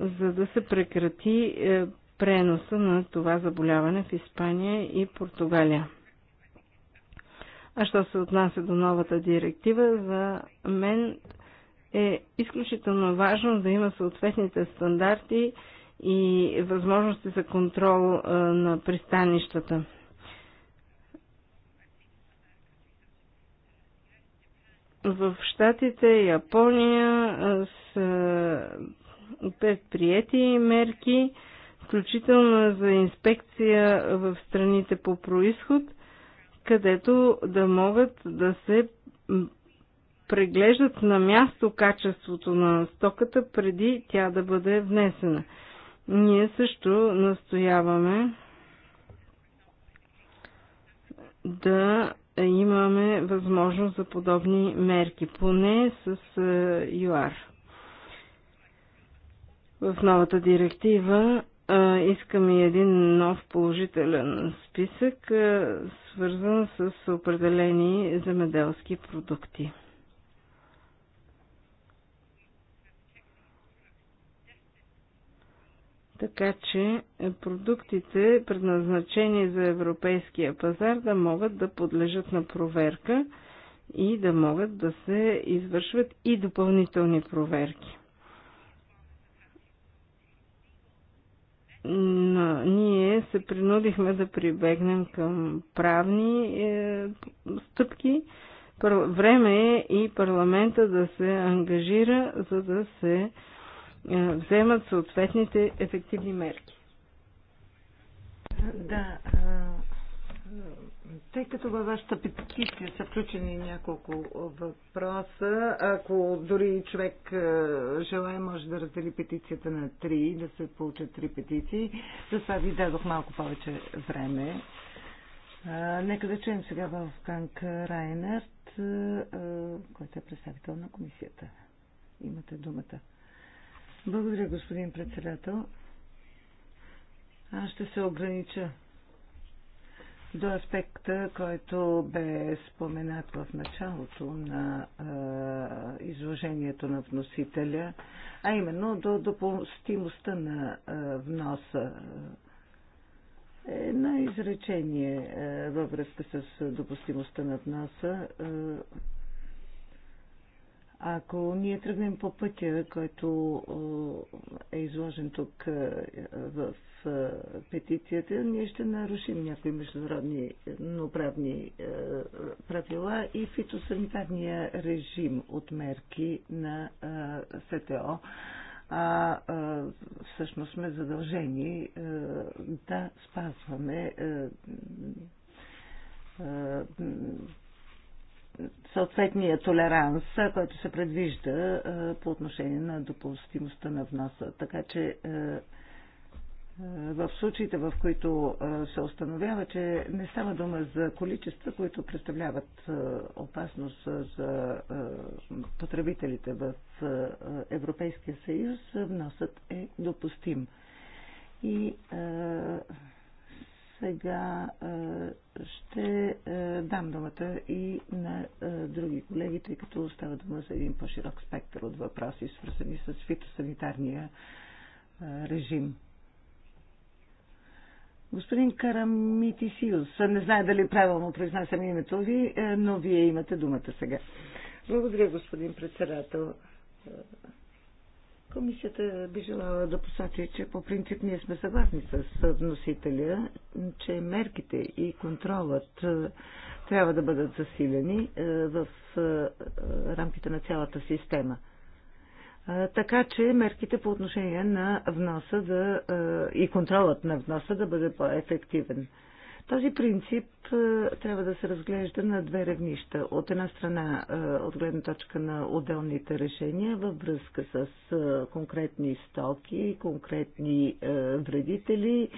за да се прекрати е, преноса на това заболяване в Испания и Португалия. А що се отнася до новата директива, за мен е изключително важно да има съответните стандарти и възможности за контрол на пристанищата. В Штатите, Япония са предприяти мерки, включително за инспекция в страните по происход – където да могат да се преглеждат на място качеството на стоката преди тя да бъде внесена. Ние също настояваме да имаме възможност за подобни мерки, поне с е, ЮАР. В новата директива искам и един нов положителен списък, свързан с определени земеделски продукти. Така че продуктите, предназначени за европейския пазар, да могат да подлежат на проверка и да могат да се извършват и допълнителни проверки. ние се принудихме да прибегнем към правни е, стъпки. Време е и парламента да се ангажира, за да се е, вземат съответните ефективни мерки. Да, е, тъй като във вашата петиция са включени няколко въпроса, ако дори човек е, желая, може да раздели петицията на три, да се получат три петиции. За това ви дадох малко повече време. Е, нека да чуем сега Валфганг Райнерт, който е представител на комисията. Имате думата. Благодаря, господин председател. Аз ще се огранича до аспекта, който бе споменат в началото на а, изложението на вносителя, а именно до допустимостта на а, вноса. Едно изречение а, във връзка с допустимостта на вноса. А, ако ние тръгнем по пътя, който е, е изложен тук е, в е, петицията, ние ще нарушим някои международни правни правила и фитосанитарния режим от мерки на СТО. А, всъщност сме задължени да спазваме съответния толеранс, който се предвижда по отношение на допустимостта на вноса. Така че в случаите, в които се установява, че не става дума за количества, които представляват опасност за потребителите в Европейския съюз, вносът е допустим. И сега е, ще е, дам думата и на е, други колеги, тъй като става дума за един по-широк спектър от въпроси, свързани с фитосанитарния режим. Господин Карамитисиус, не знае дали правилно произнасям името ви, но вие имате думата сега. Благодаря, господин председател. Комисията би желала да посочи, че по принцип ние сме съгласни с вносителя, че мерките и контролът е, трябва да бъдат засилени е, в е, рамките на цялата система. Така че мерките по отношение на вноса да, и контролът на вноса да бъде по-ефективен. Този принцип е, трябва да се разглежда на две равнища. От една страна, е, от гледна точка на отделните решения във връзка с е, конкретни стоки, конкретни вредители.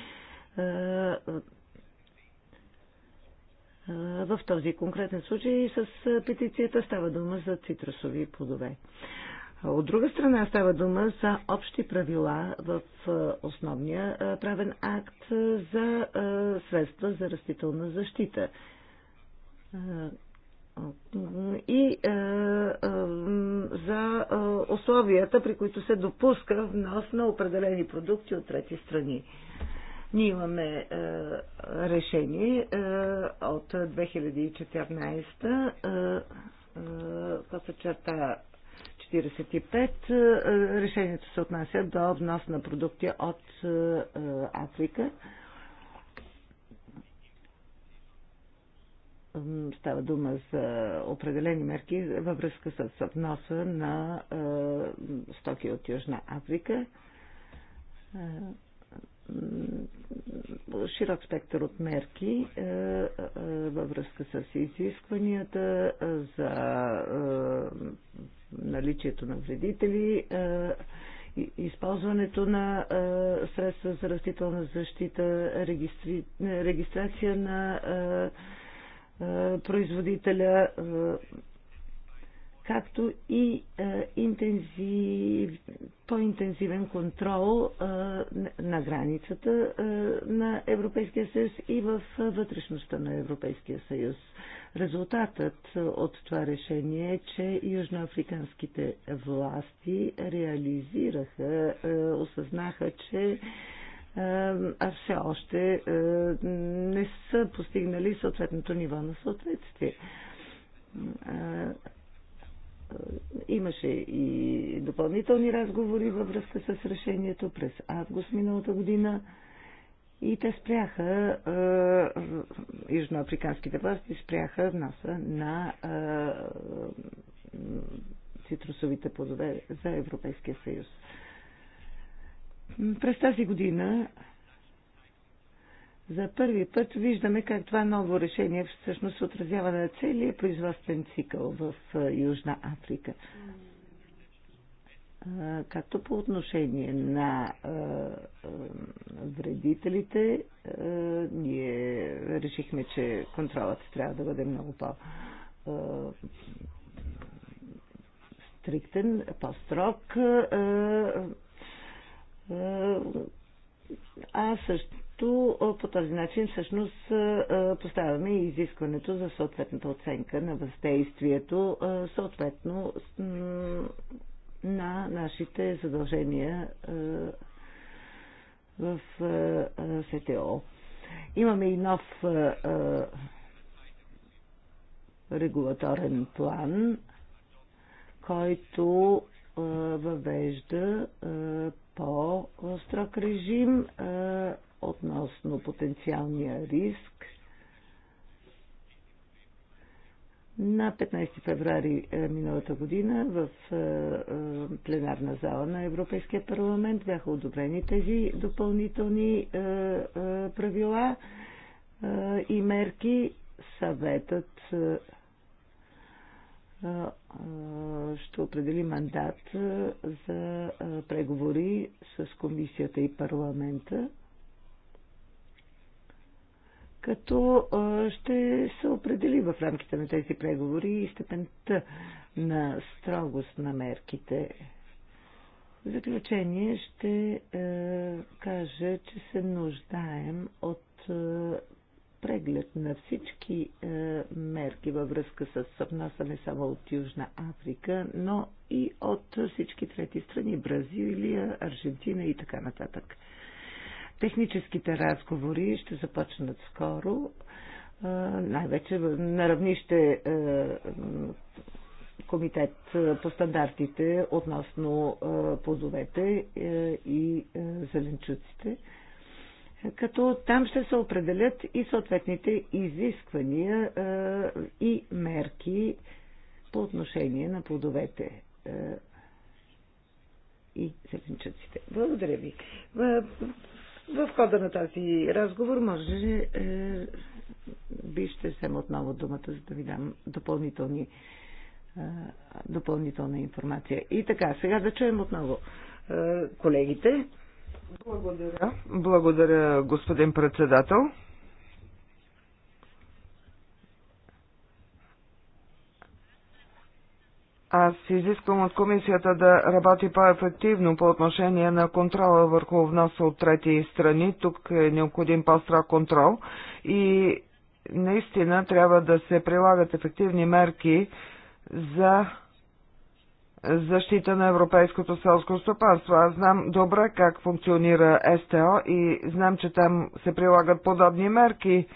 В този конкретен случай с петицията става дума за цитрусови плодове. От друга страна става дума за общи правила в е, основния е, правен акт е, за средства за растителна защита. И за условията, при които се допуска внос на определени продукти от трети страни. Ние имаме е, решение е, от 2014, е, е, което черта 45. Е, е, решението се отнася до внос на продукти от е, Африка. Става дума за определени мерки във връзка с вноса на стоки от Южна Африка широк спектър от мерки е, е, във връзка с изискванията е, за наличието на вредители, използването на средства за растителна защита, регистри... регистрация на производителя, както и е, интензив, по-интензивен контрол е, на границата е, на Европейския съюз и в вътрешността на Европейския съюз. Резултатът от това решение е, че южноафриканските власти реализираха, е, осъзнаха, че е, а все още е, не са постигнали съответното ниво на съответствие е, Имаше и допълнителни разговори във връзка с решението през август миналата година и те спряха, южноафриканските власти спряха вноса на цитрусовите плодове за Европейския съюз. През тази година за първи път виждаме как това ново решение всъщност отразява на целия производствен цикъл в Южна Африка. Както по отношение на вредителите, ние решихме, че контролът трябва да бъде много по- стриктен, по-строг. А също като по този начин всъщност поставяме и изискването за съответната оценка на въздействието, съответно на нашите задължения в СТО. Имаме и нов регулаторен план, който въвежда по-строг режим относно потенциалния риск. На 15 феврари миналата година в пленарна зала на Европейския парламент бяха одобрени тези допълнителни правила и мерки. Съветът ще определи мандат за преговори с комисията и парламента, като ще се определи в рамките на тези преговори и степента на строгост на мерките. В заключение ще кажа, че се нуждаем от преглед на всички е, мерки във връзка с вноса не само от Южна Африка, но и от всички трети страни Бразилия, Аржентина и така нататък. Техническите разговори ще започнат скоро, е, най-вече на равнище е, комитет по стандартите относно е, плодовете е, и е, зеленчуците като там ще се определят и съответните изисквания и мерки по отношение на плодовете и зеленчуците. Благодаря ви. В хода на тази разговор може е, би ще взема отново думата, за да ви дам допълнителни, допълнителна информация. И така, сега да чуем отново колегите. Благодаря. Благодаря, господин председател. Аз изисквам от комисията да работи по-ефективно по отношение на контрола върху вноса от трети страни. Тук е необходим по-строг контрол и наистина трябва да се прилагат ефективни мерки за защита на европейското селско стопанство. Аз знам добре как функционира СТО и знам, че там се прилагат подобни мерки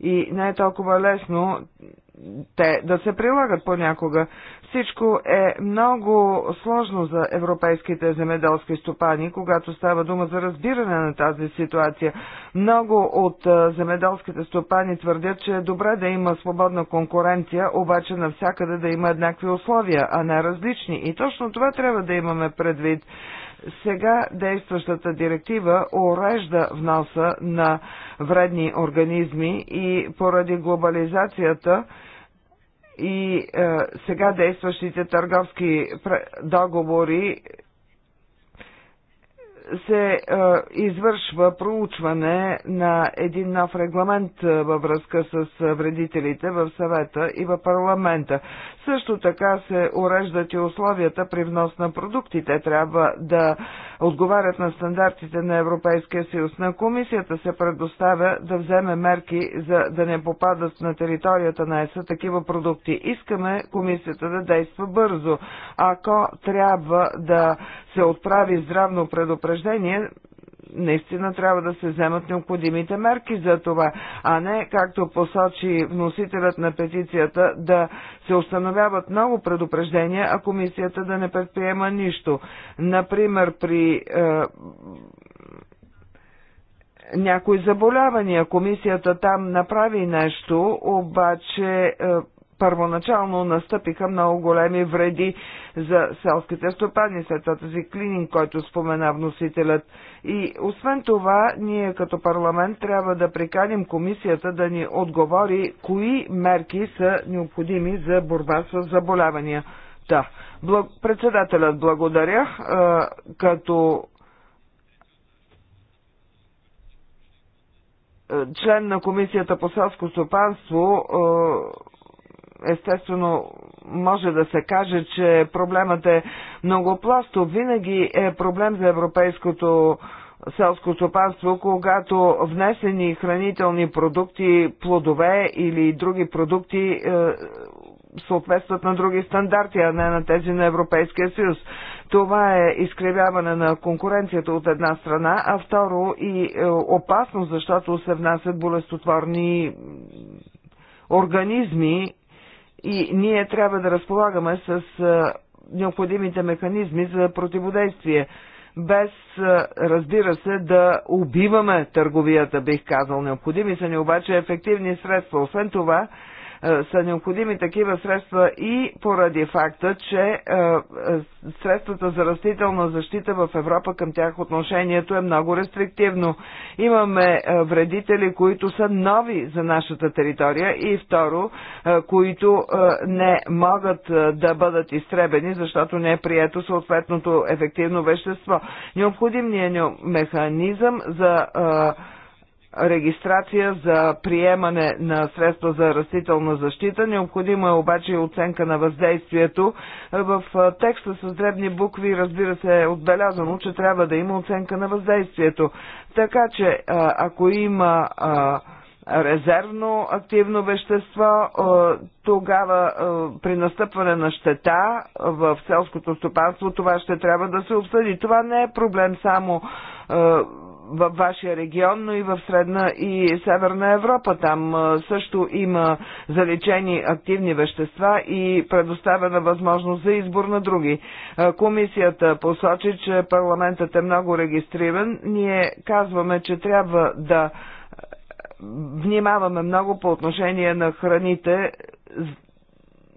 и не е толкова лесно те да се прилагат понякога. Всичко е много сложно за европейските земеделски стопани, когато става дума за разбиране на тази ситуация. Много от земеделските стопани твърдят, че е добре да има свободна конкуренция, обаче навсякъде да има еднакви условия, а не различни. И точно това трябва да имаме предвид. Сега действащата директива урежда вноса на вредни организми и поради глобализацията и е, сега действащите търговски договори се е, извършва проучване на един нов регламент е, във връзка с е, вредителите в съвета и в парламента. Също така се уреждат и условията при внос на продукти. Те трябва да отговарят на стандартите на Европейския съюз. На комисията се предоставя да вземе мерки за да не попадат на територията на ЕСА такива продукти. Искаме комисията да действа бързо. Ако трябва да се отправи здравно предупреждение, възнаграждение, наистина трябва да се вземат необходимите мерки за това, а не, както посочи вносителят на петицията, да се установяват много предупреждения, а комисията да не предприема нищо. Например, при е, някои заболявания комисията там направи нещо, обаче. Е, първоначално настъпиха много големи вреди за селските стопани след този клининг, който спомена вносителят. И освен това, ние като парламент трябва да приканим комисията да ни отговори кои мерки са необходими за борба с заболявания. Да. Благ... Председателят благодаря, а, като член на Комисията по селско стопанство естествено може да се каже, че проблемът е много Винаги е проблем за европейското селско стопанство, когато внесени хранителни продукти, плодове или други продукти е, съответстват на други стандарти, а не на тези на Европейския съюз. Това е изкривяване на конкуренцията от една страна, а второ и е, опасно, защото се внасят болестотворни организми и ние трябва да разполагаме с необходимите механизми за противодействие, без, разбира се, да убиваме търговията, бих казал. Необходими са ни обаче ефективни средства. Освен това, е, са необходими такива средства и поради факта, че е, е, средствата за растителна защита в Европа към тях отношението е много рестриктивно. Имаме вредители, които са нови за нашата територия и второ, които не могат да бъдат изтребени, защото не е прието съответното ефективно вещество. Необходим ни е механизъм за регистрация за приемане на средства за растителна защита. необходима е обаче и оценка на въздействието. В текста с дребни букви, разбира се, е отбелязано, че трябва да има оценка на въздействието. Така че, ако има резервно активно вещество, тогава при настъпване на щета в селското стопанство това ще трябва да се обсъди. Това не е проблем само във вашия регион, но и в Средна и Северна Европа. Там също има залечени активни вещества и предоставена възможност за избор на други. Комисията посочи, че парламентът е много регистриран. Ние казваме, че трябва да внимаваме много по отношение на храните,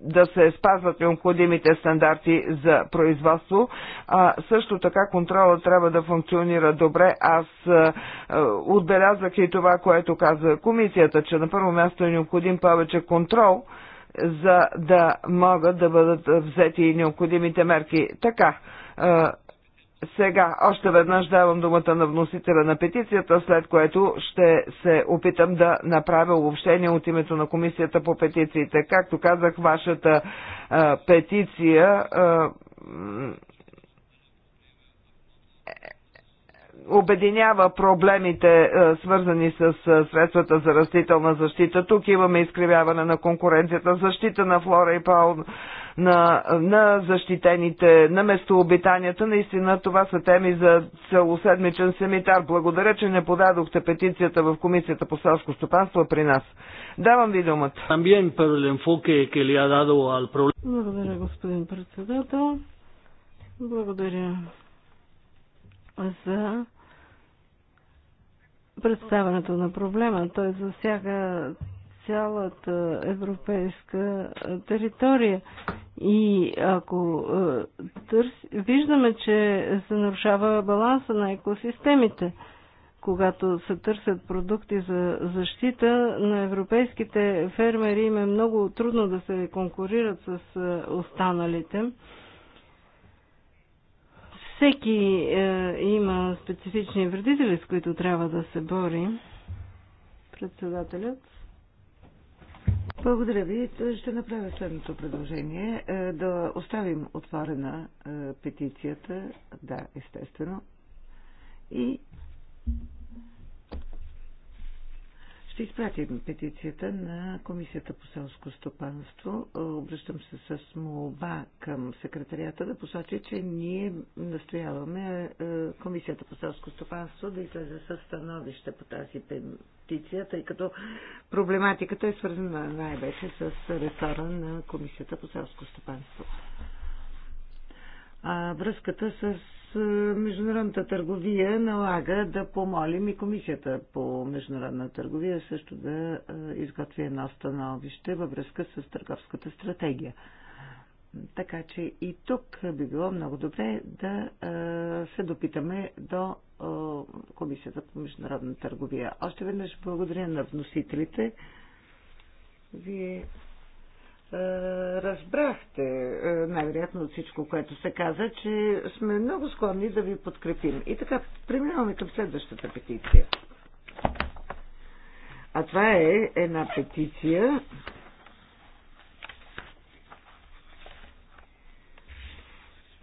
да се спазват необходимите стандарти за производство. А, също така контрола трябва да функционира добре. Аз а, отбелязах и това, което каза комисията, че на първо място е необходим повече контрол, за да могат да бъдат взети и необходимите мерки. Така, сега още веднъж давам думата на вносителя на петицията, след което ще се опитам да направя обобщение от името на Комисията по петициите. Както казах, вашата а, петиция а, обединява проблемите, свързани с средствата за растителна защита. Тук имаме изкривяване на конкуренцията, защита на флора и пауна на, на защитените, на местообитанията. Наистина това са теми за целоседмичен семитар. Благодаря, че не подадохте петицията в Комисията по селско стопанство при нас. Давам ви думата. Благодаря, господин председател. Благодаря за представенето на проблема. Той засяга цялата европейска територия. И ако търс... виждаме, че се нарушава баланса на екосистемите, когато се търсят продукти за защита, на европейските фермери им е много трудно да се конкурират с останалите. Всеки е, има специфични вредители, с които трябва да се бори председателят. Благодаря ви. Ще направя следното предложение. Е, да оставим отворена е, петицията, да, естествено, и ще изпратим петицията на Комисията по селско стопанство. Обръщам се с молба към секретарията да посочи, че ние настояваме е, Комисията по селско стопанство да излезе със становище по тази петиция, тъй като проблематиката е свързана най-вече с ресора на Комисията по селско стопанство. А връзката с международната търговия налага да помолим и комисията по международна търговия също да изготви едно становище във връзка с търговската стратегия. Така че и тук би било много добре да се допитаме до Комисията по международна търговия. Още веднъж благодаря на вносителите. Вие е, разбрахте е, най-вероятно от всичко, което се каза, че сме много склонни да ви подкрепим. И така, преминаваме към следващата петиция. А това е една петиция,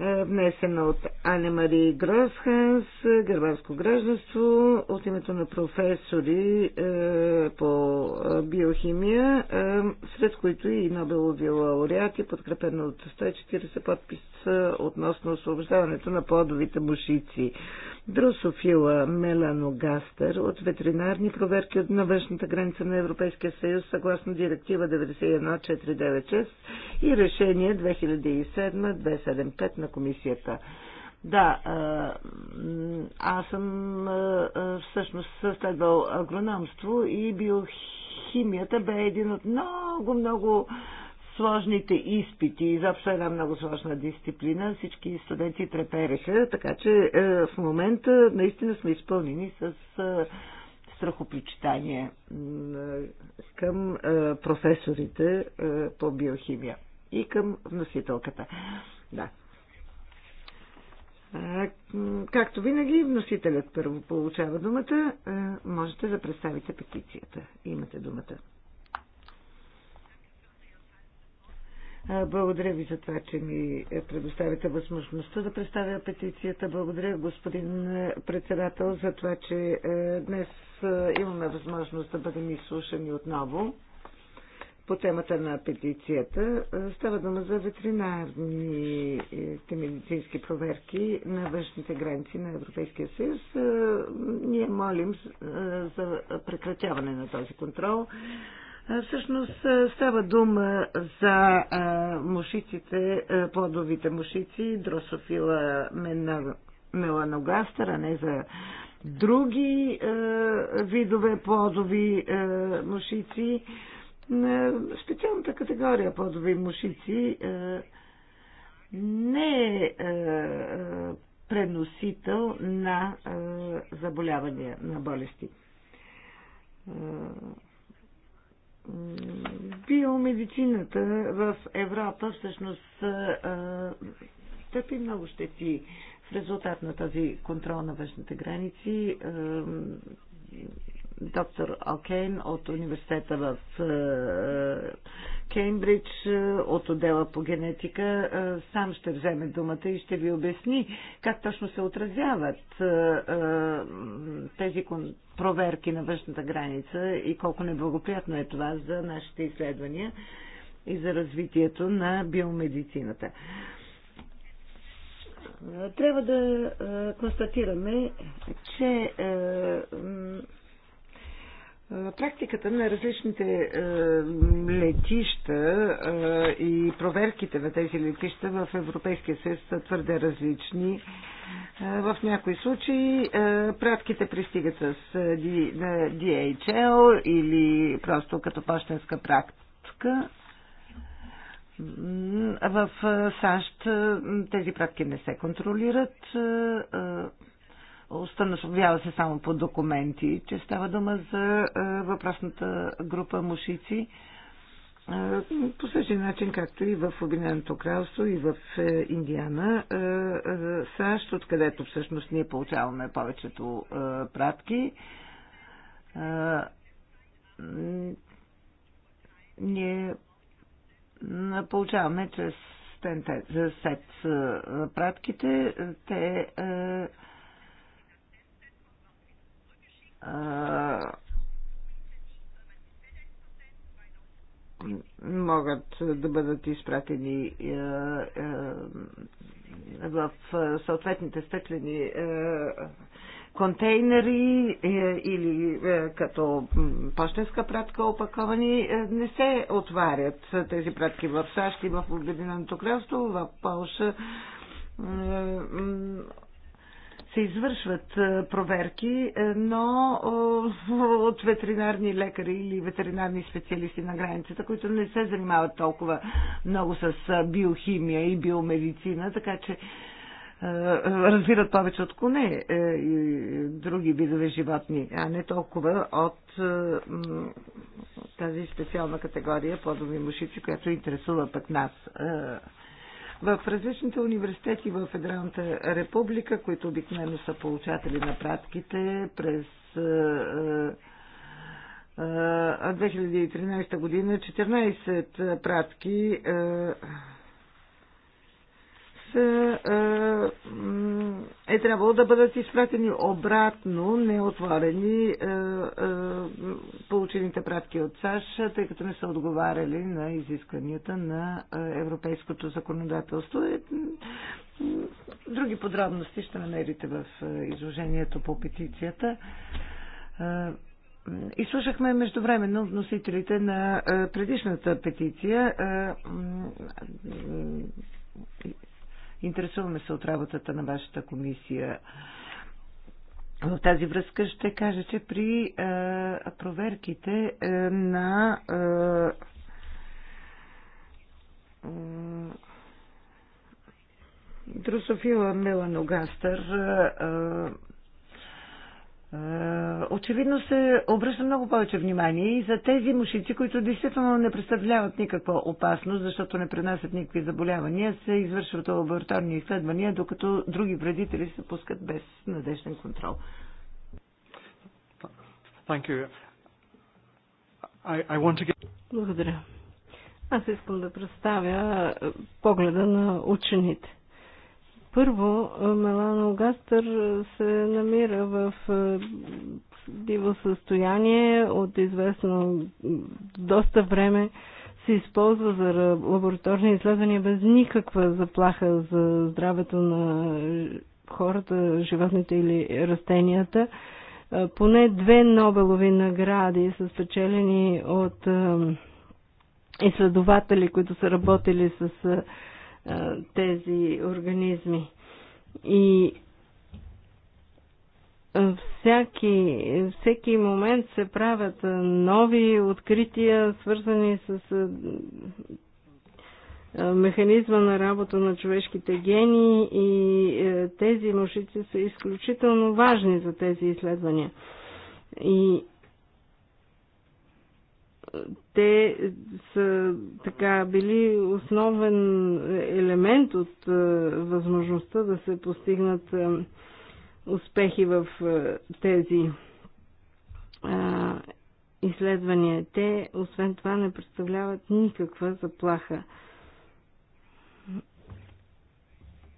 е, внесена от Ане Мари Гросханс, германско гражданство, от името на професори е, по биохимия, е, сред които и Нобелови лауреати, подкрепено от 140 подписа относно освобождаването на плодовите мушици. Дрософила Меланогастер от ветеринарни проверки от външната граница на Европейския съюз съгласно директива 91496 и решение 2007-275 на комисията. Да, аз съм всъщност следвал агрономство и биохимията бе един от много-много сложните изпити. Изобщо една много сложна дисциплина. Всички студенти трепереха, така че е, в момента наистина сме изпълнени с е, страхопричитание към е, професорите по биохимия и към вносителката. Да. Както винаги, вносителят първо получава думата. Можете да представите петицията. Имате думата. Благодаря ви за това, че ми предоставите възможността да представя петицията. Благодаря, господин председател, за това, че днес имаме възможност да бъдем изслушани отново по темата на петицията. Е, става дума за ветеринарните медицински проверки на външните граници на Европейския съюз. Е, ние молим е, за прекратяване на този контрол. Всъщност става дума за мушиците, плодовите мушици, дрософила меланогастър, а не за други видове плодови мушици специалната категория плодови мушици е, не е, е преносител на е, заболявания, на болести. Биомедицината в Европа всъщност търпи много щети в резултат на този контрол на външните граници доктор Окейн от университета в е, Кеймбридж, е, от отдела по генетика, е, сам ще вземе думата и ще ви обясни как точно се отразяват тези проверки на външната граница и колко неблагоприятно е това за нашите изследвания и за развитието на биомедицината. Трябва да констатираме, че Практиката на различните е, летища е, и проверките на тези летища в Европейския съюз са твърде различни. Е, в някои случаи пратките пристигат с DHL или просто като почтенска практика. В САЩ тези пратки не се контролират установява се само по документи, че става дума за е, въпросната група мушици. Е, по същия начин, както и в Обединеното кралство, и в е, Индиана, САЩ, откъдето всъщност ние получаваме повечето пратки, ние получаваме чрез сет пратките. Те могат да бъдат изпратени е, е, в съответните стъклени е, контейнери или като почтенска пратка опаковани, не се отварят тези пратки в САЩ и в Обединеното кралство, в Польша се извършват е, проверки, е, но е, от ветеринарни лекари или ветеринарни специалисти на границата, които не се занимават толкова много с биохимия и биомедицина, така че разбират повече от коне и други видове животни, а не толкова от тази специална категория плодови мушици, която интересува пък нас в различните университети в Федералната република, които обикновено са получатели на пратките през 2013 е, е, е, година 14 пратки е, е, е трябвало да бъдат изпратени обратно неотворени е, получените пратки от САЩ, тъй като не са отговаряли на изискванията на европейското законодателство. Други подробности ще намерите в изложението по петицията. Изслушахме междувременно вносителите на предишната петиция Интересуваме се от работата на вашата комисия. В тази връзка ще кажа, че при е, проверките е, на е, Дрософила Меланогастър е, е, очевидно се обръща много повече внимание и за тези мушици, които действително не представляват никаква опасност, защото не пренасят никакви заболявания, се извършват лабораторни изследвания, докато други вредители се пускат без надежден контрол. Thank you. I, I want to get... Благодаря. Аз искам да представя погледа на учените. Първо, меланогастър се намира в диво състояние от известно доста време се използва за лабораторни изследвания без никаква заплаха за здравето на хората, животните или растенията. Поне две Нобелови награди са спечелени от изследователи, които са работили с тези организми. И всяки, всеки момент се правят нови открития, свързани с механизма на работа на човешките гени и тези мушици са изключително важни за тези изследвания. И те са така били основен елемент от е, възможността да се постигнат е, успехи в е, тези изследвания. Те, освен това, не представляват никаква заплаха.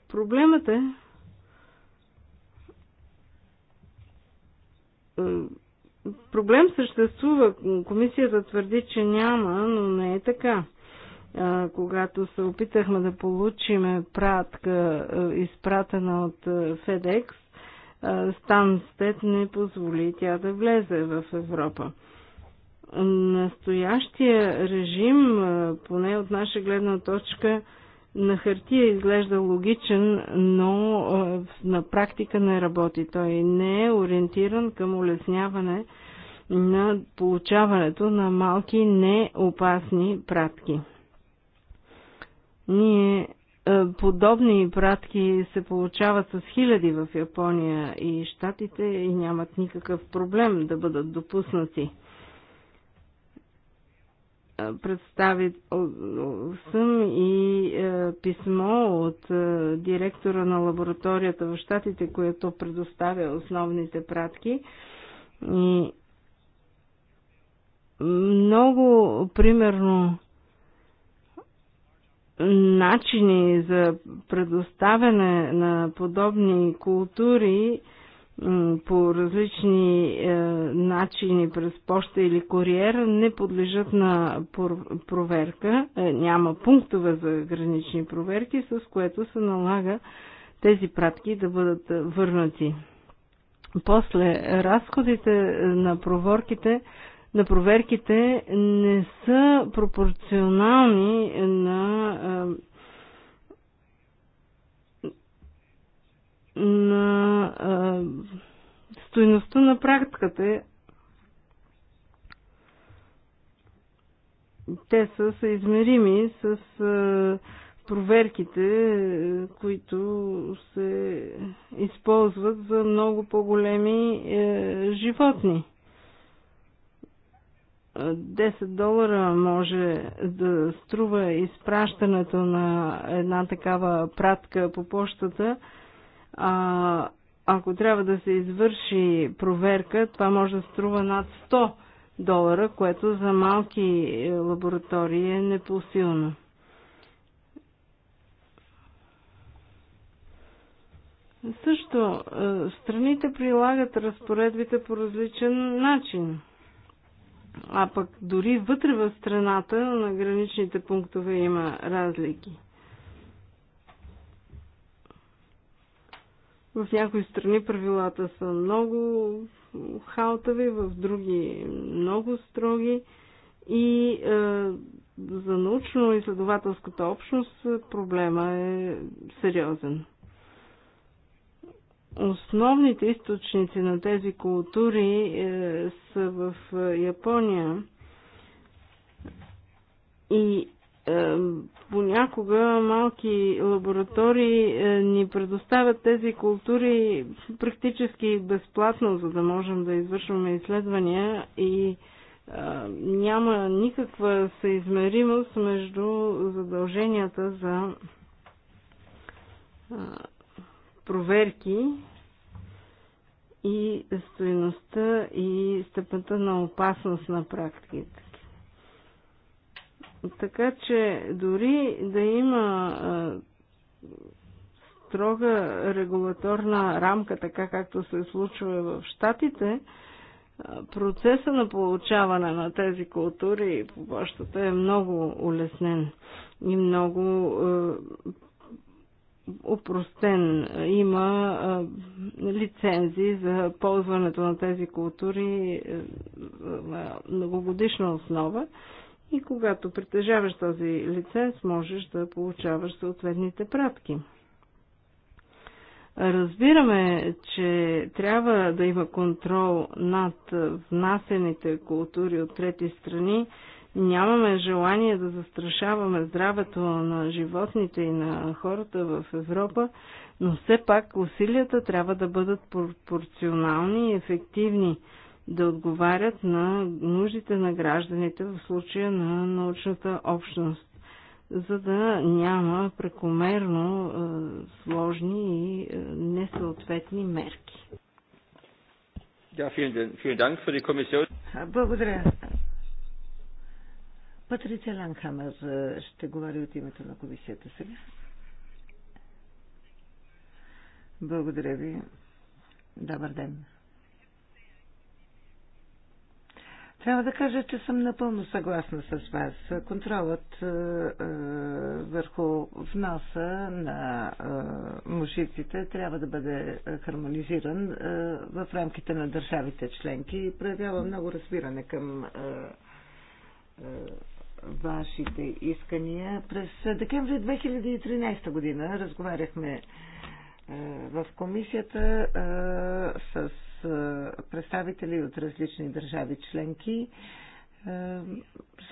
Проблемът е, проблем съществува. Комисията твърди, че няма, но не е така. Когато се опитахме да получим пратка, изпратена от FedEx, Стет не позволи тя да влезе в Европа. Настоящия режим, поне от наша гледна точка, на хартия изглежда логичен, но на практика не работи. Той не е ориентиран към улесняване на получаването на малки неопасни пратки. Ние подобни пратки се получават с хиляди в Япония и Штатите и нямат никакъв проблем да бъдат допуснати. Представи съм и е, писмо от е, директора на лабораторията в Штатите, което предоставя основните пратки. И много, примерно, начини за предоставяне на подобни култури по различни е, начини през почта или куриер не подлежат на проверка, е, няма пунктове за гранични проверки, с което се налага тези пратки да бъдат върнати. После разходите е, на проверките, на проверките не са пропорционални на е, на а, стоеността на практиката. Те са съизмерими с а, проверките, които се използват за много по-големи е, животни. 10 долара може да струва изпращането на една такава пратка по почтата, а, ако трябва да се извърши проверка, това може да струва над 100 долара, което за малки е, лаборатории е непосилно. Също е, страните прилагат разпоредбите по различен начин. А пък дори вътре в страната на граничните пунктове има разлики. В някои страни правилата са много халтави, в други много строги и е, за научно-изследователската общност проблема е сериозен. Основните източници на тези култури е, са в Япония и понякога малки лаборатории е, ни предоставят тези култури практически безплатно, за да можем да извършваме изследвания и е, няма никаква съизмеримост между задълженията за е, проверки и стоеността и степента на опасност на практиките. Така че дори да има строга регулаторна рамка, така както се случва в Штатите, процеса на получаване на тези култури по почтата е много улеснен и много е, упростен. Има е, лицензии за ползването на тези култури е, на многогодишна основа. Е, и когато притежаваш този лиценз, можеш да получаваш съответните пратки. Разбираме, че трябва да има контрол над внасените култури от трети страни. Нямаме желание да застрашаваме здравето на животните и на хората в Европа, но все пак усилията трябва да бъдат пропорционални и ефективни да отговарят на нуждите на гражданите в случая на научната общност, за да няма прекомерно е, сложни и е, несъответни мерки. Благодаря. Патриция Ланхамер е, ще говори от името на комисията сега. Благодаря ви. Добър ден. Трябва да кажа, че съм напълно съгласна с вас. Контролът е, е, върху вноса на е, мушиците трябва да бъде хармонизиран е, в рамките на държавите членки и проявява много разбиране към е, е, вашите искания. През декември 2013 година разговаряхме е, в комисията е, с е, представители от различни държави членки, е,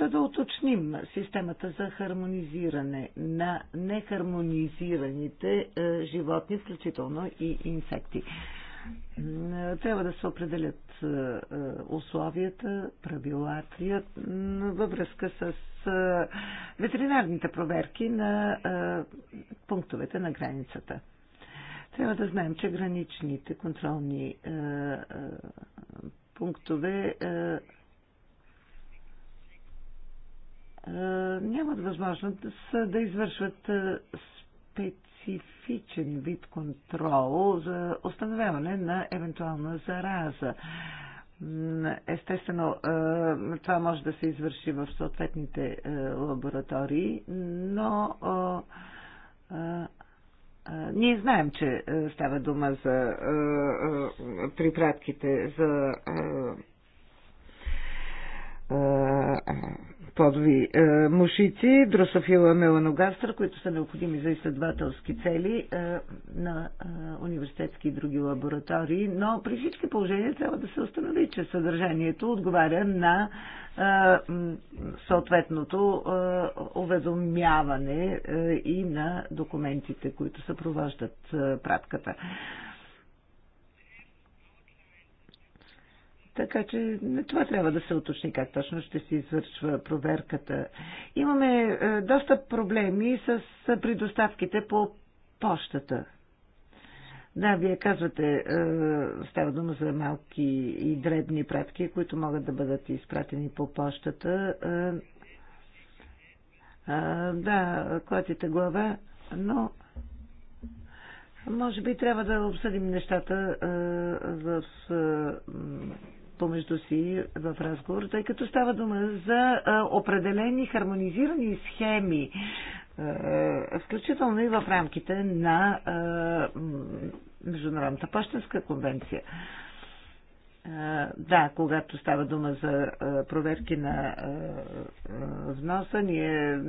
за да уточним системата за хармонизиране на нехармонизираните е, животни, включително и инсекти. Трябва да се определят условията, правилата във връзка с ветеринарните проверки на пунктовете на границата. Трябва да знаем, че граничните контролни е, е, пунктове е, е, нямат възможност да, да извършват е, специфичен вид контрол за установяване на евентуална зараза. Естествено, е, това може да се извърши в съответните е, лаборатории, но е, ние знаем, че е, става дума за е, е, припратките, за е, мушици, дрософила меланогастра, които са необходими за изследователски цели е, на е, университетски и други лаборатории, но при всички положения трябва да се установи, че съдържанието отговаря на е, съответното уведомяване и на документите, които съпровождат пратката. Така че това трябва да се уточни как точно ще се извършва проверката. Имаме е, доста проблеми с предоставките по почтата. Да, вие казвате, е, става дума за малки и дребни пратки, които могат да бъдат изпратени по почтата. Е, да, клатите глава, но може би трябва да обсъдим нещата в помежду си в разговор, тъй като става дума за определени хармонизирани схеми, включително и в рамките на Международната почтенска конвенция. Да, когато става дума за проверки на вноса, ние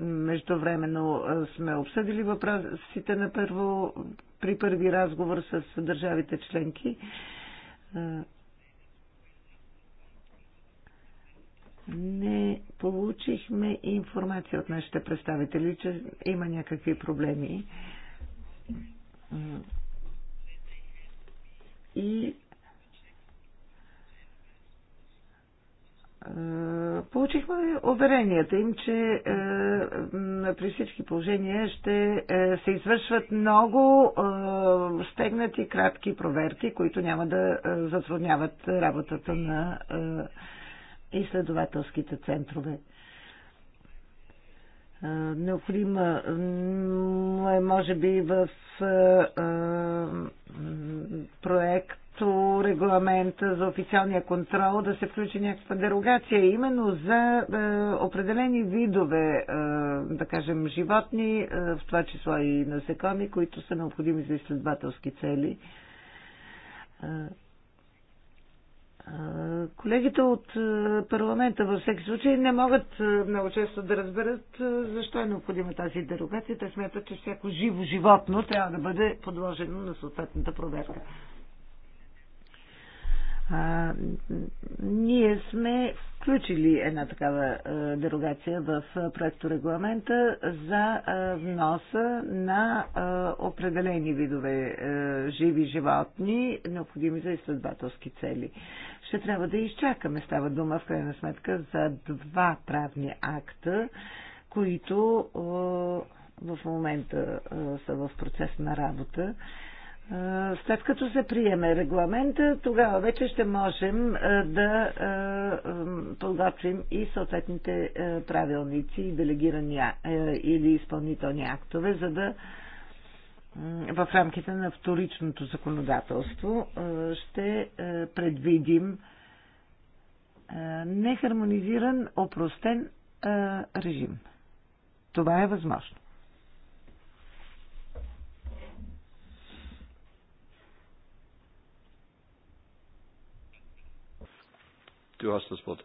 междувременно сме обсъдили въпросите на първо, при първи разговор с държавите членки. не получихме информация от нашите представители, че има някакви проблеми. И получихме уверенията им, че при всички положения ще се извършват много стегнати кратки проверки, които няма да затрудняват работата на изследователските центрове. Необходимо е, може би, в проекто регламента за официалния контрол да се включи някаква дерогация, именно за определени видове, да кажем, животни, в това число и насекоми, които са необходими за изследователски цели. Колегите от парламента във всеки случай не могат много често да разберат защо е необходима тази дерогация. Те смятат, че всяко живо животно трябва да бъде подложено на съответната проверка. А, ние сме включили една такава а, дерогация в проекто регламента за а, вноса на а, определени видове а, живи животни, необходими за изследователски цели. Ще трябва да изчакаме. Става дума в крайна сметка за два правни акта, които а, в момента а, са в процес на работа. А, след като се приеме регламента, тогава вече ще можем да подготвим и съответните правилници и делегирани или изпълнителни актове, за да в рамките на вторичното законодателство ще предвидим нехармонизиран, опростен режим. Това е възможно. Du hast das Wort.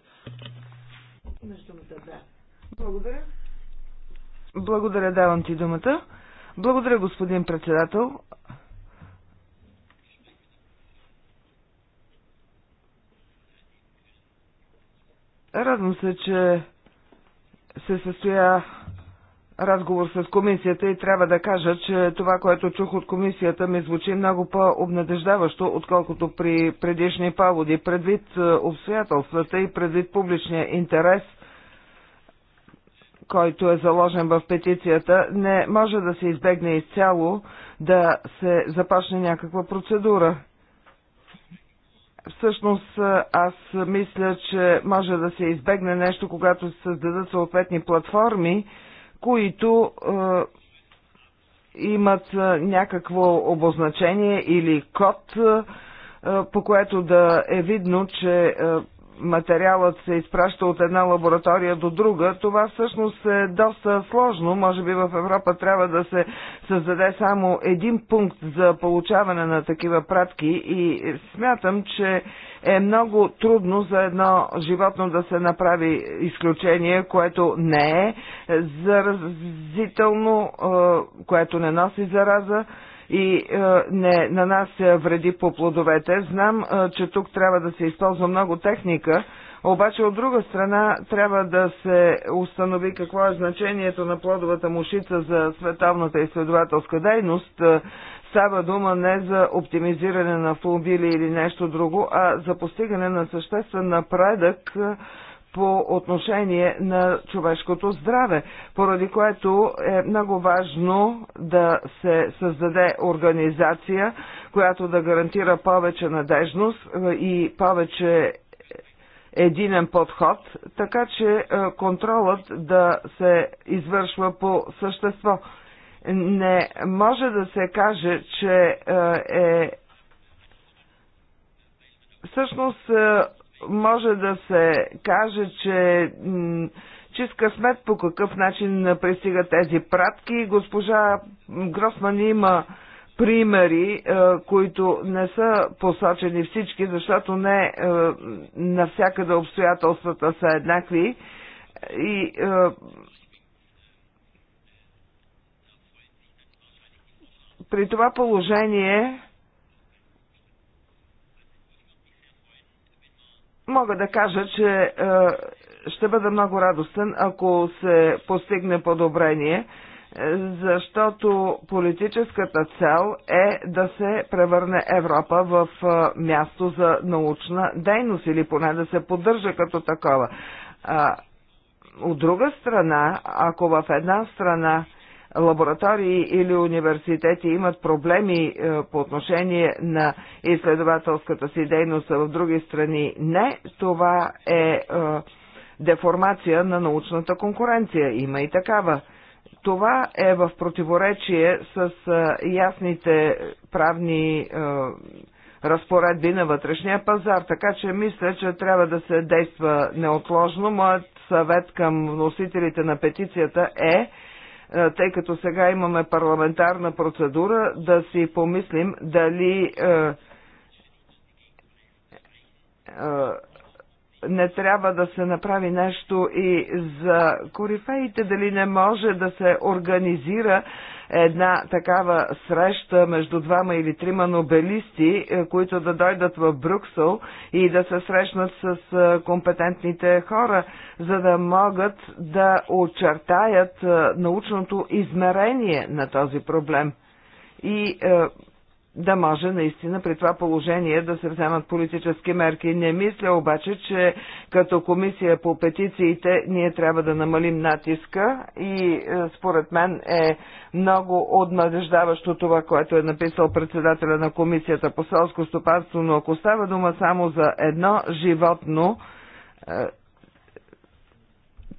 Благодаря. Благодаря, давам ти думата. Благодаря, господин председател. Радвам се, че се състоя разговор с комисията и трябва да кажа, че това, което чух от комисията, ми звучи много по-обнадеждаващо, отколкото при предишни поводи. Предвид е, обстоятелствата и предвид публичния интерес, който е заложен в петицията, не може да се избегне изцяло да се започне някаква процедура. Всъщност е, аз мисля, че може да се избегне нещо, когато се създадат съответни платформи, които е, имат е, някакво обозначение или код, е, по което да е видно, че материалът се изпраща от една лаборатория до друга, това всъщност е доста сложно. Може би в Европа трябва да се създаде само един пункт за получаване на такива пратки и смятам, че е много трудно за едно животно да се направи изключение, което не е заразително, е, което не носи зараза и е, не нанася вреди по плодовете. Знам, е, че тук трябва да се използва много техника, обаче от друга страна трябва да се установи какво е значението на плодовата мушица за световната изследователска дейност. Е, става дума не за оптимизиране на флобили или нещо друго, а за постигане на съществен напредък по отношение на човешкото здраве, поради което е много важно да се създаде организация, която да гарантира повече надежност е, и повече единен подход, така че е, контролът да се извършва по същество. Не може да се каже, че е, е всъщност може да се каже, че чист късмет по какъв начин пристигат тези пратки. Госпожа Гросман има примери, е, които не са посочени всички, защото не е, навсякъде обстоятелствата са еднакви. И е, при това положение Мога да кажа, че е, ще бъда много радостен, ако се постигне подобрение, е, защото политическата цел е да се превърне Европа в е, място за научна дейност или поне да се поддържа като такова. От друга страна, ако в една страна лаборатории или университети имат проблеми е, по отношение на изследователската си дейност, в други страни не, това е, е деформация на научната конкуренция. Има и такава. Това е в противоречие с е, ясните правни разпоредби на вътрешния пазар, така че мисля, че трябва да се действа неотложно. Моят съвет към носителите на петицията е е, тъй като сега имаме парламентарна процедура, да си помислим дали е, е, не трябва да се направи нещо и за корифеите, дали не може да се организира една такава среща между двама или трима нобелисти, е, които да дойдат в Брюксел и да се срещнат с е, компетентните хора, за да могат да очертаят е, научното измерение на този проблем. И да може наистина при това положение да се вземат политически мерки. Не мисля обаче, че като комисия по петициите ние трябва да намалим натиска и е, според мен е много отнадеждаващо това, което е написал председателя на комисията по селско стопанство, но ако става дума само за едно животно, е,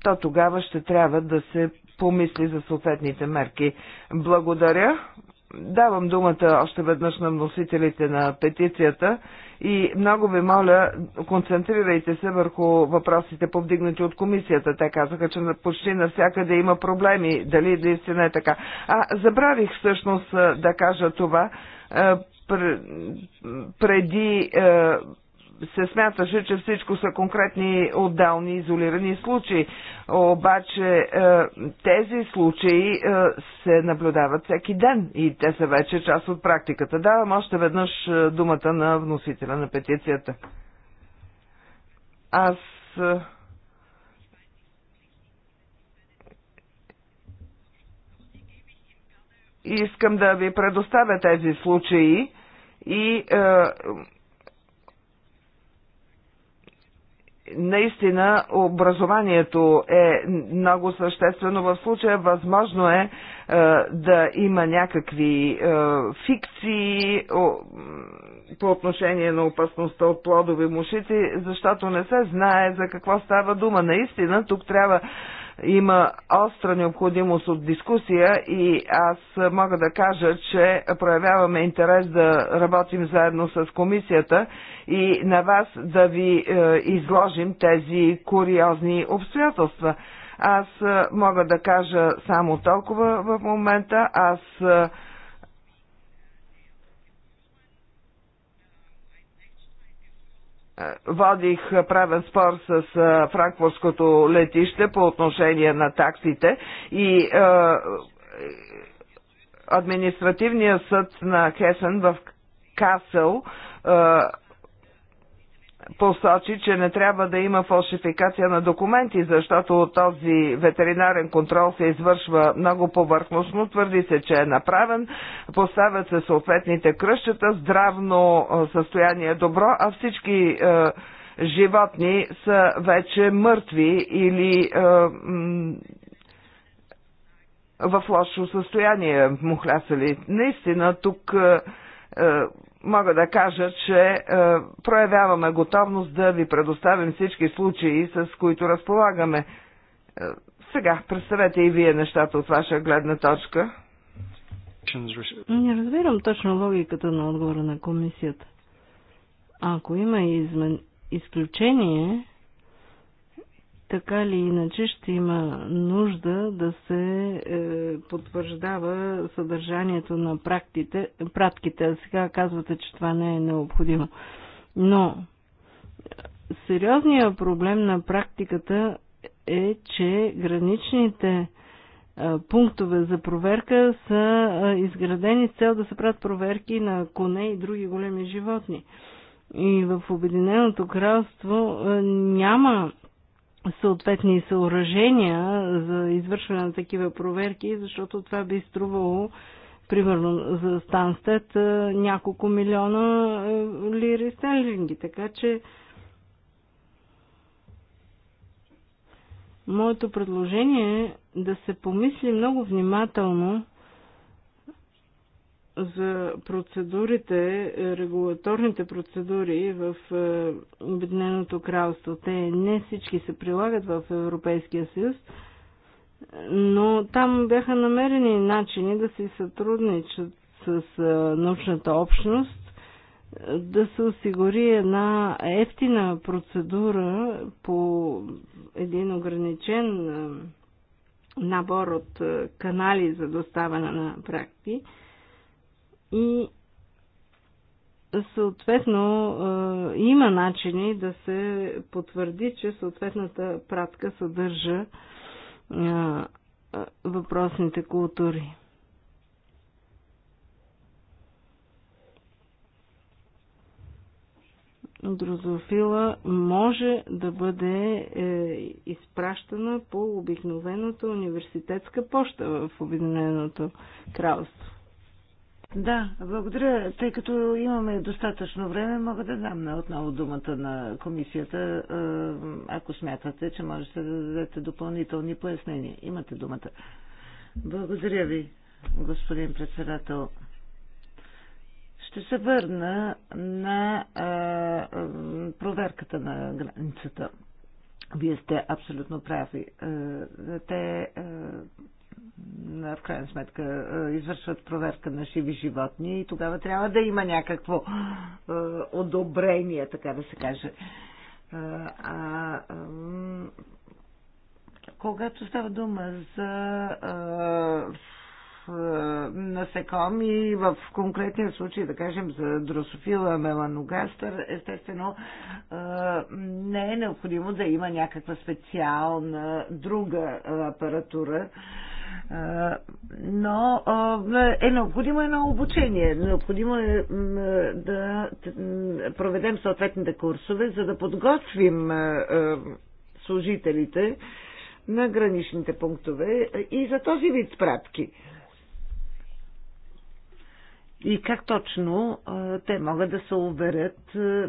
то тогава ще трябва да се помисли за съответните мерки. Благодаря. Давам думата още веднъж на носителите на петицията и много ви моля, концентрирайте се върху въпросите повдигнати от комисията. Те казаха, че почти навсякъде има проблеми. Дали наистина е така? А забравих всъщност да кажа това преди се смяташе, че всичко са конкретни отделни изолирани случаи. Обаче е, тези случаи е, се наблюдават всеки ден и те са вече част от практиката. Давам още веднъж е, думата на вносителя на петицията. Аз искам да ви предоставя тези случаи и е, наистина образованието е много съществено. В случая възможно е, е да има някакви е, фикции о, по отношение на опасността от плодови мушици, защото не се знае за какво става дума. Наистина тук трябва има остра необходимост от дискусия и аз мога да кажа, че проявяваме интерес да работим заедно с комисията и на вас да ви е, изложим тези куриозни обстоятелства. Аз е, мога да кажа само толкова в момента. Аз е, водих правен спор с франкфуртското летище по отношение на таксите и административният съд на Хесен в Касъл посочи, че не трябва да има фалшификация на документи, защото този ветеринарен контрол се извършва много повърхностно, твърди се, че е направен, поставят се съответните кръщата, здравно състояние е добро, а всички е, животни са вече мъртви или е, в лошо състояние мухлясали. Наистина тук е, мога да кажа, че е, проявяваме готовност да ви предоставим всички случаи, с които разполагаме. Е, сега, представете и вие нещата от ваша гледна точка. Не разбирам точно логиката на отговора на комисията. Ако има измен... изключение, така или иначе ще има нужда да се е, потвърждава съдържанието на практите, пратките. А сега казвате, че това не е необходимо. Но сериозният проблем на практиката е, че граничните е, пунктове за проверка са е, изградени с цел да се правят проверки на коне и други големи животни. И в Обединеното кралство е, няма съответни съоръжения за извършване на такива проверки, защото това би струвало примерно за Станстед няколко милиона лири стерлинги. Така че моето предложение е да се помисли много внимателно за процедурите, регулаторните процедури в е, Обединеното кралство. Те не всички се прилагат в Европейския съюз, но там бяха намерени начини да се сътрудничат с е, научната общност, да се осигури една ефтина процедура по един ограничен е, набор от канали за доставане на практики и съответно има начини да се потвърди, че съответната пратка съдържа въпросните култури. дрозофила може да бъде е, изпращана по обикновената университетска поща в Обединеното кралство. Да, благодаря. Тъй като имаме достатъчно време, мога да дам отново думата на комисията, ако смятате, че можете да дадете допълнителни пояснения. Имате думата. Благодаря ви, господин председател. Ще се върна на а, проверката на границата. Вие сте абсолютно прави. Те в крайна сметка е, извършват проверка на живи животни и тогава трябва да има някакво е, одобрение, така да се каже. Е, а, когато става дума за насекоми, в конкретния случай, да кажем, за дрософила меланогастър, естествено не е необходимо да има някаква специална друга апаратура, но е необходимо едно обучение. Необходимо е да проведем съответните курсове, за да подготвим служителите на граничните пунктове и за този вид пратки. И как точно те могат да се уверят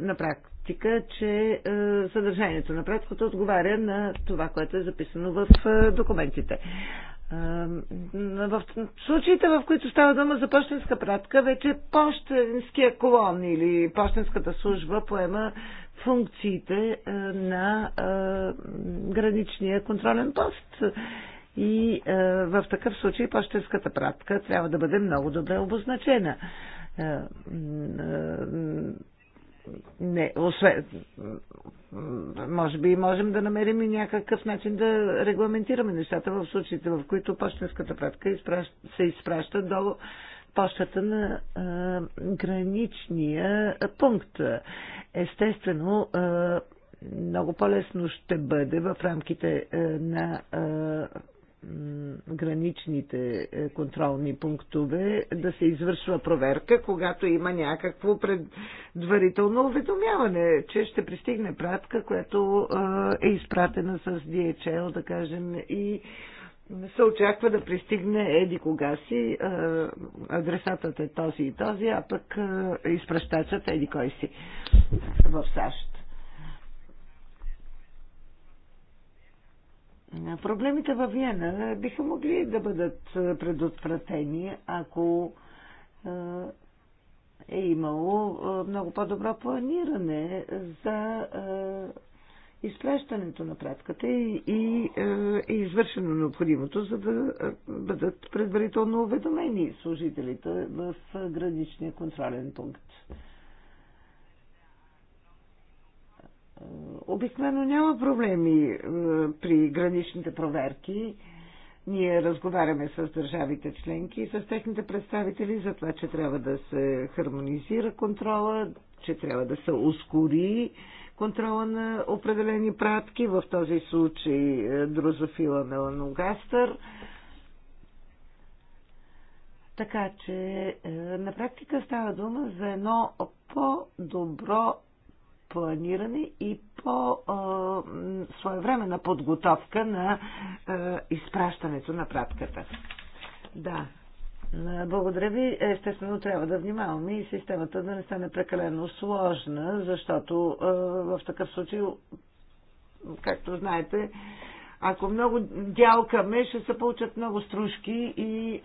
на практика, че съдържанието на пратката отговаря на това, което е записано в документите. В случаите, в които става дума за почтенска пратка, вече почтенския колон или почтенската служба поема функциите на граничния контролен пост. И в такъв случай почтенската пратка трябва да бъде много добре обозначена не, освен, може би можем да намерим и някакъв начин да регламентираме нещата в случаите, в които почтенската пратка изпраща, се изпраща до почтата на а, граничния пункт. Естествено, а, много по-лесно ще бъде в рамките а, на а, граничните е, контролни пунктове да се извършва проверка, когато има някакво предварително уведомяване, че ще пристигне пратка, която е, е изпратена с DHL, да кажем, и се очаква да пристигне еди кога си, е, адресатът е този и този, а пък изпращачът еди кой си в САЩ. Проблемите във Виена биха могли да бъдат предотвратени, ако е имало много по-добро планиране за изплещането на пратката и е извършено необходимото, за да бъдат предварително уведомени служителите в граничния контролен пункт. обикновено няма проблеми е, при граничните проверки. Ние разговаряме с държавите членки и с техните представители за това, че трябва да се хармонизира контрола, че трябва да се ускори контрола на определени пратки, в този случай е, дрозофила на ланогастър. Така че е, на практика става дума за едно по-добро планиране и по-своевременна подготовка на изпращането на пратката. Да. Благодаря ви. Естествено, трябва да внимаваме и системата да не стане прекалено сложна, защото в такъв случай, както знаете, ако много дялкаме, ще се получат много стружки и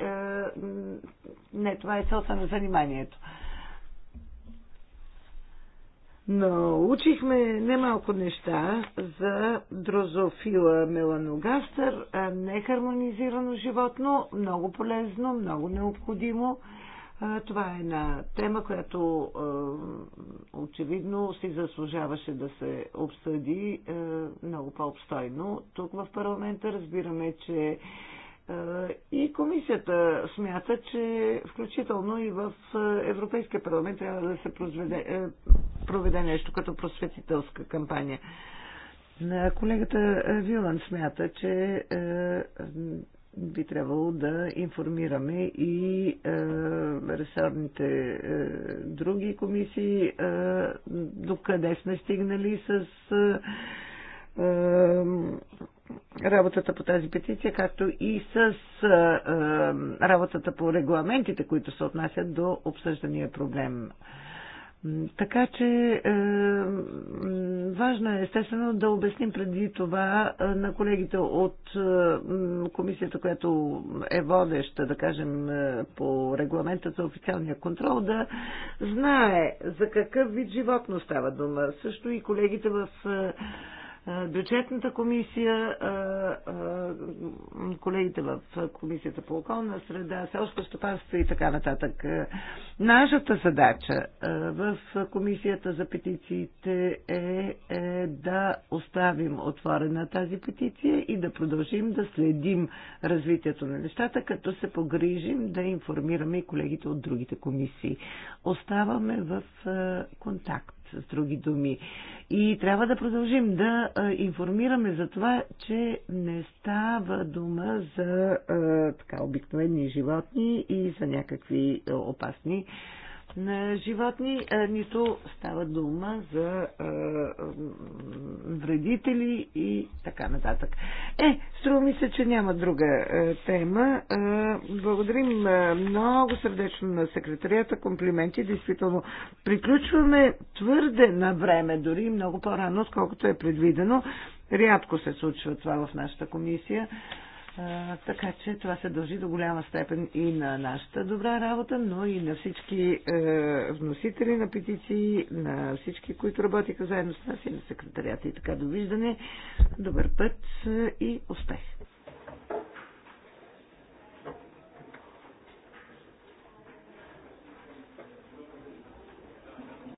не, това е целта на заниманието. Научихме немалко неща за дрозофила меланогастър, нехармонизирано животно, много полезно, много необходимо. Това е една тема, която очевидно си заслужаваше да се обсъди много по-обстойно. Тук в парламента разбираме, че е, и комисията смята, че включително и в е, Европейския парламент трябва да се проведе, е, проведе нещо като просветителска кампания. Колегата Вилан смята, че би трябвало да информираме и е, ресорните е, други комисии е, докъде сме стигнали с е, работата по тази петиция, както и с работата по регламентите, които се отнасят до обсъждания проблем. Така че е, важно е естествено да обясним преди това е, на колегите от е, комисията, която е водеща, да кажем, е, по регламента за официалния контрол, да знае за какъв вид животно става дума. Също и колегите в е, бюджетната комисия, колегите в комисията по околна среда, селско стопанство и така нататък. Нашата задача в комисията за петициите е, е да оставим отворена тази петиция и да продължим да следим развитието на нещата, като се погрижим да информираме и колегите от другите комисии. Оставаме в контакт с други думи. И трябва да продължим да информираме за това, че не става дума за така обикновени животни и за някакви опасни на животни, нито става дума за вредители и така нататък. Е, струва ми се, че няма друга тема. Благодарим много сърдечно на секретарията. Комплименти, действително. Приключваме твърде на време, дори много по-рано, отколкото е предвидено. Рядко се случва това в нашата комисия така че това се дължи до голяма степен и на нашата добра работа, но и на всички е, вносители на петиции, на всички, които работиха заедно с нас и на секретарията и така довиждане. Добър път е, и успех!